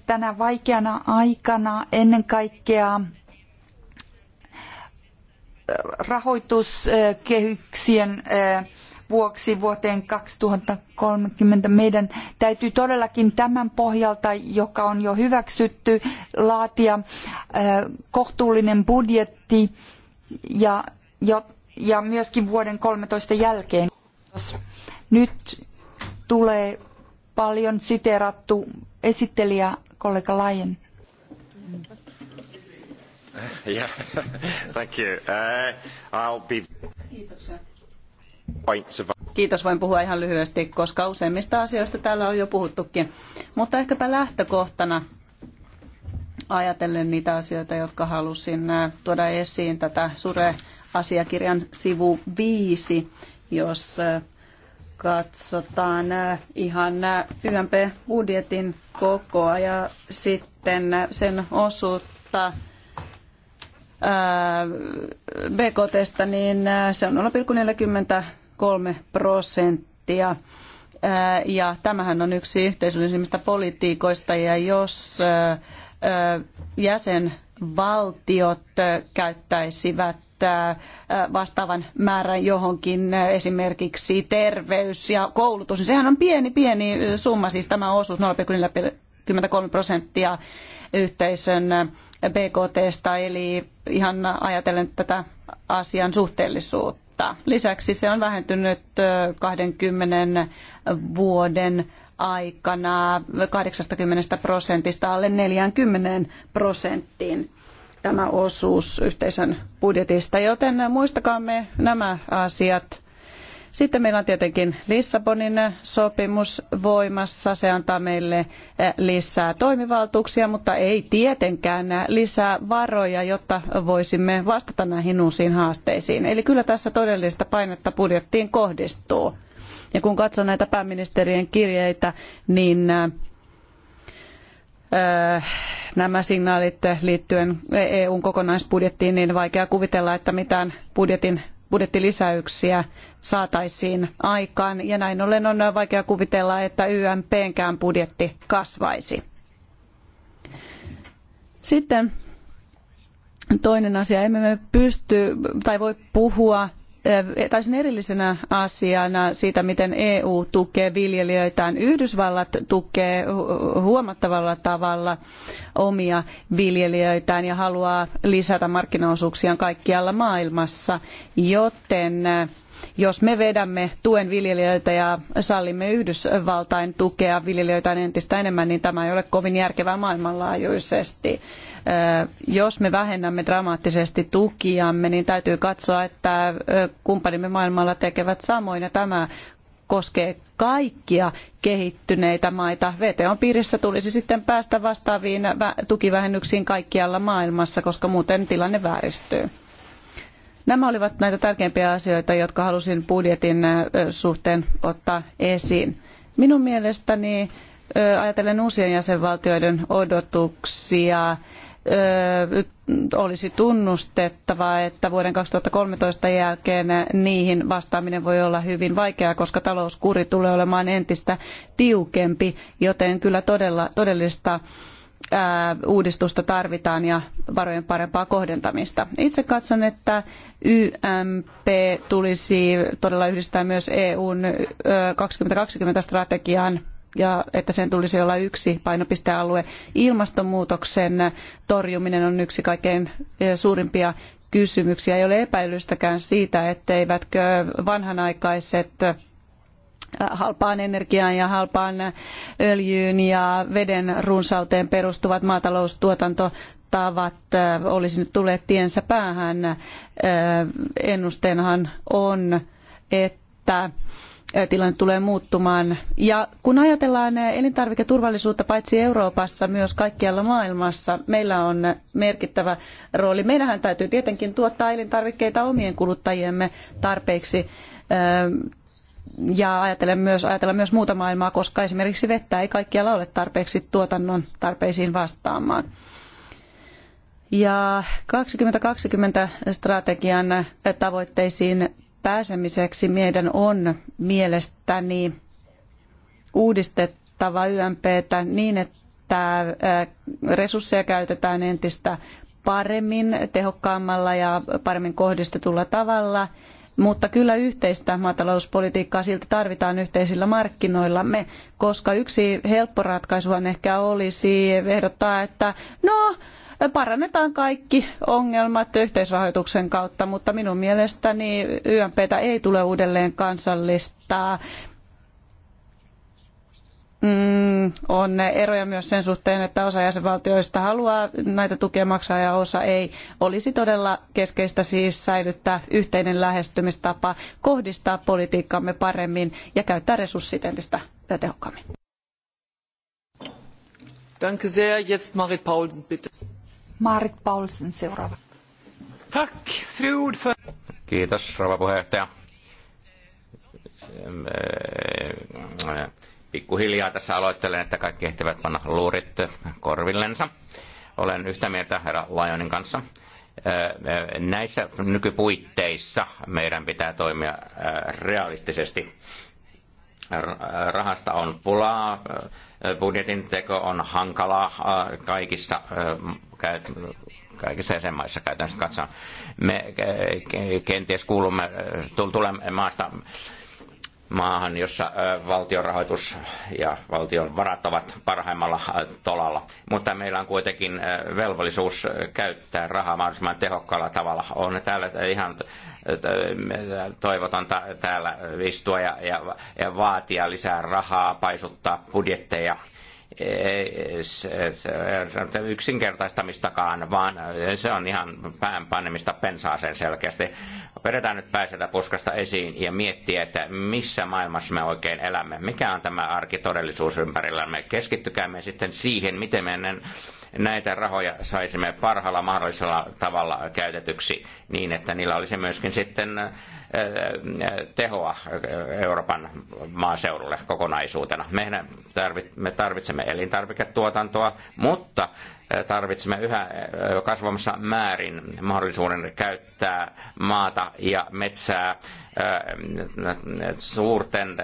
tänä vaikeana aikana ennen kaikkea rahoituskehyksien vuoksi vuoteen 2030 meidän täytyy todellakin tämän pohjalta, joka on jo hyväksytty, laatia kohtuullinen budjetti ja, ja, ja myöskin vuoden 13 jälkeen. Nyt tulee paljon siteerattu esittelijä kollega Lajen. Yeah. Thank you. Uh, I'll be... Kiitoksia. Kiitos, voin puhua ihan lyhyesti, koska useimmista asioista täällä on jo puhuttukin. Mutta ehkäpä lähtökohtana ajatellen niitä asioita, jotka halusin äh, tuoda esiin tätä Sure-asiakirjan sivu 5, jos äh, katsotaan äh, ihan YMP-budjetin kokoa ja sitten sen osuutta BKTstä, niin se on 0,43 kolme prosenttia. Ja tämähän on yksi yhteisöllisimmistä politiikoista, ja jos jäsenvaltiot käyttäisivät vastaavan määrän johonkin esimerkiksi terveys ja koulutus, niin sehän on pieni, pieni summa, siis tämä osuus 0,43 prosenttia yhteisön BKTstä, eli ihan ajatellen tätä asian suhteellisuutta vuotta. Lisäksi se on vähentynyt 20 vuoden aikana 80 prosentista alle 40 prosenttiin tämä osuus yhteisön budjetista, joten muistakaamme nämä asiat sitten meillä on tietenkin Lissabonin sopimus voimassa. Se antaa meille eh, lisää toimivaltuuksia, mutta ei tietenkään lisää varoja, jotta voisimme vastata näihin uusiin haasteisiin. Eli kyllä tässä todellista painetta budjettiin kohdistuu. Ja kun katson näitä pääministerien kirjeitä, niin eh, nämä signaalit liittyen e EUn kokonaisbudjettiin, niin vaikea kuvitella, että mitään budjetin budjettilisäyksiä saataisiin aikaan ja näin ollen on vaikea kuvitella, että YMPnkään budjetti kasvaisi. Sitten toinen asia, emme me pysty tai voi puhua täysin erillisenä asiana siitä, miten EU tukee viljelijöitään. Yhdysvallat tukee huomattavalla tavalla omia viljelijöitään ja haluaa lisätä markkinaosuuksiaan kaikkialla maailmassa, joten jos me vedämme tuen viljelijöitä ja sallimme Yhdysvaltain tukea viljelijöitä entistä enemmän, niin tämä ei ole kovin järkevää maailmanlaajuisesti jos me vähennämme dramaattisesti tukiamme, niin täytyy katsoa, että kumppanimme maailmalla tekevät samoin. Ja tämä koskee kaikkia kehittyneitä maita. VTOn piirissä tulisi sitten päästä vastaaviin tukivähennyksiin kaikkialla maailmassa, koska muuten tilanne vääristyy. Nämä olivat näitä tärkeimpiä asioita, jotka halusin budjetin suhteen ottaa esiin. Minun mielestäni ajatellen uusien jäsenvaltioiden odotuksia olisi tunnustettava, että vuoden 2013 jälkeen niihin vastaaminen voi olla hyvin vaikeaa, koska talouskuri tulee olemaan entistä tiukempi, joten kyllä todella, todellista uudistusta tarvitaan ja varojen parempaa kohdentamista. Itse katson, että YMP tulisi todella yhdistää myös EUn 2020 strategiaan ja että sen tulisi olla yksi painopistealue. Ilmastonmuutoksen torjuminen on yksi kaikkein e, suurimpia kysymyksiä. Ei ole epäilystäkään siitä, etteivätkö vanhanaikaiset e, halpaan energiaan ja halpaan öljyyn ja veden runsauteen perustuvat maataloustuotanto tavat e, olisi nyt tulleet tiensä päähän. Ennusteenhan on, että tilanne tulee muuttumaan. Ja kun ajatellaan elintarviketurvallisuutta paitsi Euroopassa, myös kaikkialla maailmassa, meillä on merkittävä rooli. Meidän täytyy tietenkin tuottaa elintarvikkeita omien kuluttajiemme tarpeiksi ja ajatella myös, ajatella myös muuta maailmaa, koska esimerkiksi vettä ei kaikkialla ole tarpeeksi tuotannon tarpeisiin vastaamaan. Ja 2020 strategian tavoitteisiin pääsemiseksi meidän on mielestäni uudistettava YMPtä niin, että resursseja käytetään entistä paremmin, tehokkaammalla ja paremmin kohdistetulla tavalla, mutta kyllä yhteistä maatalouspolitiikkaa silti tarvitaan yhteisillä markkinoillamme, koska yksi helppo ratkaisuhan ehkä olisi ehdottaa, että no parannetaan kaikki ongelmat yhteisrahoituksen kautta, mutta minun mielestäni YMPtä ei tule uudelleen kansallistaa. Mm, on eroja myös sen suhteen, että osa jäsenvaltioista haluaa näitä tukia maksaa ja osa ei. Olisi todella keskeistä siis säilyttää yhteinen lähestymistapa, kohdistaa politiikkaamme paremmin ja käyttää resurssit entistä tehokkaammin. Danke sehr. Jetzt Marit Paulsen, bitte. Marit Paulsen seuraava. Tack, fru Kiitos, rouva puheenjohtaja. Eh, pikkuhiljaa tässä aloittelen, että kaikki ehtivät panna luurit korvillensa. Olen yhtä mieltä herra Lajonin kanssa eh, eh, näissä nykypuitteissa meidän pitää toimia realistisesti rahasta on pulaa, budjetin teko on hankalaa kaikista, kaikissa jäsenmaissa käytännössä katsoen. Me kenties kuulumme, tulemme maasta maahan, jossa valtion rahoitus ja valtion varat ovat parhaimmalla tolalla. Mutta meillä on kuitenkin velvollisuus käyttää rahaa mahdollisimman tehokkaalla tavalla. On täällä ihan toivotonta täällä istua ja, ja, ja vaatia lisää rahaa, paisuttaa budjetteja yksinkertaistamistakaan, vaan se on ihan päänpanemista pensaaseen selkeästi. Vedetään nyt pääsetä puskasta esiin ja miettiä, että missä maailmassa me oikein elämme, mikä on tämä arkitodellisuus ympärillämme. Keskittykäämme sitten siihen, miten meidän näitä rahoja saisimme parhaalla mahdollisella tavalla käytetyksi niin, että niillä olisi myöskin sitten tehoa Euroopan maaseudulle kokonaisuutena. Mehän me tarvitsemme elintarviketuotantoa, mutta tarvitsemme yhä kasvamassa määrin mahdollisuuden käyttää maata ja metsää suurten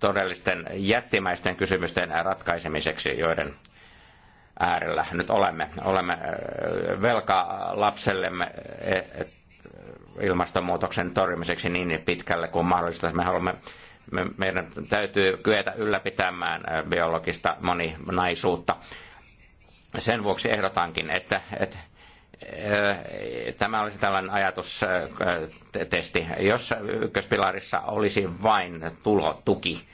todellisten jättimäisten kysymysten ratkaisemiseksi, joiden äärellä nyt olemme. Olemme äh, velkaa lapsellemme e, ilmastonmuutoksen torjumiseksi niin pitkälle kuin mahdollista. Me haluamme me, meidän täytyy kyetä ylläpitämään äh, biologista moninaisuutta. Sen vuoksi ehdotankin, että, että äh, Tämä olisi tällainen ajatustesti. Jos ykköspilarissa olisi vain tulotuki,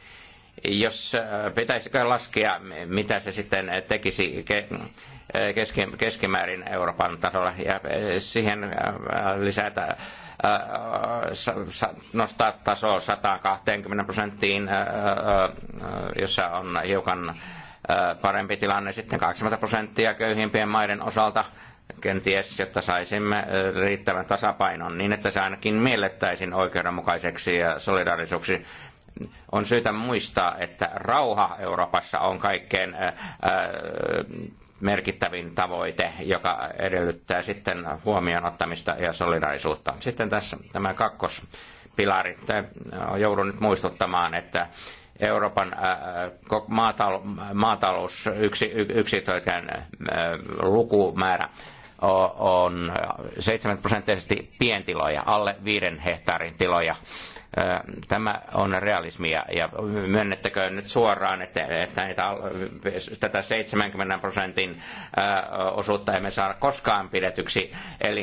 jos äh, pitäisikö laskea, mitä se sitten tekisi äh, keskimäärin Euroopan tasolla ja äh, siihen lisätä nostaa taso 120 prosenttiin, jossa on hiukan parempi tilanne sitten 20 prosenttia köyhimpien maiden osalta kenties, jotta saisimme riittävän tasapainon niin, että se ainakin miellettäisiin oikeudenmukaiseksi ja solidaarisuuksi on syytä muistaa, että rauha Euroopassa on kaikkein merkittävin tavoite, joka edellyttää sitten huomioon ottamista ja solidaisuutta. Sitten tässä tämä kakkospilari. Joudun nyt muistuttamaan, että Euroopan maatalous yksi, yksityinen lukumäärä on 70 prosenttisesti pientiloja, alle 5 hehtaarin tiloja Tämä on realismia ja myönnettäköön nyt suoraan, että, että näitä, tätä 70 prosentin osuutta emme saa koskaan pidetyksi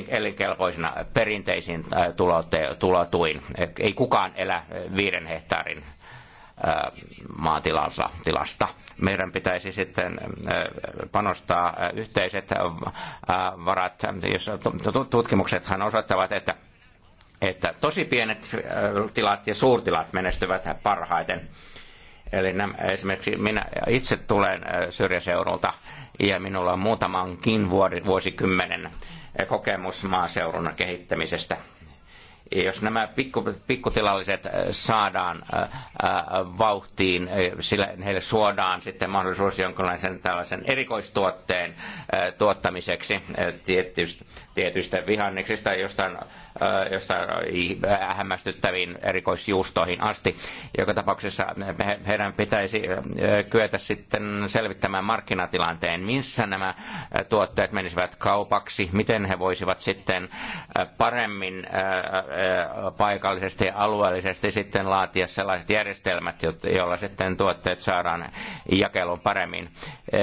elinkelpoisina perinteisiin tulotuin. Ei kukaan elä viiden hehtaarin maatilasta. Tilasta. Meidän pitäisi sitten panostaa yhteiset varat. Jos tutkimuksethan osoittavat, että että tosi pienet äh, tilat ja suurtilat menestyvät parhaiten. Eli nämä, esimerkiksi minä itse tulen äh, syrjäseudulta ja minulla on muutamankin vuosikymmenen äh, kokemus maaseudun kehittämisestä. Ja jos nämä pikku, pikkutilalliset saadaan vauhtiin, sillä heille suodaan sitten mahdollisuus jonkinlaisen tällaisen erikoistuotteen tuottamiseksi tietyistä, tietyistä vihanneksista jostain Äh, josta äh, hämmästyttäviin erikoisjuustoihin asti. Joka tapauksessa heidän pitäisi äh, kyetä sitten selvittämään markkinatilanteen, missä nämä tuotteet menisivät kaupaksi, miten he voisivat sitten paremmin paikallisesti ja alueellisesti sitten laatia sellaiset järjestelmät, joilla sitten tuotteet saadaan jakeluun paremmin,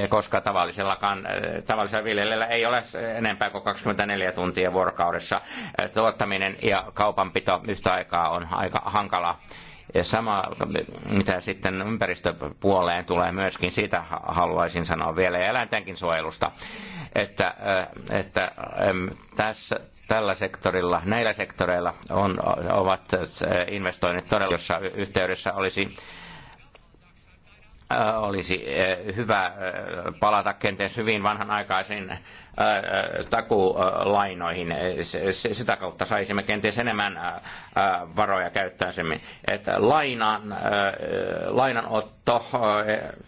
koska tavallisellakaan, tavallisella viljelijällä ei ole enempää kuin 24 tuntia vuorokaudessa tuottaa johtaminen ja kaupanpito yhtä aikaa on aika hankalaa. Ja sama, mitä sitten ympäristöpuoleen tulee myöskin, siitä haluaisin sanoa vielä, ja eläintenkin suojelusta, että, äh, että ähm, tässä, tällä sektorilla, näillä sektoreilla on, äh, ovat äh, investoinnit todella, jossa yhteydessä olisi olisi hyvä palata kenties hyvin vanhanaikaisiin takulainoihin. Sitä kautta saisimme kenties enemmän varoja käyttäisimme. Että lainan, lainanotto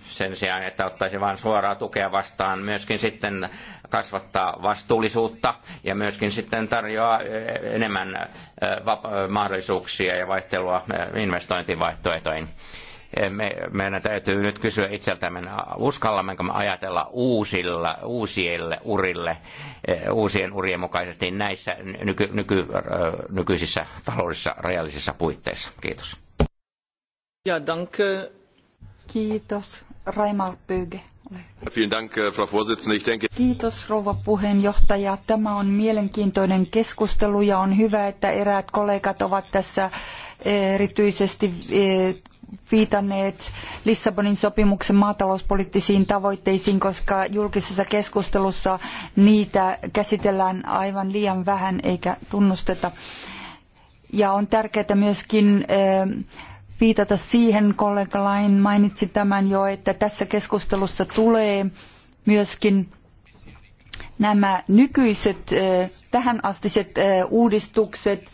sen sijaan, että ottaisi vain suoraa tukea vastaan, myöskin sitten kasvattaa vastuullisuutta ja myöskin sitten tarjoaa enemmän mahdollisuuksia ja vaihtelua investointivaihtoehtoihin. Eh, me, meidän täytyy nyt kysyä itseltämme, uskallammeko me ajatella uusilla, uusille urille, eh, uusien urien mukaisesti näissä nyky, nyky, eh, nykyisissä taloudellisissa rajallisissa puitteissa. Kiitos. Ja, danke. Kiitos. Raimar Böge. Kiitos rouva puheenjohtaja. Tämä on mielenkiintoinen keskustelu ja on hyvä, että eräät kollegat ovat tässä erityisesti viitanneet Lissabonin sopimuksen maatalouspoliittisiin tavoitteisiin, koska julkisessa keskustelussa niitä käsitellään aivan liian vähän eikä tunnusteta. Ja on tärkeää myöskin eh, viitata siihen, kollega Lain mainitsi tämän jo, että tässä keskustelussa tulee myöskin nämä nykyiset eh, tähänastiset eh, uudistukset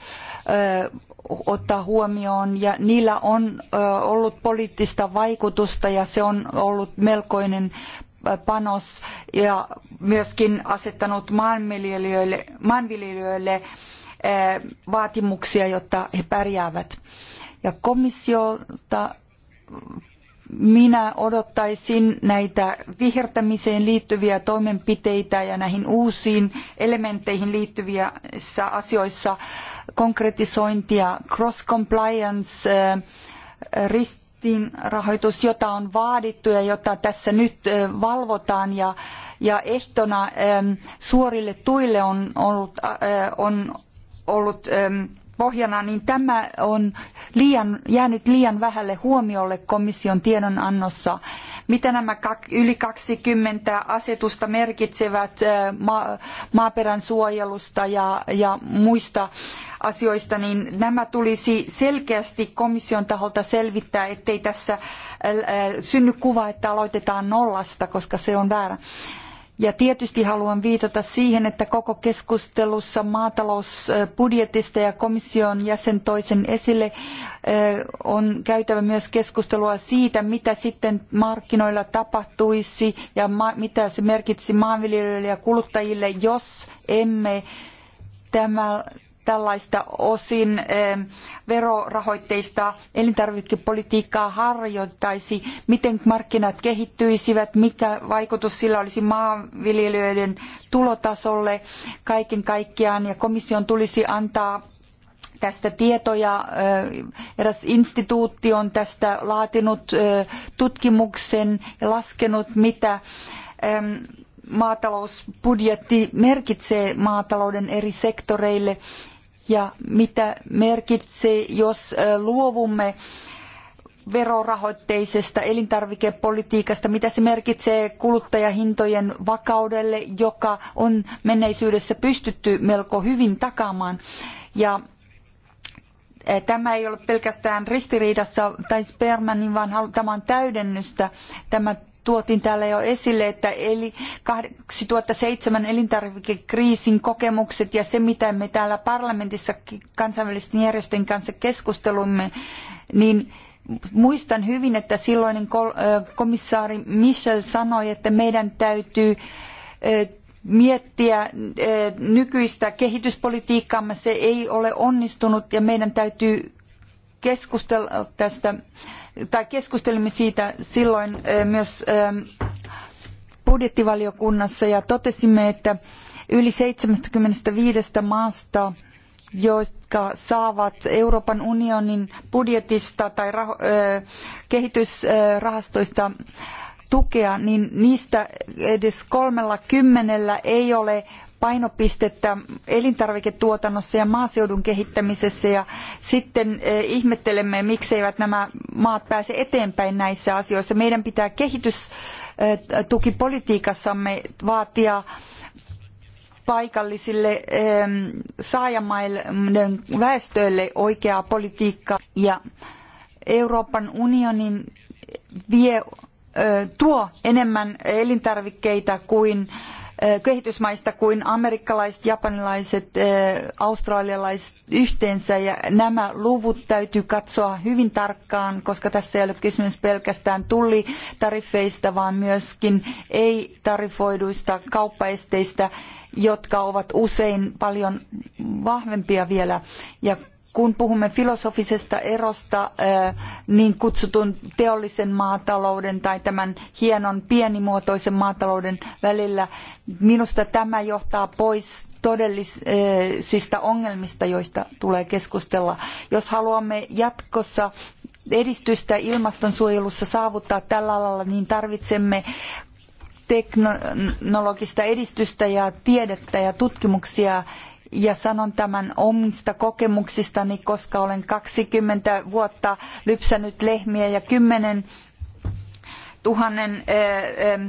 ottaa huomioon ja niillä on ollut poliittista vaikutusta ja se on ollut melkoinen panos ja myöskin asettanut maanviljelijöille, maanviljelijöille vaatimuksia, jotta he pärjäävät. Ja komissiolta minä odottaisin näitä vihertämiseen liittyviä toimenpiteitä ja näihin uusiin elementteihin liittyvissä asioissa konkretisointia, cross compliance, äh, ristinrahoitus, jota on vaadittu ja jota tässä nyt äh, valvotaan ja, ja ehtona ähm, suorille tuille on ollut, äh, on ollut ähm, pohjana, niin tämä on liian, jäänyt liian vähälle huomiolle komission tiedonannossa. Mitä nämä yli 20 asetusta merkitsevät äh, maaperän suojelusta ja, ja muista asioista, niin nämä tulisi selkeästi komission taholta selvittää, ettei tässä äh, äh, synny kuva, että aloitetaan nollasta, koska se on väärä. Ja tietysti haluan viitata siihen, että koko keskustelussa maatalousbudjetista ja komission jäsen toisen esille on käytävä myös keskustelua siitä, mitä sitten markkinoilla tapahtuisi ja mitä se merkitsi maanviljelijöille ja kuluttajille, jos emme tämä tällaista osin eh, verorahoitteista elintarvikepolitiikkaa harjoittaisi, miten markkinat kehittyisivät, mikä vaikutus sillä olisi maanviljelijöiden tulotasolle kaiken kaikkiaan ja komission tulisi antaa tästä tietoja. Eh, eräs instituutti on tästä laatinut eh, tutkimuksen ja laskenut, mitä maatalousbudjetti merkitsee maatalouden eri sektoreille ja mitä merkitsee, jos luovumme verorahoitteisesta elintarvikepolitiikasta, mitä se merkitsee kuluttajahintojen vakaudelle, joka on menneisyydessä pystytty melko hyvin takaamaan. Ja tämä ei ole pelkästään ristiriidassa tai Spermanin, vaan tämä on täydennystä. Tämä tuotiin täällä jo esille, että eli 2007 elintarvikekriisin kokemukset ja se, mitä me täällä parlamentissa kansainvälisten järjestöjen kanssa keskustelumme, niin muistan hyvin, että silloinen komissaari Michel sanoi, että meidän täytyy miettiä nykyistä kehityspolitiikkaamme. Se ei ole onnistunut ja meidän täytyy keskustella tästä tai keskustelimme siitä silloin myös budjettivaliokunnassa ja totesimme, että yli 75 maasta jotka saavat Euroopan unionin budjetista tai kehitysrahastoista tukea, niin niistä edes kolmella kymmenellä ei ole painopistettä elintarviketuotannossa ja maaseudun kehittämisessä ja sitten eh, ihmettelemme, mikseivät nämä maat pääse eteenpäin näissä asioissa. Meidän pitää kehitystukipolitiikassamme vaatia paikallisille saajamaiden väestöille oikeaa politiikkaa ja Euroopan unionin vie, eh, tuo enemmän elintarvikkeita kuin kehitysmaista kuin amerikkalaiset, japanilaiset, australialaiset yhteensä ja nämä luvut täytyy katsoa hyvin tarkkaan, koska tässä ei ole kysymys pelkästään tullitariffeista, vaan myöskin ei-tarifoiduista kauppaesteistä jotka ovat usein paljon vahvempia vielä ja kun puhumme filosofisesta erosta niin kutsutun teollisen maatalouden tai tämän hienon pienimuotoisen maatalouden välillä, minusta tämä johtaa pois todellisista ongelmista, joista tulee keskustella. Jos haluamme jatkossa edistystä ilmastonsuojelussa saavuttaa tällä alalla, niin tarvitsemme teknologista edistystä ja tiedettä ja tutkimuksia ja sanon tämän omista kokemuksistani, koska olen 20 vuotta lypsänyt lehmiä ja 10 tuhannen eh, eh,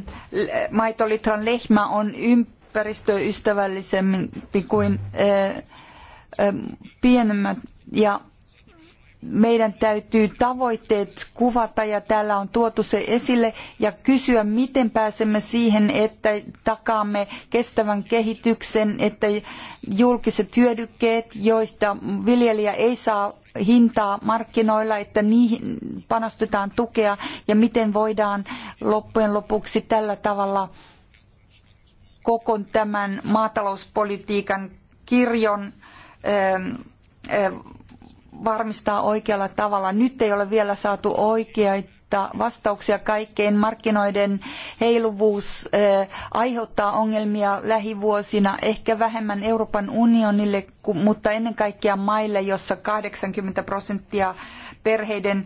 maitolitran lehmä on ympäristöystävällisempi kuin eh, pienemmät ja meidän täytyy tavoitteet kuvata ja täällä on tuotu se esille ja kysyä, miten pääsemme siihen, että takaamme kestävän kehityksen, että julkiset hyödykkeet, joista viljelijä ei saa hintaa markkinoilla, että niihin panostetaan tukea ja miten voidaan loppujen lopuksi tällä tavalla koko tämän maatalouspolitiikan kirjon ähm, äh, varmistaa oikealla tavalla. Nyt ei ole vielä saatu oikeita vastauksia kaikkeen. Markkinoiden heiluvuus eh, aiheuttaa ongelmia lähivuosina, ehkä vähemmän Euroopan unionille, mutta ennen kaikkea maille, jossa 80 prosenttia perheiden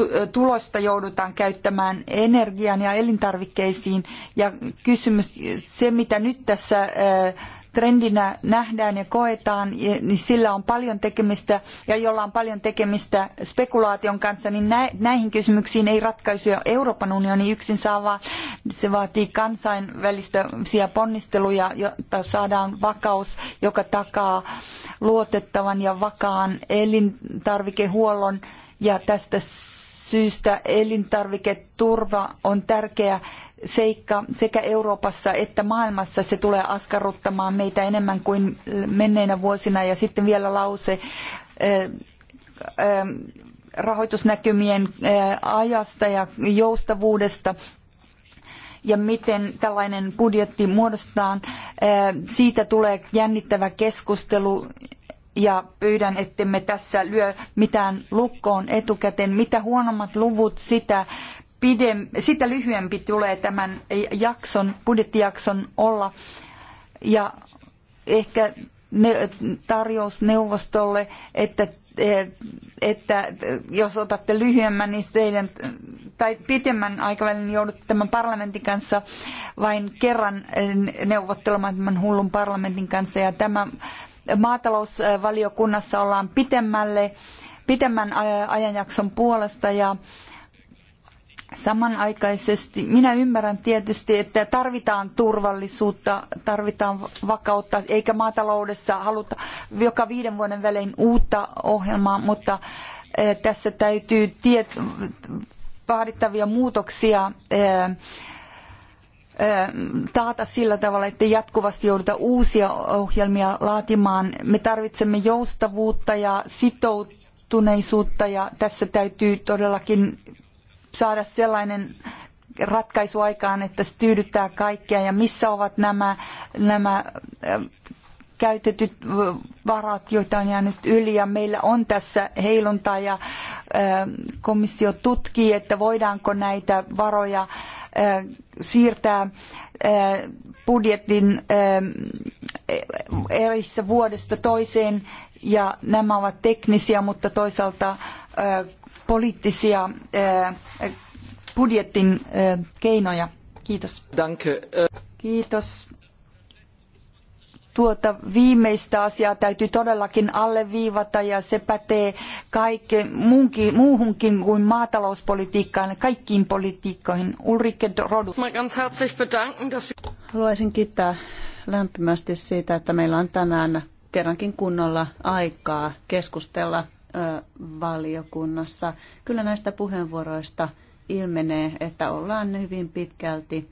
eh, tulosta joudutaan käyttämään energiaan ja elintarvikkeisiin. Ja kysymys, se mitä nyt tässä eh, trendinä nähdään ja koetaan, niin sillä on paljon tekemistä ja jolla on paljon tekemistä spekulaation kanssa, niin näihin kysymyksiin ei ratkaisuja Euroopan unioni yksin saa, vaan se vaatii kansainvälisiä ponnisteluja, jotta saadaan vakaus, joka takaa luotettavan ja vakaan elintarvikehuollon ja tästä syystä elintarviketurva on tärkeä seikka sekä Euroopassa että maailmassa. Se tulee askarruttamaan meitä enemmän kuin menneinä vuosina. Ja sitten vielä lause rahoitusnäkymien ajasta ja joustavuudesta ja miten tällainen budjetti muodostetaan. Siitä tulee jännittävä keskustelu ja pyydän, ettemme tässä lyö mitään lukkoon etukäteen. Mitä huonommat luvut, sitä pidem, sitä lyhyempi tulee tämän jakson, budjettijakson olla. Ja ehkä ne, tarjous neuvostolle, että, että jos otatte lyhyemmän, niin teidän, tai pitemmän aikavälin joudutte tämän parlamentin kanssa vain kerran neuvottelemaan tämän hullun parlamentin kanssa. Ja tämä maatalousvaliokunnassa ollaan pitemmälle, pitemmän ajanjakson puolesta ja Samanaikaisesti minä ymmärrän tietysti, että tarvitaan turvallisuutta, tarvitaan vakautta, eikä maataloudessa haluta joka viiden vuoden välein uutta ohjelmaa, mutta eh, tässä täytyy tiet- vaadittavia muutoksia eh, eh, taata sillä tavalla, että jatkuvasti jouduta uusia ohjelmia laatimaan. Me tarvitsemme joustavuutta ja sitoutuneisuutta ja tässä täytyy todellakin saada sellainen ratkaisu aikaan, että se tyydyttää kaikkia ja missä ovat nämä, nämä äh, käytetyt varat, joita on jäänyt yli ja meillä on tässä heiluntaa ja äh, komissio tutkii, että voidaanko näitä varoja äh, siirtää budjetin erissä vuodesta toiseen ja nämä ovat teknisiä, mutta toisaalta poliittisia eh, budjetin eh, keinoja. Kiitos. Danke. Kiitos. Tuota viimeistä asiaa täytyy todellakin alleviivata ja se pätee kaikke, muunkin, muuhunkin kuin maatalouspolitiikkaan, kaikkiin politiikkoihin. Ulrike Rodu. Haluaisin kiittää lämpimästi siitä, että meillä on tänään kerrankin kunnolla aikaa keskustella valiokunnassa. Kyllä näistä puheenvuoroista ilmenee, että ollaan hyvin pitkälti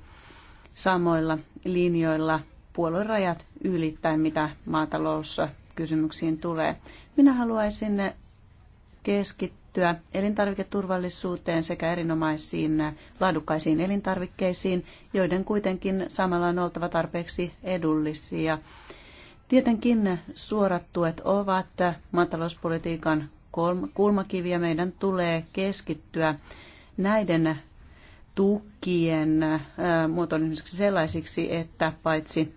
samoilla linjoilla puoluerajat ylittäen, mitä maatalouskysymyksiin tulee. Minä haluaisin keskittyä elintarviketurvallisuuteen sekä erinomaisiin laadukkaisiin elintarvikkeisiin, joiden kuitenkin samalla on oltava tarpeeksi edullisia – Tietenkin suorat tuet ovat maatalouspolitiikan kulmakiviä. Meidän tulee keskittyä näiden tukien muotoilemisiksi sellaisiksi, että paitsi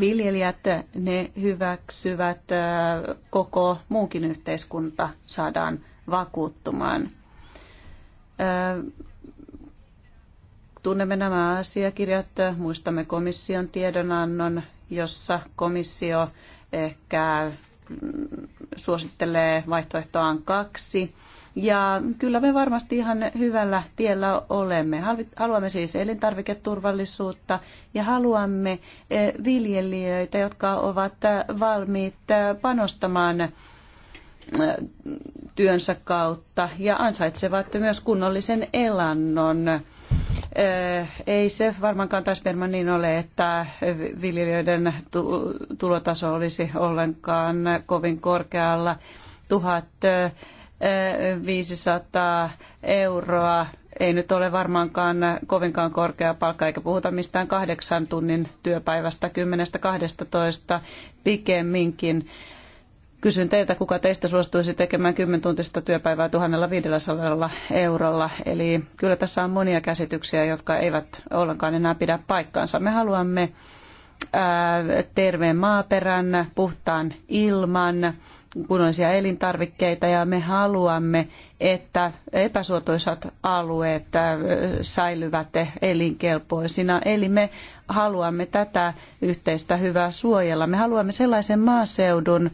viljelijät ne hyväksyvät, koko muukin yhteiskunta saadaan vakuuttumaan. Tunnemme nämä asiakirjat, muistamme komission tiedonannon jossa komissio ehkä mm, suosittelee vaihtoehtoaan kaksi. Ja kyllä me varmasti ihan hyvällä tiellä olemme. Haluamme siis elintarviketurvallisuutta ja haluamme eh, viljelijöitä, jotka ovat eh, valmiit eh, panostamaan työnsä kautta ja ansaitsevat myös kunnollisen elannon ei se varmaankaan täsperma niin ole, että viljelijöiden tulotaso olisi ollenkaan kovin korkealla. 1500 euroa ei nyt ole varmaankaan kovinkaan korkea palkka, eikä puhuta mistään kahdeksan tunnin työpäivästä, 10-12 pikemminkin. Kysyn teiltä, kuka teistä suostuisi tekemään 10 tuntista työpäivää 1500 eurolla. Eli kyllä tässä on monia käsityksiä, jotka eivät ollenkaan enää pidä paikkaansa. Me haluamme terveen maaperän, puhtaan ilman, kunnollisia elintarvikkeita ja me haluamme, että epäsuotuisat alueet säilyvät elinkelpoisina. Eli me haluamme tätä yhteistä hyvää suojella. Me haluamme sellaisen maaseudun,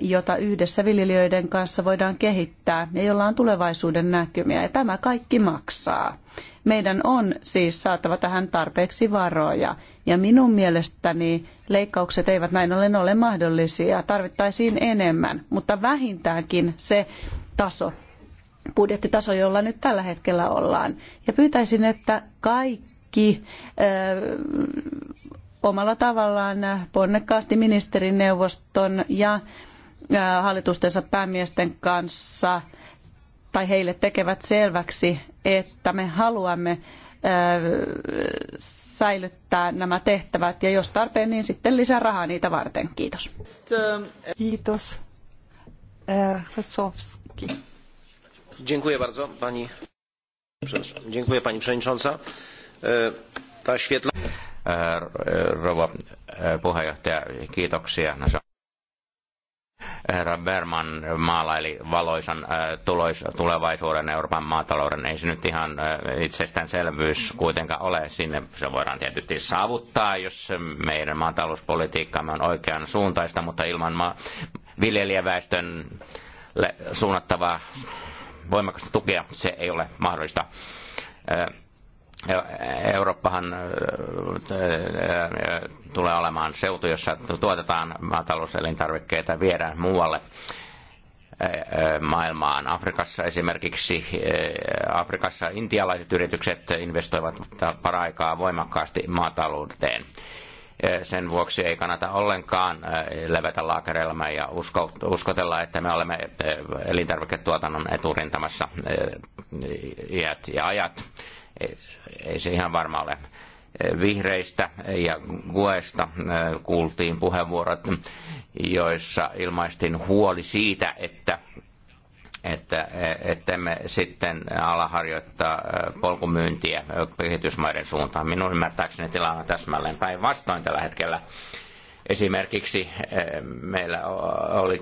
jota yhdessä viljelijöiden kanssa voidaan kehittää ja jolla on tulevaisuuden näkymiä. Ja tämä kaikki maksaa. Meidän on siis saatava tähän tarpeeksi varoja. Ja minun mielestäni leikkaukset eivät näin ollen ole mahdollisia. Tarvittaisiin enemmän, mutta vähintäänkin se taso, budjettitaso, jolla nyt tällä hetkellä ollaan. Ja pyytäisin, että kaikki omalla tavallaan ponnekkaasti ministerineuvoston ja hallitustensa päämiesten kanssa tai heille tekevät selväksi, että me haluamme säilyttää nämä tehtävät ja jos tarpeen, niin sitten lisää rahaa niitä varten. Kiitos. Kiitos. Dziękuję bardzo pani, dziękuję pani przewodnicząca. Ta świetla rouva puheenjohtaja. Kiitoksia. No Herra Berman maalaili valoisan tulois, tulevaisuuden Euroopan maatalouden. Ei se nyt ihan itsestäänselvyys kuitenkaan ole. Sinne se voidaan tietysti saavuttaa, jos meidän maatalouspolitiikkamme on oikean suuntaista, mutta ilman ma- viljelijäväestön suunnattavaa voimakasta tukea se ei ole mahdollista Eh, Eurooppahan eh, eh, tulee olemaan seutu, jossa tuotetaan maatalouselintarvikkeita viedään muualle maailmaan. Afrikassa esimerkiksi, Afrikassa intialaiset yritykset investoivat paraikaa voimakkaasti maatalouteen. Sen vuoksi ei kannata ollenkaan levätä laakereilla ja uskotella, että me olemme elintarviketuotannon eturintamassa iät ja ajat ei, se ihan varma ole. Vihreistä ja Guesta kuultiin puheenvuorot, joissa ilmaistin huoli siitä, että että että emme sitten ala harjoittaa polkumyyntiä kehitysmaiden suuntaan. Minun ymmärtääkseni tilanne on täsmälleen päinvastoin tällä hetkellä. Esimerkiksi meillä oli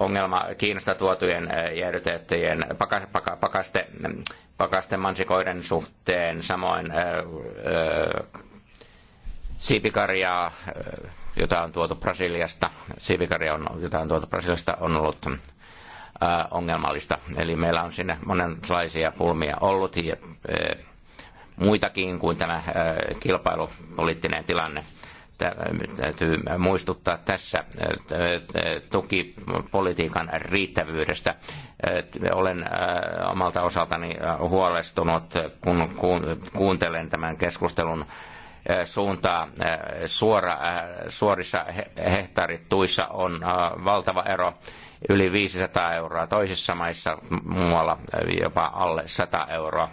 ongelma Kiinasta tuotujen jäädytettyjen pakaste pakasten mansikoiden suhteen, samoin siipikarjaa, jota on tuotu Brasiliasta, siipikarja, on, jota on tuotu Brasiliasta, on ollut ongelmallista. Eli meillä on sinne monenlaisia pulmia ollut ja muitakin kuin tämä kilpailupoliittinen tilanne täytyy muistuttaa tässä tukipolitiikan riittävyydestä. Olen äh, omalta osaltani äh, huolestunut, kun kuuntelen tämän keskustelun äh, suuntaa suora, suorissa hehtaarituissa on valtava ero yli 500 euroa, toisissa maissa muualla jopa alle 100 euroa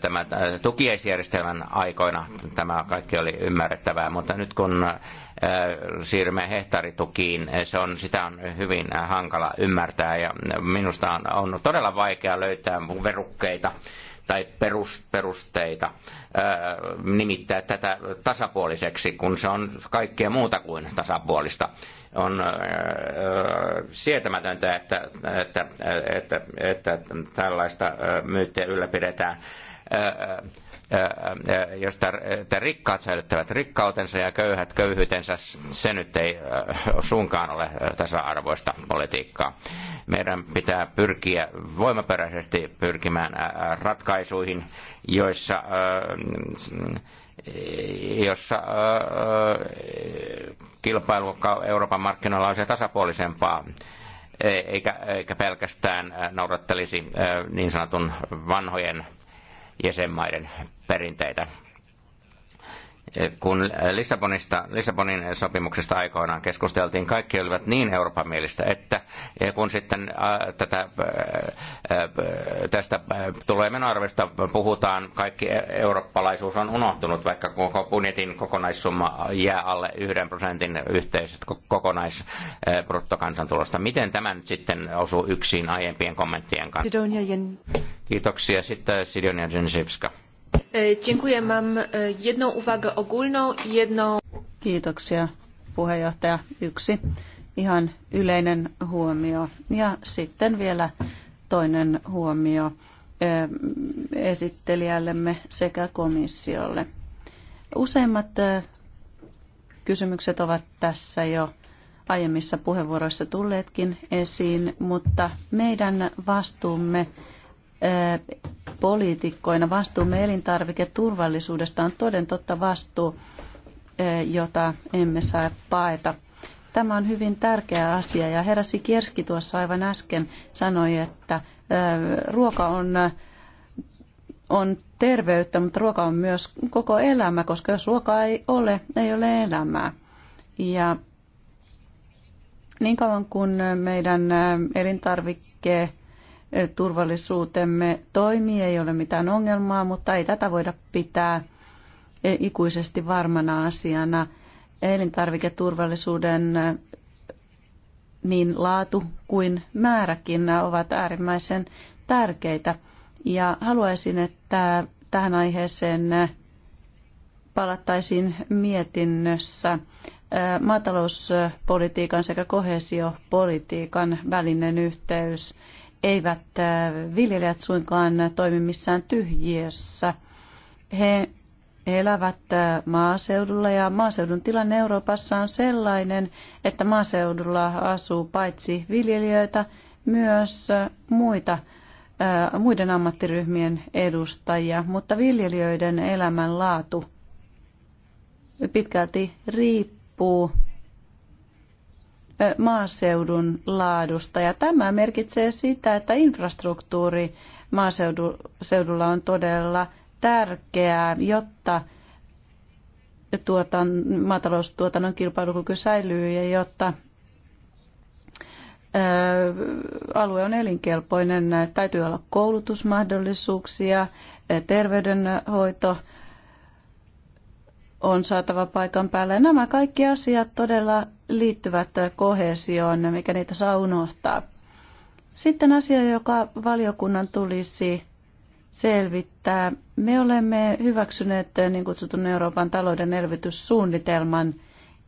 tämä tukiesjärjestelmän aikoina tämä kaikki oli ymmärrettävää, mutta nyt kun siirrymme hehtaaritukiin, se on, sitä on hyvin hankala ymmärtää ja minusta on, on todella vaikea löytää verukkeita tai perusteita nimittää tätä tasapuoliseksi, kun se on kaikkea muuta kuin tasapuolista. On sietämätöntä, että, että, että, että, tällaista myyttiä ylläpidetään josta rikkaat säilyttävät rikkautensa ja köyhät köyhyytensä, se nyt ei suinkaan ole tasa-arvoista politiikkaa. Meidän pitää pyrkiä voimaperäisesti pyrkimään ratkaisuihin, joissa jossa kilpailu Euroopan markkinoilla olisi tasapuolisempaa e-, eikä, eikä pelkästään noudattelisi niin sanotun vanhojen jäsenmaiden perinteitä kun Lissabonista, Lissabonin sopimuksesta aikoinaan keskusteltiin, kaikki olivat niin Euroopan mielistä, että kun sitten tätä, tästä tulee menoarvesta puhutaan, kaikki e-, eurooppalaisuus on unohtunut, vaikka koko budjetin kokonaissumma jää alle yhden prosentin yhteiset kokonaisbruttokansantulosta. Miten tämä nyt sitten osuu yksin aiempien kommenttien kanssa? Kiitoksia. Sitten Sidonia Dzenzivska. E, dziękuję. Mam e, jedną uwagę ogólną, jedną... Kiitoksia puheenjohtaja. Yksi ihan yleinen huomio. Ja sitten vielä toinen huomio e, esittelijällemme sekä komissiolle. Useimmat kysymykset ovat tässä jo aiemmissa puheenvuoroissa tulleetkin esiin, mutta meidän vastuumme poliitikkoina vastuumme elintarviketurvallisuudesta on toden totta vastuu, eh, jota emme saa paeta. Tämä on hyvin tärkeä asia ja herra Sikierski tuossa aivan äsken sanoi, että eh, ruoka on, on terveyttä, mutta ruoka on myös koko elämä, koska jos ruoka ei ole, ei ole elämää. Ja niin kauan kuin meidän eh, elintarvikkeen turvallisuutemme toimii, ei ole mitään ongelmaa, mutta ei tätä voida pitää ikuisesti varmana asiana. Elintarviketurvallisuuden niin laatu kuin määräkin ovat äärimmäisen tärkeitä. Ja haluaisin, että tähän aiheeseen palattaisiin mietinnössä maatalouspolitiikan sekä kohesiopolitiikan välinen yhteys eivät äh, viljelijät suinkaan toimi missään tyhjiössä. He elävät äh, maaseudulla ja maaseudun tilanne Euroopassa on sellainen, että maaseudulla asuu paitsi viljelijöitä myös äh, muita muiden ammattiryhmien edustajia, mutta viljelijöiden elämänlaatu pitkälti riippuu maaseudun laadusta. Ja tämä merkitsee sitä, että infrastruktuuri maaseudulla on todella tärkeää, jotta tuotan, maataloustuotannon kilpailukyky säilyy ja jotta alue on elinkelpoinen. Täytyy olla koulutusmahdollisuuksia, terveydenhoito on saatava paikan päälle. Nämä kaikki asiat todella liittyvät kohesioon, mikä niitä saa unohtaa. Sitten asia, joka valiokunnan tulisi selvittää. Me olemme hyväksyneet niin kutsutun Euroopan talouden elvytyssuunnitelman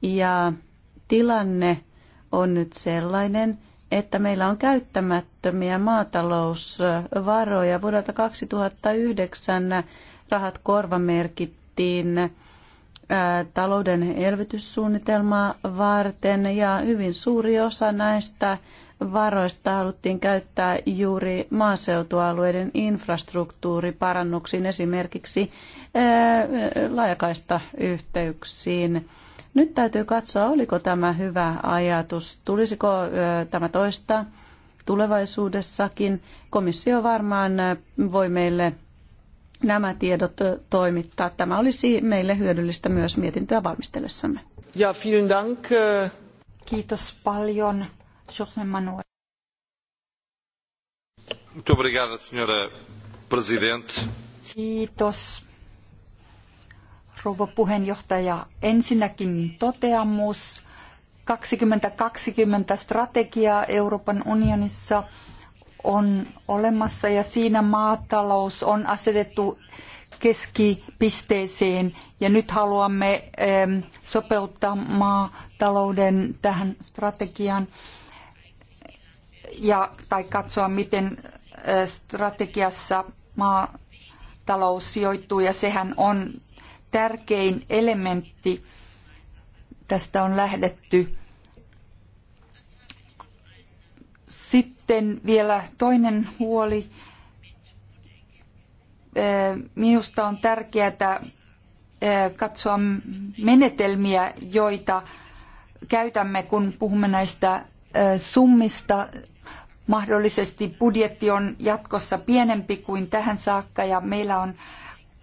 ja tilanne on nyt sellainen, että meillä on käyttämättömiä maatalousvaroja. Vuodelta 2009 rahat korvamerkittiin talouden elvytyssuunnitelmaa varten ja hyvin suuri osa näistä varoista haluttiin käyttää juuri maaseutualueiden infrastruktuuriparannuksiin, esimerkiksi laajakaista yhteyksiin. Nyt täytyy katsoa, oliko tämä hyvä ajatus, tulisiko tämä toista tulevaisuudessakin. Komissio varmaan voi meille nämä tiedot toimittaa. Tämä olisi meille hyödyllistä myös mietintöä valmistellessamme. Ja, vielen dank. Kiitos paljon, Muito obrigado, senhora presidente. Kiitos, rouva puheenjohtaja. Ensinnäkin toteamus. 2020 strategia Euroopan unionissa on olemassa ja siinä maatalous on asetettu keskipisteeseen ja nyt haluamme sopeuttaa maatalouden tähän strategiaan ja, tai katsoa, miten strategiassa maatalous sijoittuu ja sehän on tärkein elementti. Tästä on lähdetty Sitten vielä toinen huoli. Minusta on tärkeää katsoa menetelmiä, joita käytämme, kun puhumme näistä summista. Mahdollisesti budjetti on jatkossa pienempi kuin tähän saakka ja meillä on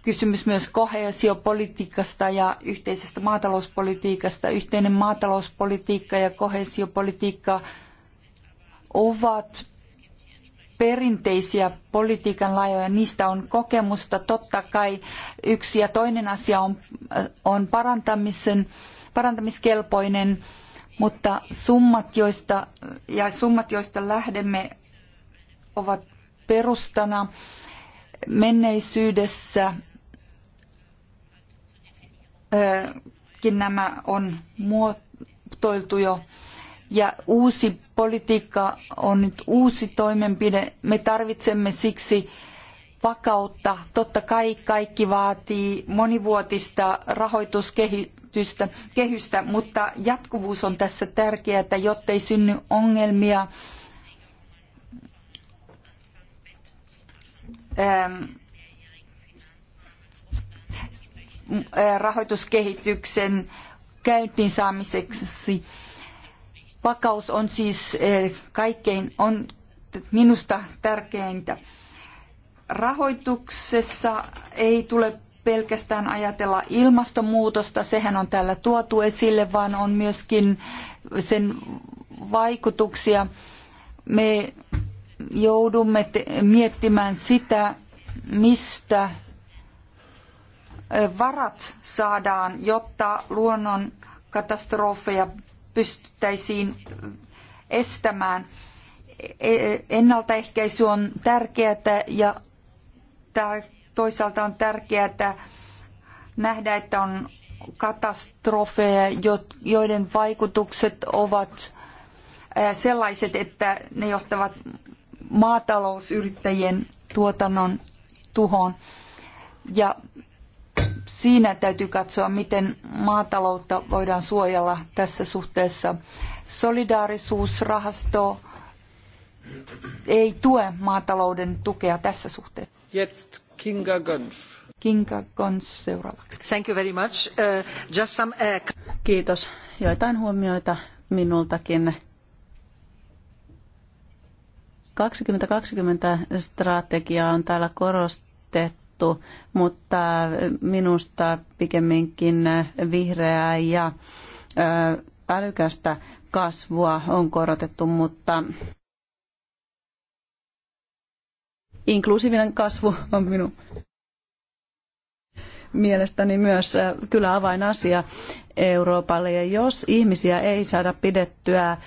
kysymys myös kohesiopolitiikasta ja yhteisestä maatalouspolitiikasta. Yhteinen maatalouspolitiikka ja kohesiopolitiikka ovat perinteisiä politiikan lajoja, niistä on kokemusta. Totta kai yksi ja toinen asia on, on parantamisen, parantamiskelpoinen, mutta summat joista, ja summat, joista lähdemme, ovat perustana menneisyydessä. Ö, nämä on muotoiltu jo ja uusi politiikka on nyt uusi toimenpide. Me tarvitsemme siksi vakautta. Totta kai kaikki vaatii monivuotista rahoituskehitystä, kehystä, mutta jatkuvuus on tässä tärkeää, jottei synny ongelmia. Ähm, äh, rahoituskehityksen käyntiin saamiseksi Vakaus on siis eh, kaikkein, on minusta tärkeintä. Rahoituksessa ei tule pelkästään ajatella ilmastonmuutosta, sehän on täällä tuotu esille, vaan on myöskin sen vaikutuksia. Me joudumme miettimään sitä, mistä eh, varat saadaan, jotta luonnon katastrofeja pystyttäisiin estämään. E, e, ennaltaehkäisy on tärkeää ja toisaalta on tärkeää nähdä, että on katastrofeja, joiden vaikutukset ovat sellaiset, että ne johtavat maatalousyrittäjien tuotannon tuhoon. Ja siinä täytyy katsoa, miten maataloutta voidaan suojella tässä suhteessa. Solidaarisuusrahasto ei tue maatalouden tukea tässä suhteessa. Jetzt Kinga Gönsch. Kinga Gönsch seuraavaksi. Thank you very much. Uh, just some, uh... Kiitos. Joitain huomioita minultakin. 2020 strategiaa on täällä korostettu puhuttu, mutta minusta pikemminkin vihreää ja älykästä kasvua on korotettu, mutta inklusiivinen kasvu on minun mielestäni myös äh, kyllä avainasia Euroopalle. Ja jos ihmisiä ei saada pidettyä äh,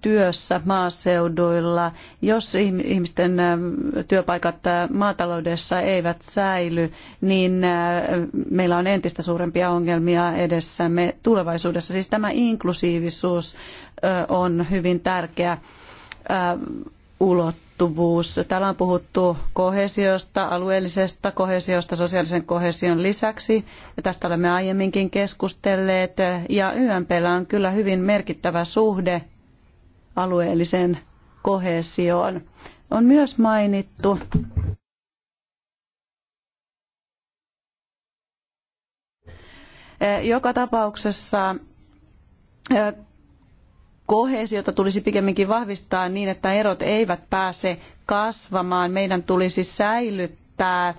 työssä maaseuduilla, jos ihmisten äh, työpaikat maataloudessa eivät säily, niin meillä on entistä suurempia ongelmia edessämme tulevaisuudessa. Siis tämä inklusiivisuus on hyvin tärkeä ulottuvuus ulottuvuus. Täällä on puhuttu kohesiosta, alueellisesta kohesiosta, sosiaalisen kohesion lisäksi. Ja tästä olemme aiemminkin keskustelleet. Ja YMPllä on kyllä hyvin merkittävä suhde alueelliseen kohesioon. On myös mainittu eh, joka tapauksessa eh, Koheesiota tulisi pikemminkin vahvistaa niin, että erot eivät pääse kasvamaan. Meidän tulisi säilyttää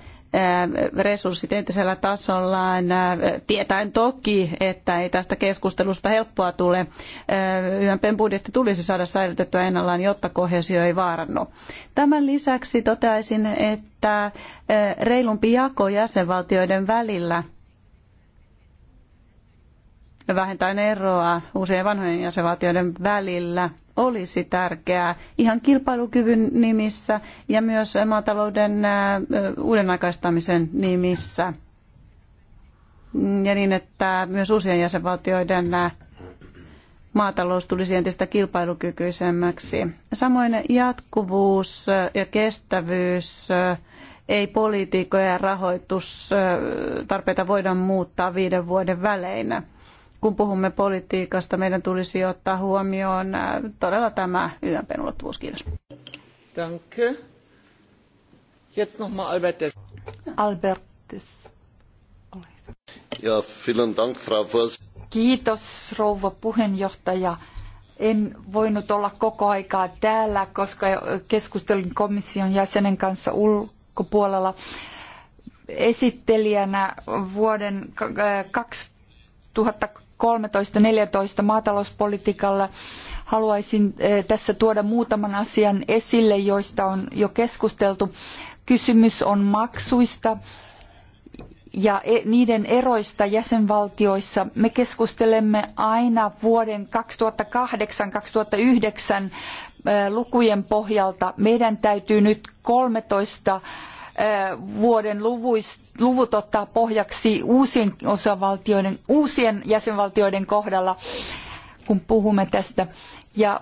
resurssit entisellä tasollaan, tietäen toki, että ei tästä keskustelusta helppoa tule. YMPn budjetti tulisi saada säilytettyä ennallaan, jotta kohesio ei vaarannu. Tämän lisäksi toteaisin, että reilumpi jako jäsenvaltioiden välillä vähentäen eroa uusien vanhojen jäsenvaltioiden välillä olisi tärkeää ihan kilpailukyvyn nimissä ja myös maatalouden uudenaikaistamisen nimissä. Ja niin, että myös uusien jäsenvaltioiden maatalous tulisi entistä kilpailukykyisemmäksi. Samoin jatkuvuus ja kestävyys ei politiikkoja ja rahoitustarpeita voida muuttaa viiden vuoden välein kun puhumme politiikasta, meidän tulisi ottaa huomioon äh, todella tämä YMPn ulottuvuus. Kiitos. Danke. Jetzt nochmal Albertes. Albertes. Ja, vielen Dank, Frau Vos. Kiitos, rouva puheenjohtaja. En voinut olla koko aikaa täällä, koska keskustelin komission jäsenen kanssa ulkopuolella esittelijänä vuoden 2000 äh, 13-14 maatalouspolitiikalla. Haluaisin eh, tässä tuoda muutaman asian esille, joista on jo keskusteltu. Kysymys on maksuista ja e, niiden eroista jäsenvaltioissa. Me keskustelemme aina vuoden 2008-2009 eh, lukujen pohjalta. Meidän täytyy nyt 13 vuoden luvut ottaa pohjaksi uusien, osavaltioiden, uusien jäsenvaltioiden kohdalla, kun puhumme tästä. Ja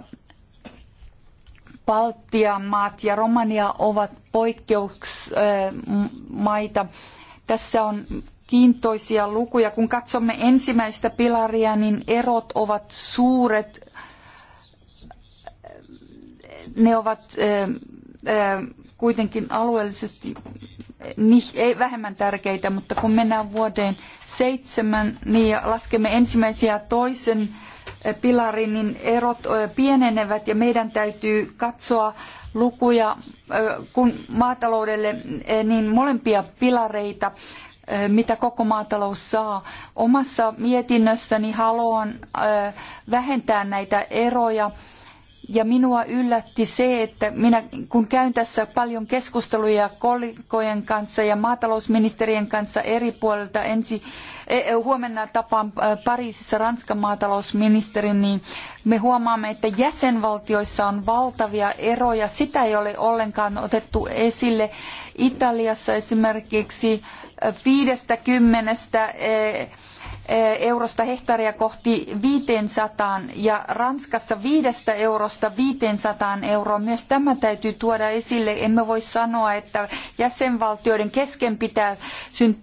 Baltian maat ja Romania ovat poikkeusmaita. Tässä on kiintoisia lukuja. Kun katsomme ensimmäistä pilaria, niin erot ovat suuret. Ne ovat kuitenkin alueellisesti ei vähemmän tärkeitä, mutta kun mennään vuoteen seitsemän niin ja laskemme ensimmäisen ja toisen eh, pilarin, niin erot eh, pienenevät ja meidän täytyy katsoa lukuja eh, kun maataloudelle niin molempia pilareita mitä koko maatalous saa. Omassa mietinnössäni haluan vähentää näitä eroja ja minua yllätti se, että minä kun käyn tässä paljon keskusteluja kolikojen kanssa ja maatalousministerien kanssa eri puolilta, ensi, e, e, huomenna tapaan Pariisissa Ranskan maatalousministerin, niin me huomaamme, että jäsenvaltioissa on valtavia eroja. Sitä ei ole ollenkaan otettu esille. Italiassa esimerkiksi viidestä kymmenestä e, Eh, eurosta hehtaaria kohti 500 ja Ranskassa viidestä eurosta 500 euroa. Myös tämä täytyy tuoda esille. Emme voi sanoa, että jäsenvaltioiden kesken pitää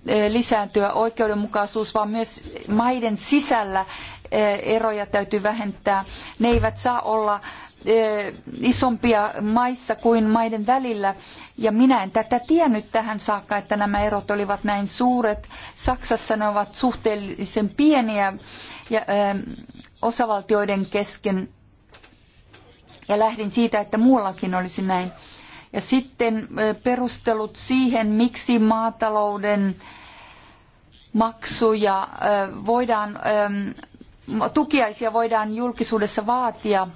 eh, lisääntyä oikeudenmukaisuus, vaan myös maiden sisällä eh, eroja täytyy vähentää. Ne eivät saa olla Eh, isompia maissa kuin maiden välillä. Ja minä en tätä tiennyt tähän saakka, että nämä erot olivat näin suuret. Saksassa ne ovat suhteellisen pieniä ja, eh, osavaltioiden kesken. Ja lähdin siitä, että muuallakin olisi näin. Ja sitten eh, perustelut siihen, miksi maatalouden maksuja voidaan, tukiaisia voidaan julkisuudessa vaatia –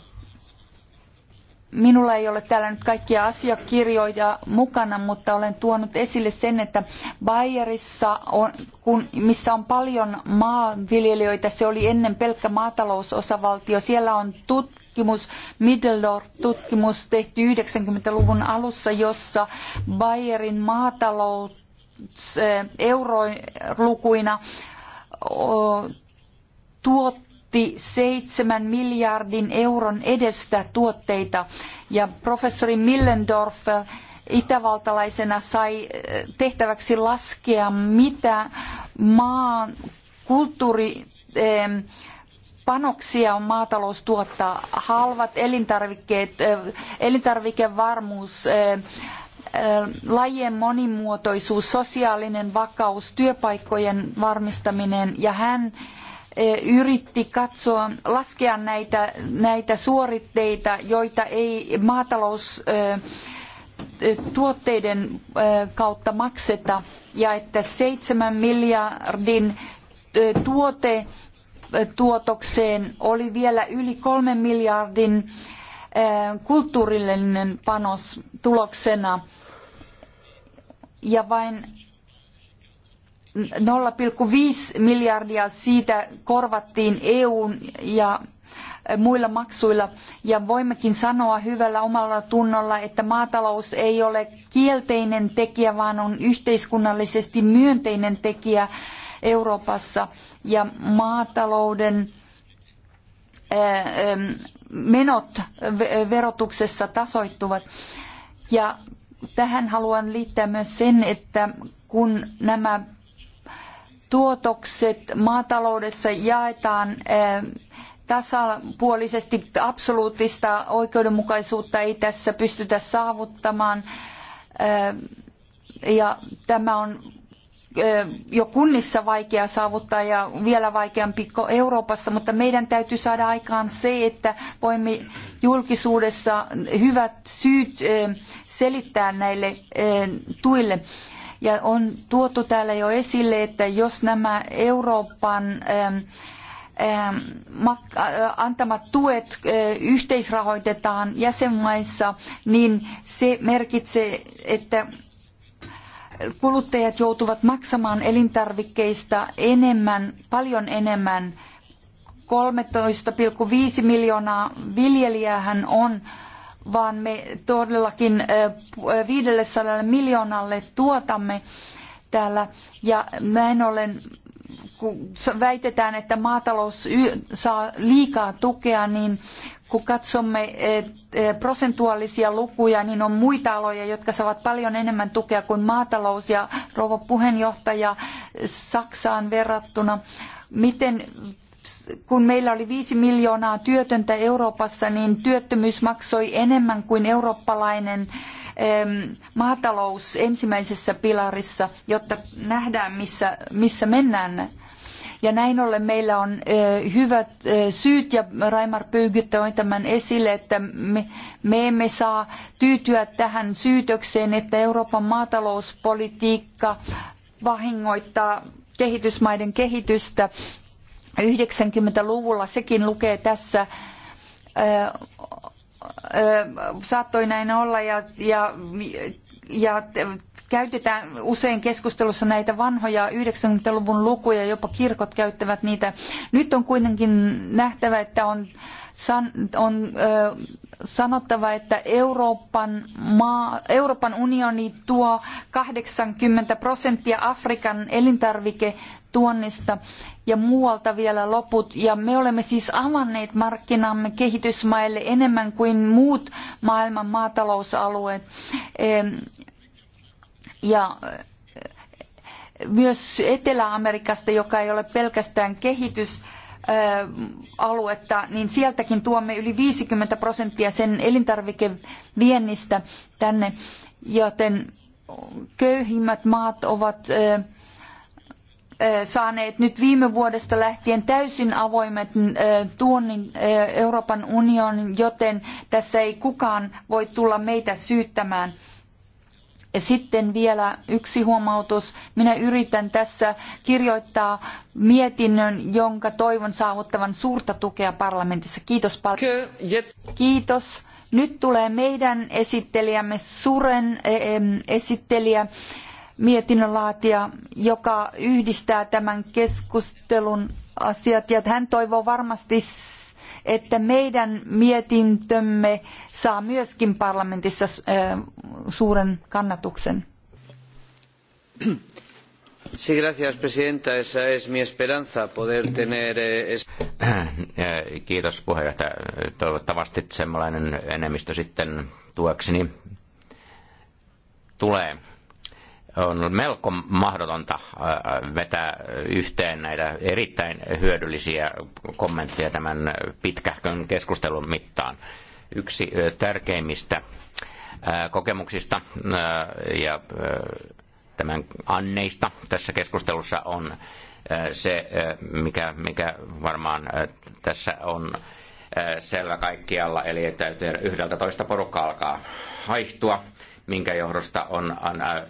Minulla ei ole täällä nyt kaikkia asiakirjoja mukana, mutta olen tuonut esille sen, että Bayerissa, on, kun, missä on paljon maanviljelijöitä, se oli ennen pelkkä maatalousosavaltio, siellä on tutkimus, Middeldorf-tutkimus tehty 90-luvun alussa, jossa Bayerin maatalous eh, eurolukuina tuotti osti seitsemän miljardin euron edestä tuotteita ja professori Millendorf itävaltalaisena sai eh, tehtäväksi laskea, mitä maan kulttuuripanoksia eh, on maatalous tuottaa, halvat elintarvikkeet, eh, elintarvikevarmuus, lajien monimuotoisuus, sosiaalinen vakaus, työpaikkojen varmistaminen ja hän E, yritti katsoa, laskea näitä, näitä suoritteita, joita ei maataloustuotteiden e, e, kautta makseta, ja että seitsemän miljardin tuote tuotokseen oli vielä yli kolmen miljardin kulttuurillinen panos tuloksena ja vain 0,5 miljardia siitä korvattiin EUn ja eh, muilla maksuilla ja voimmekin sanoa hyvällä omalla tunnolla, että maatalous ei ole kielteinen tekijä, vaan on yhteiskunnallisesti myönteinen tekijä Euroopassa ja maatalouden eh, menot verotuksessa tasoittuvat. Ja tähän haluan liittää myös sen, että kun nämä tuotokset maataloudessa jaetaan eh, tasapuolisesti. Absoluuttista oikeudenmukaisuutta ei tässä pystytä saavuttamaan. Eh, ja tämä on eh, jo kunnissa vaikea saavuttaa ja vielä vaikeampi Euroopassa, mutta meidän täytyy saada aikaan se, että voimme julkisuudessa hyvät syyt selittää näille tuille. Ja on tuotu täällä jo esille, että jos nämä Euroopan ähm, ähm, äh, antamat tuet äh, yhteisrahoitetaan jäsenmaissa, niin se merkitsee, että kuluttajat joutuvat maksamaan elintarvikkeista enemmän, paljon enemmän. 13,5 miljoonaa viljelijäähän on vaan me todellakin 500 miljoonalle tuotamme täällä. Ja näin ollen, kun väitetään, että maatalous saa liikaa tukea, niin kun katsomme e, prosentuaalisia lukuja, niin on muita aloja, jotka saavat paljon enemmän tukea kuin maatalous ja rouva puheenjohtaja Saksaan verrattuna. Miten kun meillä oli viisi miljoonaa työtöntä Euroopassa, niin työttömyys maksoi enemmän kuin eurooppalainen maatalous ensimmäisessä pilarissa, jotta nähdään, missä, missä mennään. Ja näin ollen meillä on hyvät syyt, ja Raimar Pyykyttä on tämän esille, että me, me emme saa tyytyä tähän syytökseen, että Euroopan maatalouspolitiikka vahingoittaa kehitysmaiden kehitystä 90-luvulla, sekin lukee tässä, saattoi näin olla ja, ja, ja käytetään usein keskustelussa näitä vanhoja 90-luvun lukuja, jopa kirkot käyttävät niitä. Nyt on kuitenkin nähtävä, että on on sanottava, että Euroopan, maa, Euroopan unioni tuo 80 prosenttia Afrikan elintarviketuonnista ja muualta vielä loput. Ja me olemme siis avanneet markkinamme kehitysmaille enemmän kuin muut maailman maatalousalueet. Ja myös Etelä-Amerikasta, joka ei ole pelkästään kehitys aluetta, niin sieltäkin tuomme yli 50 prosenttia sen elintarvikeviennistä tänne, joten köyhimmät maat ovat saaneet nyt viime vuodesta lähtien täysin avoimet tuonnin Euroopan unionin, joten tässä ei kukaan voi tulla meitä syyttämään sitten vielä yksi huomautus. Minä yritän tässä kirjoittaa mietinnön, jonka toivon saavuttavan suurta tukea parlamentissa. Kiitos paljon. Kiitos. Nyt tulee meidän esittelijämme Suren e- esittelijä, laatija, joka yhdistää tämän keskustelun asiat. Ja hän toivoo varmasti että meidän mietintömme saa myöskin parlamentissa äh, suuren kannatuksen. Sí, gracias, presidenta. Esa es mi esperanza, poder tener... Eh, es... Kiitos, puheenjohtaja. Toivottavasti semmoinen enemmistö sitten tuekseni tulee on melko mahdotonta äh, vetää yhteen näitä erittäin hyödyllisiä kommentteja tämän pitkähkön keskustelun mittaan. Yksi äh, tärkeimmistä äh, kokemuksista ja tämän anneista tässä keskustelussa on se, mikä, mikä varmaan tässä on selvä kaikkialla, eli että yhdeltä toista porukka alkaa haihtua minkä johdosta on, on äh, äh,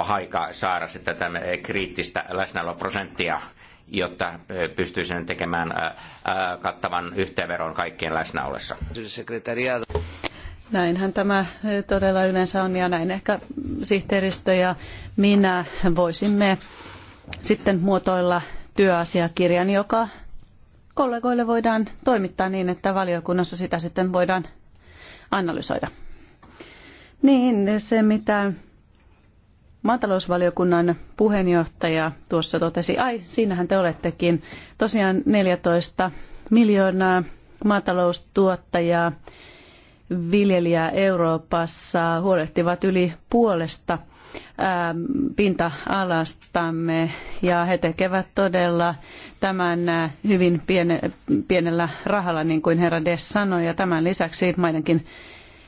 haika saada sitä tämän äh, kriittistä läsnäoloprosenttia jotta pystyisin tekemään kattavan yhteenveron kaikkien läsnäolessa. Näinhän tämä todella yleensä on ja näin ehkä sihteeristö ja minä voisimme sitten muotoilla työasiakirjan, joka kollegoille voidaan toimittaa niin, että valiokunnassa sitä sitten voidaan analysoida. Niin, se mitä maatalousvaliokunnan puheenjohtaja tuossa totesi, ai siinähän te olettekin, tosiaan 14 miljoonaa maataloustuottajaa, viljelijää Euroopassa huolehtivat yli puolesta ähm, pinta-alastamme ja he tekevät todella tämän äh, hyvin pienellä rahalla, niin kuin herra Dess sanoi, ja tämän lisäksi maidenkin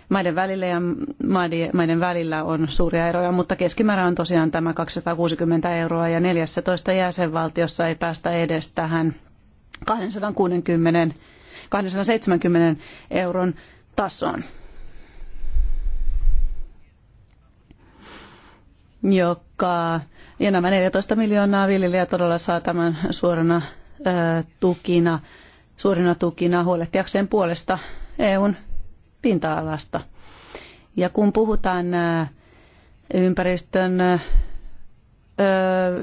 maiden välillä ja maiden välillä on suuria eroja, mutta keskimäärä on tosiaan tämä 260 euroa ja 14 jäsenvaltiossa ei päästä edes tähän 260, 270 euron tasoon. joka, ja nämä 14 miljoonaa viljelijää todella saa tämän suorana ö, tukina, suurina tukina huolehtiakseen puolesta EUn pinta-alasta. Ja kun puhutaan ympäristön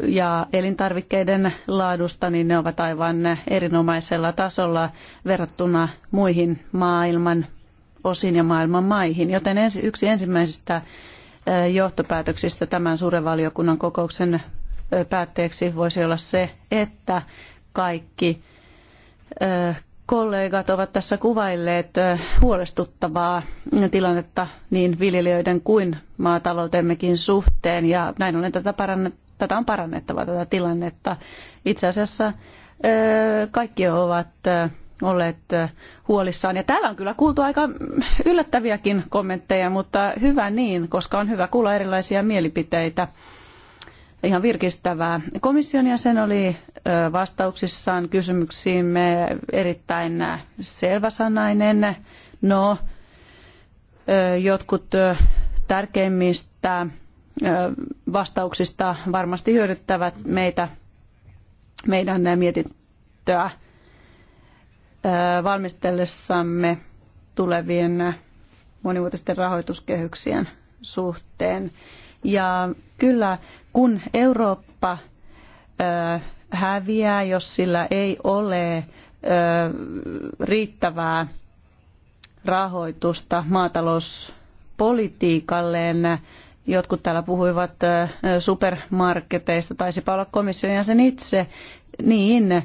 ja elintarvikkeiden laadusta, niin ne ovat aivan erinomaisella tasolla verrattuna muihin maailman osiin ja maailman maihin. Joten yksi ensimmäisistä johtopäätöksistä tämän suuren valiokunnan kokouksen päätteeksi voisi olla se, että kaikki kollegat ovat tässä kuvailleet huolestuttavaa tilannetta niin viljelijöiden kuin maataloutemmekin suhteen ja näin ollen tätä, parannet, tätä on parannettava tätä tilannetta. Itse asiassa kaikki ovat olleet huolissaan. Ja täällä on kyllä kuultu aika yllättäviäkin kommentteja, mutta hyvä niin, koska on hyvä kuulla erilaisia mielipiteitä ihan virkistävää. Komission jäsen oli vastauksissaan kysymyksiimme erittäin selväsanainen. No, jotkut tärkeimmistä vastauksista varmasti hyödyttävät meitä, meidän mietintöä valmistellessamme tulevien monivuotisten rahoituskehyksien suhteen. Ja Kyllä, kun Eurooppa häviää, jos sillä ei ole riittävää rahoitusta maatalouspolitiikalleen. Jotkut täällä puhuivat supermarketeista, taisipa olla komission ja sen itse. Niin,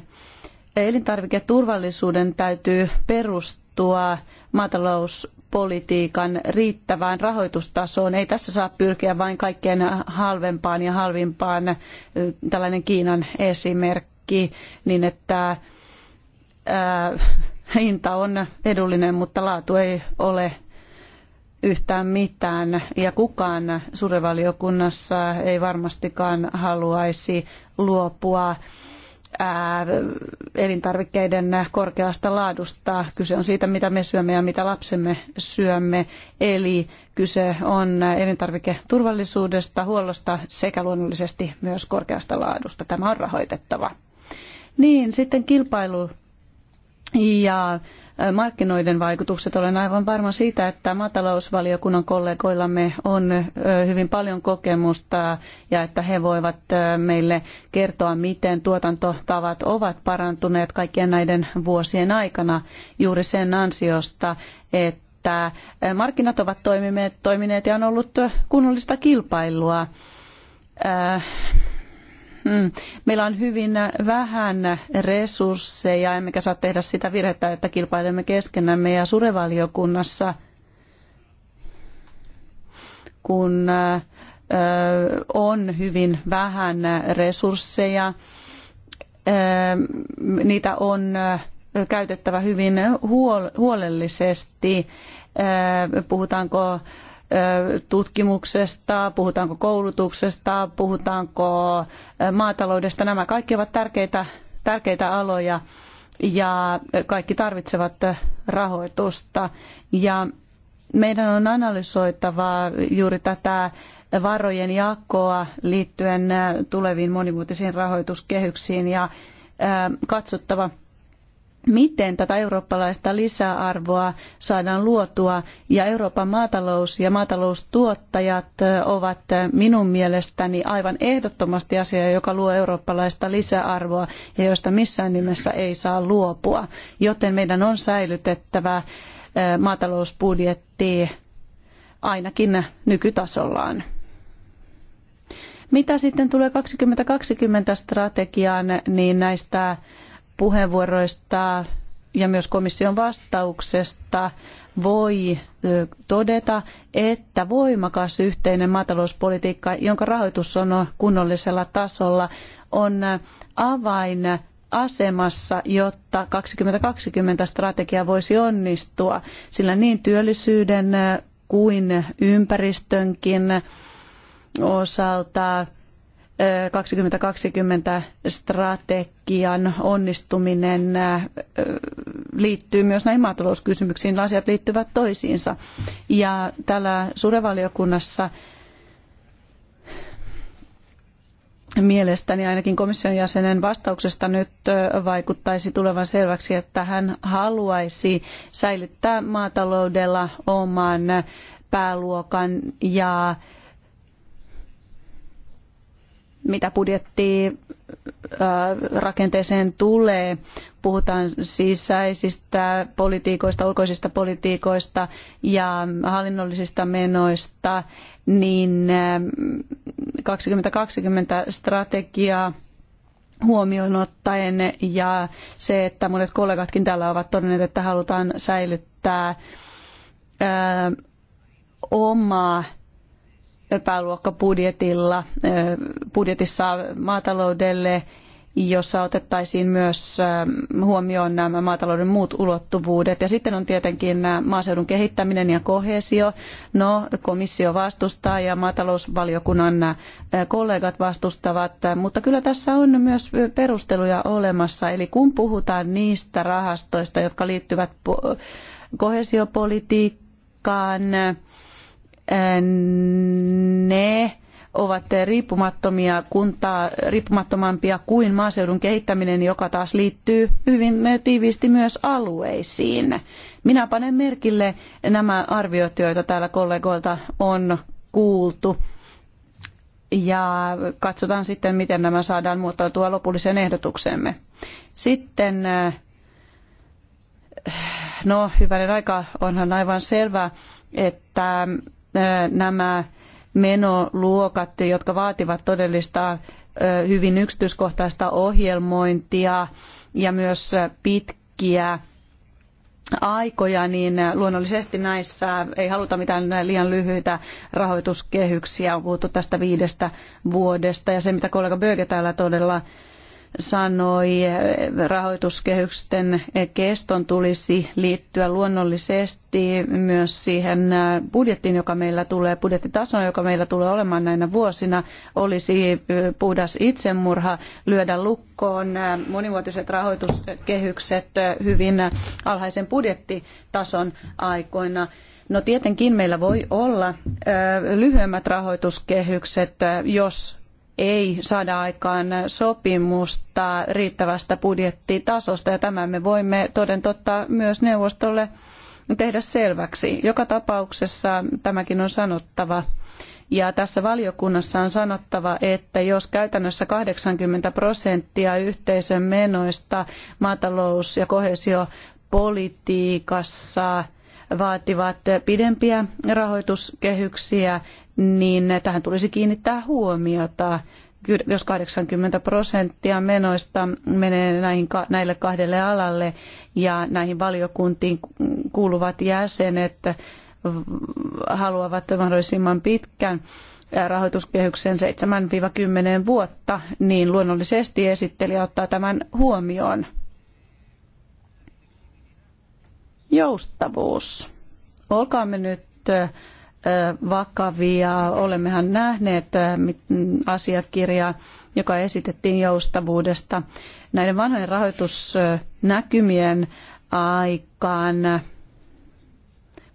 elintarviketurvallisuuden täytyy perustua maatalous politiikan riittävään rahoitustasoon. Ei tässä saa pyrkiä vain kaikkein halvempaan ja halvimpaan tällainen Kiinan esimerkki, niin että ää, hinta on edullinen, mutta laatu ei ole yhtään mitään. Ja kukaan suurevaliokunnassa ei varmastikaan haluaisi luopua elintarvikkeiden korkeasta laadusta. Kyse on siitä, mitä me syömme ja mitä lapsemme syömme. Eli kyse on elintarviketurvallisuudesta, huollosta sekä luonnollisesti myös korkeasta laadusta. Tämä on rahoitettava. Niin, sitten kilpailu ja markkinoiden vaikutukset. Olen aivan varma siitä, että maatalousvaliokunnan kollegoillamme on hyvin paljon kokemusta ja että he voivat meille kertoa, miten tuotantotavat ovat parantuneet kaikkien näiden vuosien aikana juuri sen ansiosta, että markkinat ovat toimineet, toimineet ja on ollut kunnollista kilpailua Mm. Meillä on hyvin vähän resursseja, emmekä saa tehdä sitä virhettä, että kilpailemme keskenämme ja surevaliokunnassa, kun on hyvin vähän resursseja, niitä on käytettävä hyvin huolellisesti. Puhutaanko tutkimuksesta, puhutaanko koulutuksesta, puhutaanko maataloudesta. Nämä kaikki ovat tärkeitä, tärkeitä aloja ja kaikki tarvitsevat rahoitusta. Ja meidän on analysoitava juuri tätä varojen jakoa liittyen tuleviin monivuotisiin rahoituskehyksiin ja katsottava, miten tätä eurooppalaista lisäarvoa saadaan luotua. Ja Euroopan maatalous ja maataloustuottajat ovat minun mielestäni aivan ehdottomasti asia, joka luo eurooppalaista lisäarvoa ja josta missään nimessä ei saa luopua. Joten meidän on säilytettävä maatalousbudjetti ainakin nykytasollaan. Mitä sitten tulee 2020 strategiaan, niin näistä puheenvuoroista ja myös komission vastauksesta voi todeta, että voimakas yhteinen maatalouspolitiikka, jonka rahoitus on kunnollisella tasolla, on avain asemassa, jotta 2020 strategia voisi onnistua, sillä niin työllisyyden kuin ympäristönkin osalta 2020 strategian onnistuminen liittyy myös näihin maatalouskysymyksiin. Asiat liittyvät toisiinsa. Ja täällä surevaliokunnassa mielestäni ainakin komission jäsenen vastauksesta nyt vaikuttaisi tulevan selväksi, että hän haluaisi säilyttää maataloudella oman pääluokan ja mitä budjetti rakenteeseen tulee, puhutaan sisäisistä politiikoista, ulkoisista politiikoista ja hallinnollisista menoista, niin 2020 strategiaa huomioon ottaen ja se, että monet kollegatkin täällä ovat todenneet, että halutaan säilyttää omaa pääluokkabudjetilla, budjetissa maataloudelle, jossa otettaisiin myös huomioon nämä maatalouden muut ulottuvuudet. Ja sitten on tietenkin maaseudun kehittäminen ja kohesio. No, komissio vastustaa ja maatalousvaliokunnan kollegat vastustavat, mutta kyllä tässä on myös perusteluja olemassa. Eli kun puhutaan niistä rahastoista, jotka liittyvät kohesiopolitiikkaan, ne ovat riippumattomia kuntaa, riippumattomampia kuin maaseudun kehittäminen, joka taas liittyy hyvin tiiviisti myös alueisiin. Minä panen merkille nämä arviot, joita täällä kollegoilta on kuultu. Ja katsotaan sitten, miten nämä saadaan muotoiltua lopulliseen ehdotuksemme. Sitten, no hyvänen aika, onhan aivan selvää, että nämä menoluokat, jotka vaativat todellista hyvin yksityiskohtaista ohjelmointia ja myös pitkiä aikoja, niin luonnollisesti näissä ei haluta mitään liian lyhyitä rahoituskehyksiä. On puhuttu tästä viidestä vuodesta ja se, mitä kollega Böge täällä todella sanoi, rahoituskehysten keston tulisi liittyä luonnollisesti myös siihen budjettiin, joka meillä tulee, budjettitasoon, joka meillä tulee olemaan näinä vuosina, olisi puhdas itsemurha lyödä lukkoon monivuotiset rahoituskehykset hyvin alhaisen budjettitason aikoina. No tietenkin meillä voi olla lyhyemmät rahoituskehykset, jos ei saada aikaan sopimusta riittävästä budjettitasosta ja tämän me voimme toden totta myös neuvostolle tehdä selväksi. Joka tapauksessa tämäkin on sanottava. Ja tässä valiokunnassa on sanottava, että jos käytännössä 80 prosenttia yhteisön menoista maatalous- ja kohesiopolitiikassa vaativat pidempiä rahoituskehyksiä, niin tähän tulisi kiinnittää huomiota. Jos 80 prosenttia menoista menee näihin, näille kahdelle alalle ja näihin valiokuntiin kuuluvat jäsenet haluavat mahdollisimman pitkän rahoituskehyksen 7-10 vuotta, niin luonnollisesti esittelijä ottaa tämän huomioon. Joustavuus. Olkaamme nyt vakavia. Olemmehan nähneet mm, asiakirjaa, joka esitettiin joustavuudesta. Näiden vanhojen rahoitusnäkymien aikaan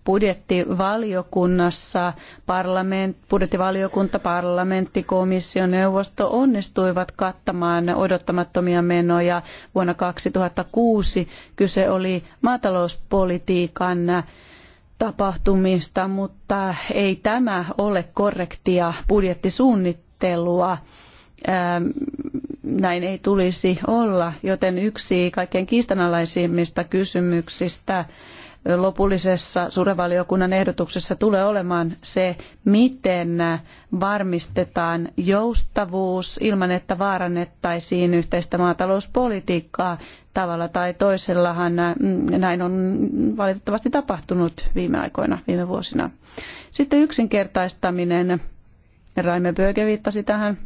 budjettivaliokunnassa parlament, budjettivaliokunta, parlamentti, komissio, neuvosto onnistuivat kattamaan odottamattomia menoja vuonna 2006. Kyse oli maatalouspolitiikan tapahtumista, mutta ei tämä ole korrektia budjettisuunnittelua. Ähm, näin ei tulisi olla, joten yksi kaikkein kiistanalaisimmista kysymyksistä lopullisessa suurevaliokunnan ehdotuksessa tulee olemaan se, miten varmistetaan joustavuus ilman, että vaarannettaisiin yhteistä maatalouspolitiikkaa tavalla tai toisellahan. Mm, näin on valitettavasti tapahtunut viime aikoina, viime vuosina. Sitten yksinkertaistaminen. Raime Böge viittasi tähän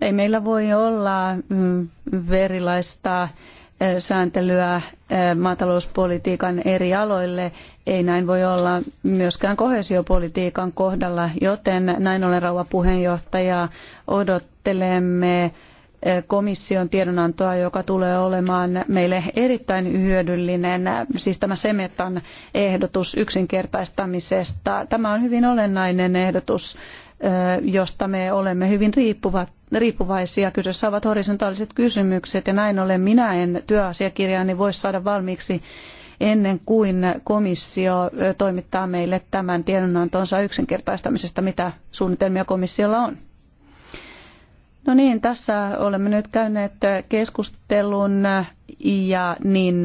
ei meillä voi olla mm, verilaista sääntelyä eh, maatalouspolitiikan eri aloille. Ei näin voi olla myöskään kohesiopolitiikan kohdalla, joten näin ollen rauha puheenjohtaja odottelemme eh, komission tiedonantoa, joka tulee olemaan meille erittäin hyödyllinen, siis tämä Semetan ehdotus yksinkertaistamisesta. Tämä on hyvin olennainen ehdotus, eh, josta me olemme hyvin riippuvat, riippuvaisia. Kyseessä ovat horisontaaliset kysymykset ja näin ollen minä en työasiakirjaani niin voi saada valmiiksi ennen kuin komissio toimittaa meille tämän tiedonantonsa yksinkertaistamisesta, mitä suunnitelmia komissiolla on. No niin, tässä olemme nyt käyneet keskustelun ja niin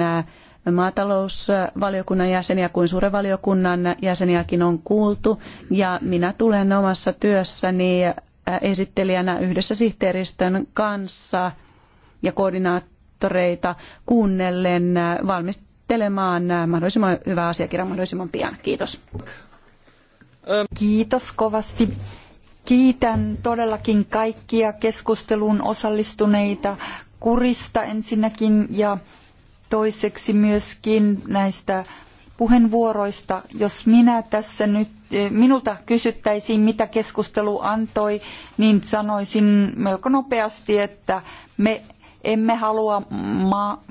maatalousvaliokunnan jäseniä kuin suuren valiokunnan jäseniäkin on kuultu ja minä tulen omassa työssäni esittelijänä yhdessä sihteeristön kanssa ja koordinaattoreita kuunnellen valmistelemaan mahdollisimman hyvä asiakirja mahdollisimman pian. Kiitos. Kiitos kovasti. Kiitän todellakin kaikkia keskusteluun osallistuneita kurista ensinnäkin ja toiseksi myöskin näistä puheenvuoroista. Jos minä tässä nyt, eh, minulta kysyttäisiin, mitä keskustelu antoi, niin sanoisin melko nopeasti, että me emme halua ma-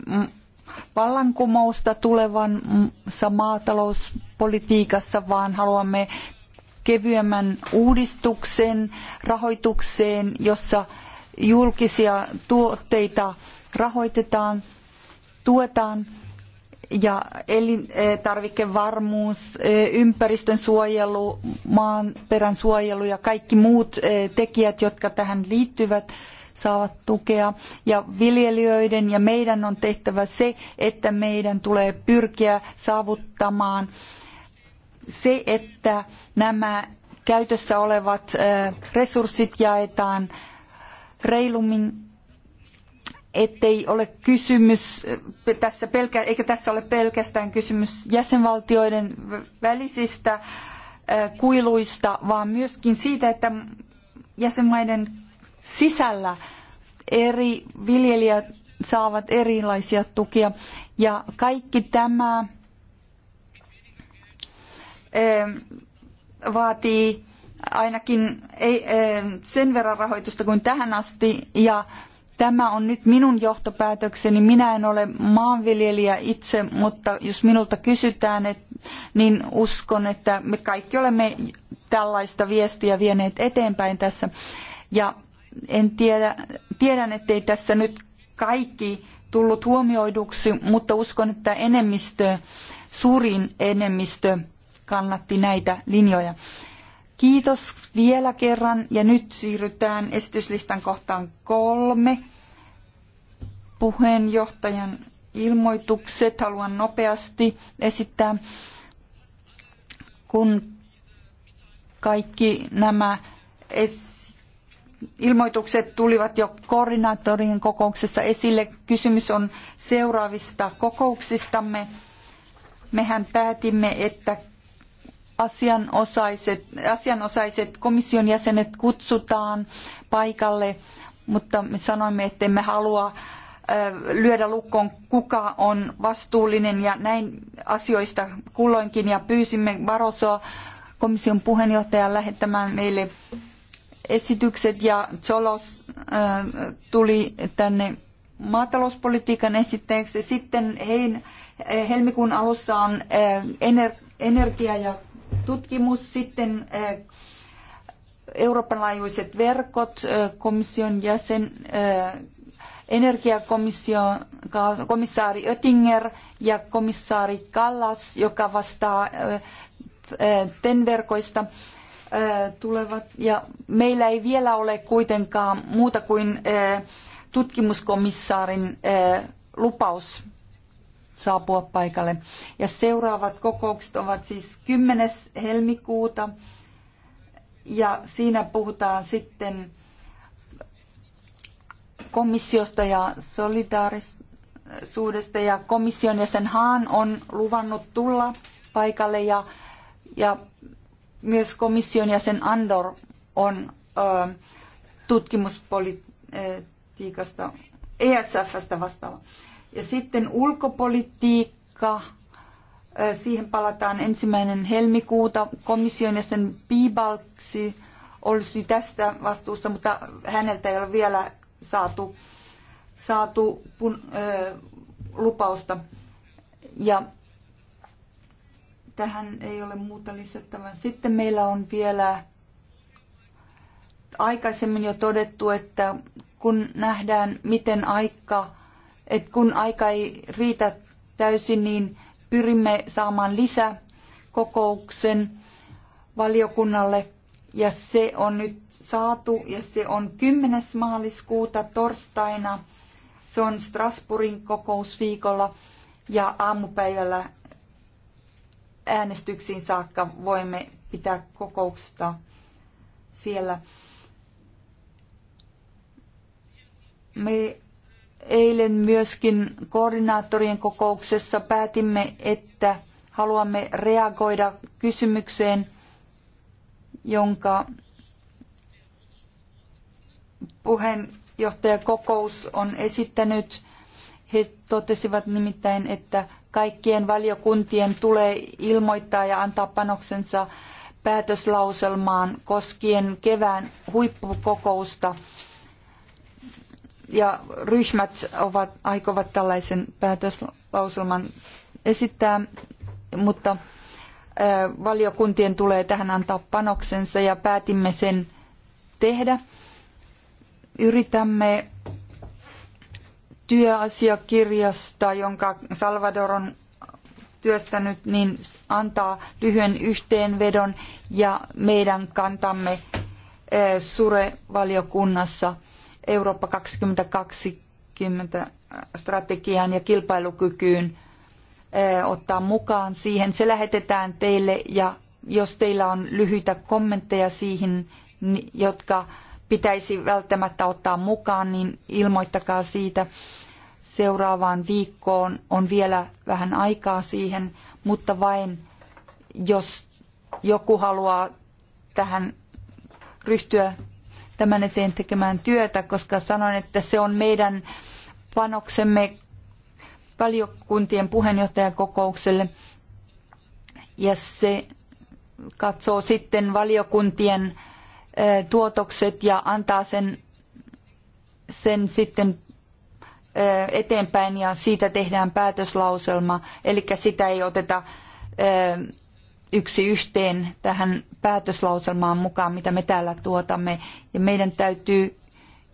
vallankumousta tulevansa maatalouspolitiikassa, vaan haluamme kevyemmän uudistuksen rahoitukseen, jossa julkisia tuotteita rahoitetaan, tuetaan ja elintarvikevarmuus, e, ympäristön suojelu, maanperän suojelu ja kaikki muut e, tekijät, jotka tähän liittyvät, saavat tukea. Ja viljelijöiden ja meidän on tehtävä se, että meidän tulee pyrkiä saavuttamaan se, että nämä käytössä olevat e, resurssit jaetaan reilummin ettei ole kysymys eh, tässä pelkä, eikä tässä ole pelkästään kysymys jäsenvaltioiden välisistä eh, kuiluista, vaan myöskin siitä, että jäsenmaiden sisällä eri viljelijät saavat erilaisia tukia. Ja kaikki tämä eh, vaatii ainakin sen verran rahoitusta kuin tähän asti ja Tämä on nyt minun johtopäätökseni. Minä en ole maanviljelijä itse, mutta jos minulta kysytään, et, niin uskon, että me kaikki olemme tällaista viestiä vieneet eteenpäin tässä. Ja en tiedä, tiedän, ettei tässä nyt kaikki tullut huomioiduksi, mutta uskon, että enemmistö, suurin enemmistö kannatti näitä linjoja. Kiitos vielä kerran ja nyt siirrytään esityslistan kohtaan kolme. Puheenjohtajan ilmoitukset haluan nopeasti esittää. Kun kaikki nämä ilmoitukset tulivat jo koordinaattorien kokouksessa esille. Kysymys on seuraavista kokouksistamme. Mehän päätimme, että asianosaiset, asianosaiset komission jäsenet kutsutaan paikalle, mutta me sanoimme, että me halua lyödä lukkoon, kuka on vastuullinen ja näin asioista kulloinkin. Ja pyysimme varosoa komission puheenjohtajan lähettämään meille esitykset ja Zolos tuli tänne maatalouspolitiikan esittäjäksi. Sitten hein, helmikuun alussa on energia- ja tutkimus, sitten eh, Euroopan laajuiset verkot, eh, komission jäsen, eh, energiakomissaari Oettinger ja komissaari Kallas, joka vastaa TEN-verkoista, tulevat. Ja meillä ei vielä ole kuitenkaan muuta kuin tutkimuskomissaarin lupaus saapua paikalle. Ja seuraavat kokoukset ovat siis 10. helmikuuta ja siinä puhutaan sitten komissiosta ja solidaarisuudesta ja komission jäsen Haan on luvannut tulla paikalle ja, ja myös komission jäsen Andor on ö, tutkimuspolitiikasta, ESFstä vastaava. Ja sitten ulkopolitiikka, siihen palataan ensimmäinen helmikuuta. Komission jäsen Bibalksi olisi tästä vastuussa, mutta häneltä ei ole vielä saatu, saatu pun, ö, lupausta. Ja tähän ei ole muuta lisättävää. Sitten meillä on vielä aikaisemmin jo todettu, että kun nähdään, miten aika että kun aika ei riitä täysin, niin pyrimme saamaan lisäkokouksen valiokunnalle ja se on nyt saatu ja se on 10. maaliskuuta torstaina. Se on Strasbourgin kokousviikolla ja aamupäivällä äänestyksiin saakka voimme pitää kokousta siellä. Me Eilen myöskin koordinaattorien kokouksessa päätimme, että haluamme reagoida kysymykseen, jonka puheenjohtajakokous on esittänyt. He totesivat nimittäin, että kaikkien valiokuntien tulee ilmoittaa ja antaa panoksensa päätöslauselmaan koskien kevään huippukokousta ja ryhmät ovat, aikovat tällaisen päätöslauselman esittää, mutta valiokuntien tulee tähän antaa panoksensa ja päätimme sen tehdä. Yritämme työasiakirjasta, jonka Salvador on työstänyt, niin antaa lyhyen yhteenvedon ja meidän kantamme Sure-valiokunnassa – Eurooppa 2020 strategiaan ja kilpailukykyyn ottaa mukaan siihen. Se lähetetään teille ja jos teillä on lyhyitä kommentteja siihen, jotka pitäisi välttämättä ottaa mukaan, niin ilmoittakaa siitä. Seuraavaan viikkoon on vielä vähän aikaa siihen, mutta vain jos joku haluaa tähän ryhtyä tämän eteen tekemään työtä, koska sanoin, että se on meidän panoksemme valiokuntien puheenjohtajakokoukselle. Ja se katsoo sitten valiokuntien tuotokset ja antaa sen, sen sitten eteenpäin ja siitä tehdään päätöslauselma. Eli sitä ei oteta yksi yhteen tähän päätöslauselmaan mukaan, mitä me täällä tuotamme. Ja meidän täytyy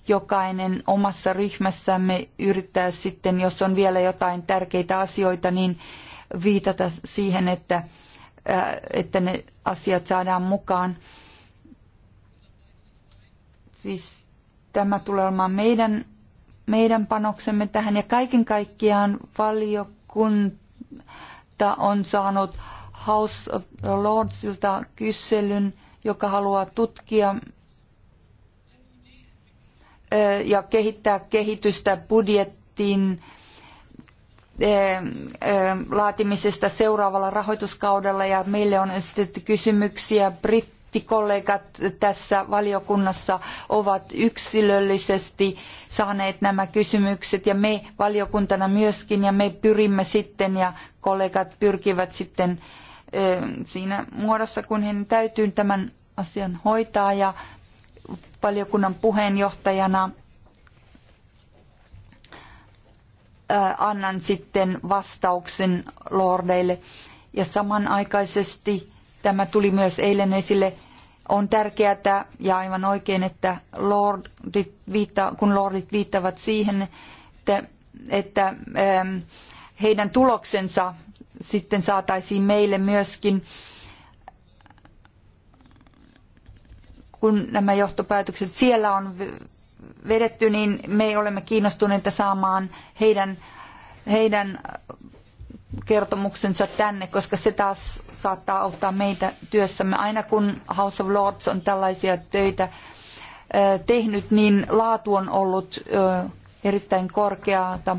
jokainen omassa ryhmässämme yrittää sitten, jos on vielä jotain tärkeitä asioita, niin viitata siihen, että, äh, että ne asiat saadaan mukaan. Siis tämä tulee olemaan meidän, meidän panoksemme tähän ja kaiken kaikkiaan valiokunta on saanut House of Lordsilta kyselyn, joka haluaa tutkia ja kehittää kehitystä budjettiin laatimisesta seuraavalla rahoituskaudella ja meille on esitetty kysymyksiä. Brittikollegat tässä valiokunnassa ovat yksilöllisesti saaneet nämä kysymykset ja me valiokuntana myöskin ja me pyrimme sitten ja kollegat pyrkivät sitten siinä muodossa, kun hän täytyy tämän asian hoitaa ja valiokunnan puheenjohtajana annan sitten vastauksen lordeille. Ja samanaikaisesti tämä tuli myös eilen esille. On tärkeää ja aivan oikein, että lordit viittaa, kun lordit viittavat siihen, että, että heidän tuloksensa sitten saataisiin meille myöskin, kun nämä johtopäätökset siellä on vedetty, niin me olemme kiinnostuneita saamaan heidän, heidän kertomuksensa tänne, koska se taas saattaa auttaa meitä työssämme. Aina kun House of Lords on tällaisia töitä tehnyt, niin laatu on ollut erittäin korkeata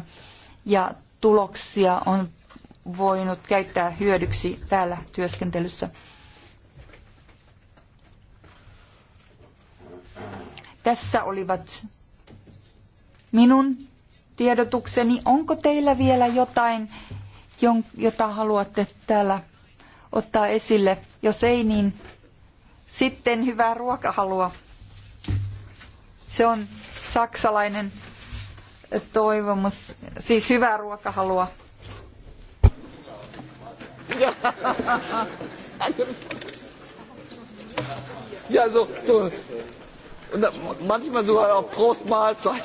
ja tuloksia on voinut käyttää hyödyksi täällä työskentelyssä. Tässä olivat minun tiedotukseni. Onko teillä vielä jotain, jota haluatte täällä ottaa esille? Jos ei, niin sitten hyvää ruokahalua. Se on saksalainen toivomus, siis hyvää ruokahalua. Ja. so, so. Und manchmal sogar auch Prost Mahlzeit.